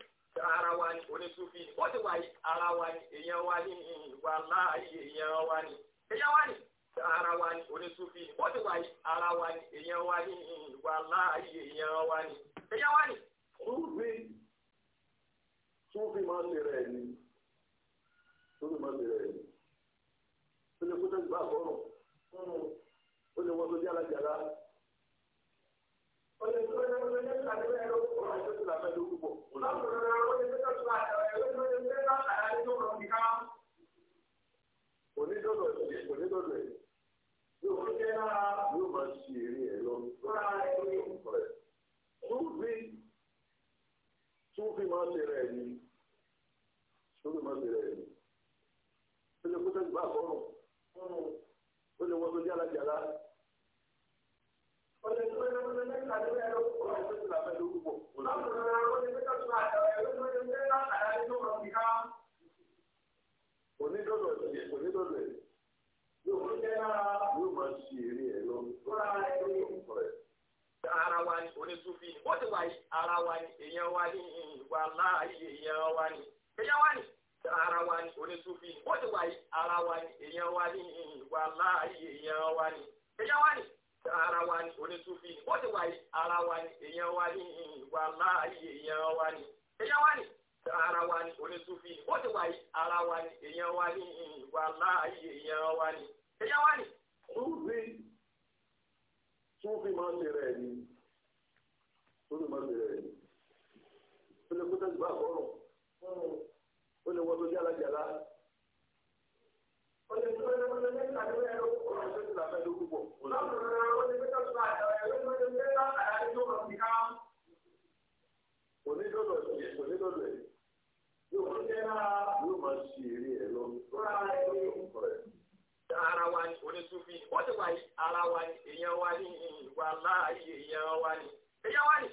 ara wa ni onísùfì ni bó ti wà yìí ara wa ni èèyàn wa ni ìwà láàyè èèyàn wa ni èèyàn wa ni ara wa ni onísùfì ni bọ́dì wa yìí ara wa ni èèyàn wa ni ìwà láàyè èèyàn wa ni èèyàn wa ni. Súfì Súfì máa ń lè rẹ̀ ni máa ń lè rẹ̀ Ó lè kó tẹ́sí bá àkọ́rọ̀. Ó lè wọ́n tó jẹ́ alájàlá. Ó ẹ̀ onídọ̀dọ̀ ẹ̀ yóò máa ṣe eré ẹ lọ túnfì túnfì máa ṣe rẹ ni túnfì máa ṣe rẹ ni ó lè kó sẹ́yìn bá àkọ́rùn ó lè wọ́n tó jẹ́ alájàlá. Ọ̀sẹ̀ tó yẹ kó lẹ́yìn ìgbàlódé ẹ̀rọ kò wọ́n ṣe ìlànà pẹ̀lú púpọ̀. Láti ọ̀nà ẹ̀ yóò jẹ́ lára yóò máa ara wa ni onísùnfì ni ara wa ni èèyàn wa ni ara wa ni onísùnfì ni ara wa ni èèyàn wa ni ara wa ni onísùnfì ni ara wa ni èèyàn wa ni ara wa ni onísùnfì ni ara wa ni èèyàn wa ẹ̀yà wá ní. Súfì Súfì máa ń ṣe rẹ̀ ni Súfì máa ń ṣe rẹ̀ ni. Ó lè kó tẹ̀sí bá àkọ́rọ̀. Ó lè wọ́n tó jálá jálá. Ó lè tó lè tó lè mẹ́ta ní ẹ̀rọ tó ti làbẹ́ ló púpọ̀. Lọ́kùnrin ó lè lè mẹ́ta àdáyébó lọ Kò ní lọ́dọ̀ ẹ̀ kò ní lọ́dọ̀ ẹ̀. Yóò máa ṣe eré ẹ̀ lọ. Ó rà á ẹ̀ ara wa ni onísúfì ó ti wà yí ara wa ni èèyàn wa ni ìwà láàyè èèyàn wa ni èèyàn wa ni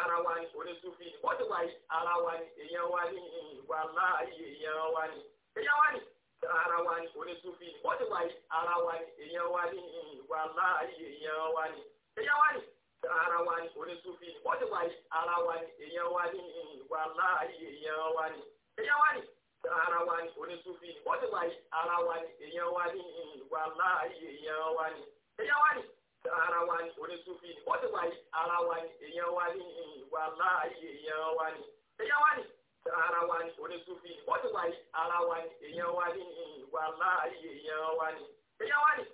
ara wa ni onísúfì ó ti wà yí ara wa ni èèyàn wa ni ìwà láàyè èèyàn wa ni èèyàn wa ni ara wa ni onísúfì ó ti wà yí ara wa ni èèyàn wa ni ìwà láàyè èèyàn wa ni èèyàn wa ni ara wa ni onísúfì ó ti wà yí ara wa ni èèyàn wa ni ìwà láàyè èèyàn wa ni èèyàn wa ni ara wa ni onísúfì ni wọ́n ti wà yí ara wa ni èèyàn wa ni ìwà láàyè èèyàn wa ni èèyàn wa ni ara wa ni onísúfì ni wọ́n ti wà yí ara wa ni èèyàn wa ni ìwà láàyè èèyàn wa ni èèyàn wa ni ara wa ni onísúfì ni wọ́n ti wà yí ara wa ni èèyàn wa ni ìwà láàyè èèyàn wa ni èèyàn wa ni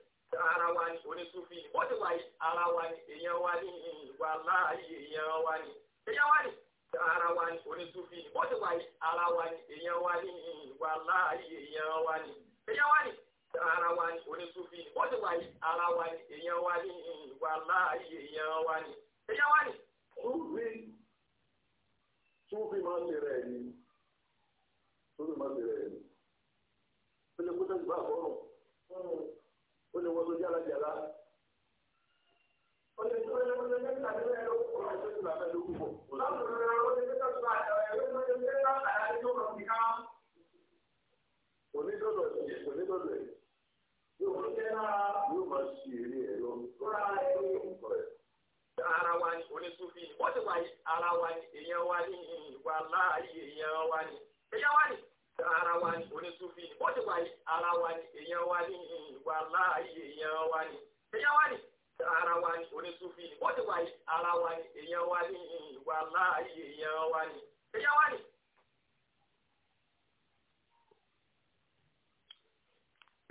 ara wa ni onísúfì ni wọ́n ti wà yí ara wa ni èèyàn wa ni ìwà láàyè èèyàn wa ni èèyàn wa ni ara wa ni onísùfì ni bọ́sẹ̀ wa ni ara wa ni èèyàn wa ni ìwà láàyè èèyàn wa ni èèyàn wa ni ara wa ni onísùfì ni bọ́sẹ̀ wa ni ara wa ni èèyàn wa ni ìwà láàyè èèyàn wa ni èèyàn wa ni. Súfì Súfì máa ń lè rẹ̀ ni Súfì máa ń lè rẹ̀ ni ó lè kó sẹ́yìn bá àbọ̀rọ̀ ó lè wọ́n tó jára ó lè tó lè lè lè. sọ̀rọ̀ ẹ̀ yóò máa ṣe yóò máa ṣe eré ẹ̀ lọ lọ́ra ẹ̀ lọ́kọ̀ ẹ̀. ara wa ni onísùfì wọ́n ti wà ara wa ni èèyàn wa ni ìwà láàyè èèyàn wa ni èèyàn wa ni ara wa ni onísùfì wọ́n ti wà ara wa ni èèyàn wa ni ìwà láàyè èèyàn wa ni èèyàn wa ni ara wa ni onísùfì wọ́n ti wà ara wa ni èèyàn wa ni ìwà láàyè èèyàn wa ni èèyàn wa ni.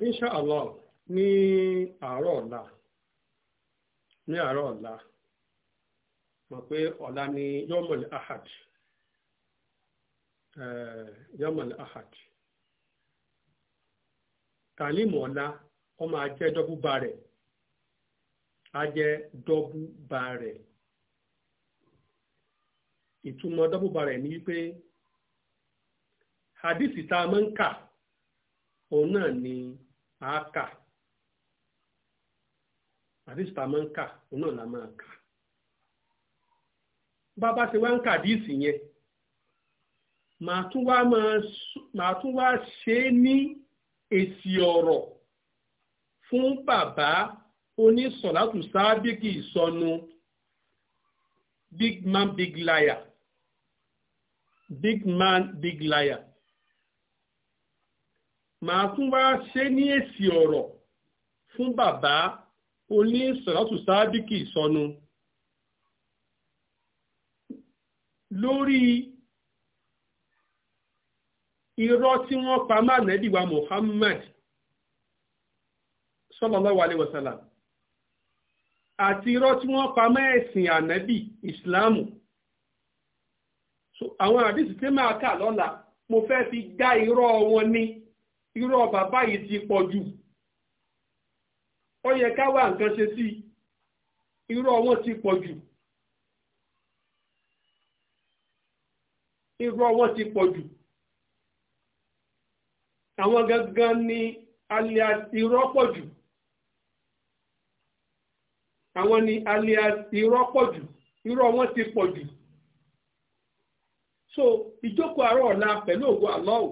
Inshallah, ní àárọ̀ ọ̀la ní àárọ̀ ọ̀la mọ̀ pé ọ̀la ni yọmọl ahad yọmọl ahad kàlímù ọ̀la ó máa jẹ́ dọ́bú ba rẹ̀ á jẹ́ dọ́bú ba rẹ̀ ìtumọ̀ dọ́bú ba rẹ̀ ni wípé hadisi tá máa ń kà òun náà ni. á kà àdìsí tá a máa ń kà òun náà la máa kà bàbá ṣe wá ń kà àdìsí yẹn màá tún wá ṣe é ní èsì ọ̀rọ̀ fún bàbá onísọ̀látù sábìkì ìsọnu big man big liar big man big liar màá tún wá ṣe ní èsì ọ̀rọ̀ fún bàbá oní sọ̀rọ̀tù sábìkì sọnù lórí irọ́ tí wọ́n pa má nẹ́bí wa Muhammad sallallahu alaihi wasallam àti irọ́ tí wọ́n pa mọ́ ẹ̀sìn ànábì ìsìláàmù àwọn àdìsí tí máa kà lọ́la mo fẹ́ fi dá irọ́ wọn ní. Irọ ọba báyìí ti pọ̀ jù ó yẹ ká wá nǹkan ṣe sí irọ wọn ti pọ̀ jù irọ́ wọn ti pọ̀ jù àwọn gangan ni alias irọ́ pọ̀ jù àwọn ni alias irọ́ pọ̀ jù irọ́ wọn ti pọ̀ jù so ìjókòó àárọ̀ ọ̀la pẹ̀lú ògo àlọ́ọ̀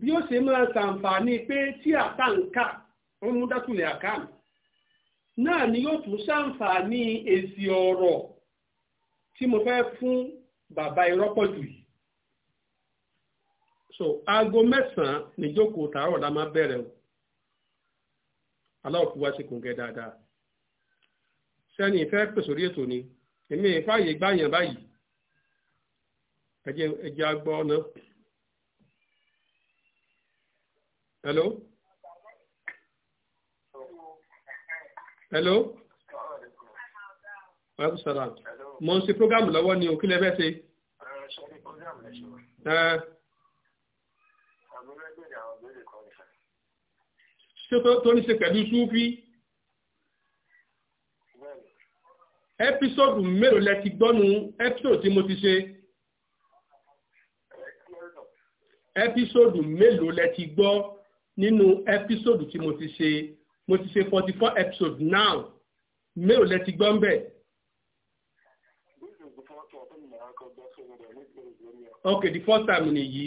bí ó ṣe máa ṣàǹfààní pé tí àtàǹkà ń mú dákùnlé àkáàmù náà ni yóò tún ṣàǹfààní èsì ọ̀rọ̀ tí mo fẹ́ fún bàbá irọ́pọ̀jù yìí. so aago mẹ́sàn-án níjókòó tààrọ̀ la máa bẹ̀rẹ̀ o aláwọ̀ fún wa ṣe kòǹgẹ́ dáadáa sẹ́ni ìfẹ́ pèsòrí ètò ni èmi ìfáàyè gbáyàn báyìí ẹ̀jẹ̀ ẹ̀jẹ̀ agbọ́ náà. hello hello wàhálà sara mo ń ṣe program lọ́wọ́ ni o kí lẹ fẹ́ ṣe. ṣé tó ní ṣe pẹ̀lú súfì ẹ́písọ́dù mélòó lẹ ti gbọ́nu ẹ́písọ́dù tí mo ti ṣe ẹ́písọ́dù mélòó lẹ ti gbọ́ nínú ẹ́písòdù tí mo ti ṣe mo ti ṣe forty four episode now mélòó lẹ ti gbọ́ ń bẹ̀. ok the first time nìyí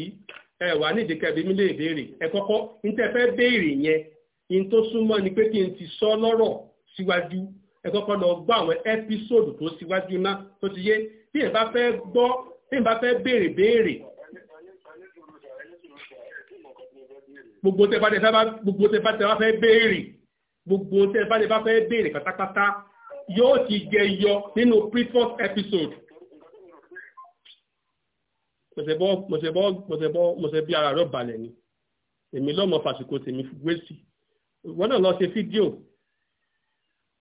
ẹ wà ní ìdíkẹ́ bí mi lè béèrè ẹ kọ́kọ́ n tẹ́ fẹ́ béèrè yẹn n tó súnmọ́ ni pé kí n ti sọ lọ́rọ̀ síwájú ẹ kọ́kọ́ lọ gbọ́ àwọn ẹ́písòdù tó síwájú náà tó ti yé bí ẹ bá fẹ́ gbọ́ bí ẹ bá fẹ́ béèrè béèrè. gbogbo tẹ́ bá tẹ́ bá gbogbo tẹ́ bá tẹ́ bá fẹ́ béèrè gbogbo tẹ́ bá tẹ́ bá fẹ́ béèrè pátápátá yóò ti jẹ yọ nínú previous episode. mọ̀sẹ̀bọ́ mọ̀sẹ̀bọ́ mọ̀sẹ̀bọ́ mọ̀sẹ̀bí ara rẹ̀ balẹ̀ ni èmi lọ́mọ fàṣìkò tèmi wéṣì wọ́n náà lọ ṣe fídíò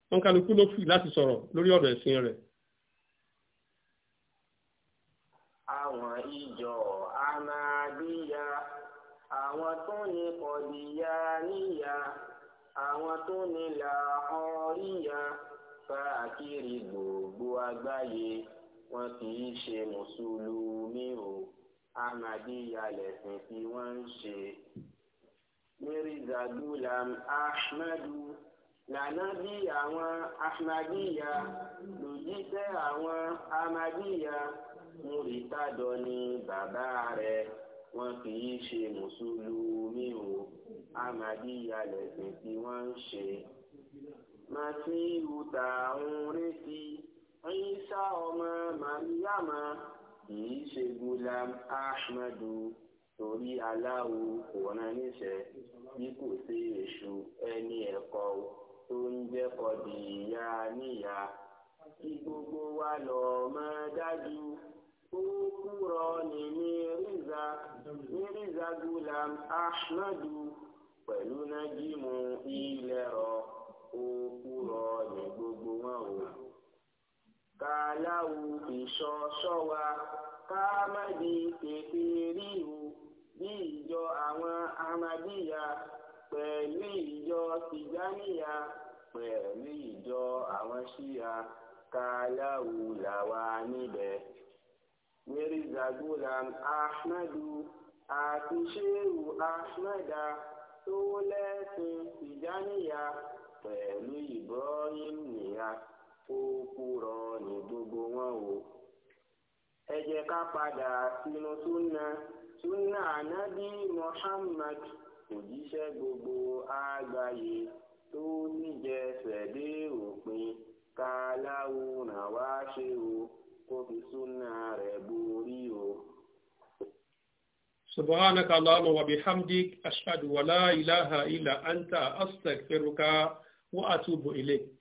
wọn kálukú ló fi láti sọ̀rọ̀ lórí ọ̀rọ̀ ẹ̀sìn rẹ̀. àwọn ìjọ àwọn tó ní kọ̀díyà níyà àwọn tó ní làhọ́ríyà káàkiri gbogbo àgbáyé wọn kì í ṣe mùsùlùmí o ahmadiyya lẹ̀sìn tí wọ́n ń ṣe. mirza gulam ahmadu lànábì àwọn ahmadiyya lòjíṣẹ́ àwọn ahmadiyya múritádọ́ ni bàbá rẹ̀ wọn kì í ṣe mùsùlùmí o Ahmadiyya lẹ̀sìn tí wọ́n ń ṣe. màtíhù tá à ń retí Ìsá ọmọ màríyàmá kì í ṣe Gulam Ahmadu torí aláwo kò rán níṣẹ́ bí kò sí èṣù ẹni ẹ̀kọ́ tó ń jẹ́kọ̀ọ́ dìyà níyà kí gbogbo wa lọ́ọ́ mọ́ dájú. Kúrọ́ọ̀nì ní Ríza ní Ríza Gulam Ahmadu pẹ̀lú Nájímù Ilẹ̀rọ Kúrọ́ọ̀nì gbogbo wọn o. Kàláwù ìṣọṣọ́ wa káàmádì kété ríhu bí ìjọ àwọn Ahmadíyà pẹ̀lú ìjọ Tìjáníyà pẹ̀lú ìjọ àwọn Ṣíyà kàláwù làwa níbẹ̀. mirza ahmadu àti sheu ahmeda tó lẹ́sìn tìjáníyà pẹ̀lú ibrahim nìyà ó kúrọ ní gbogbo wọn o. ẹ jẹ́ ká padà sínú súnà ànábì muhammad òjíṣẹ́ gbogbo àgbáyé tó n'ije dé òpin ká láwùrán wá ṣe kó fi rẹ̀ borí o. سبحانك اللهم وبحمدك أشهد ولا إله إلا أنت أستغفرك وأتوب إليك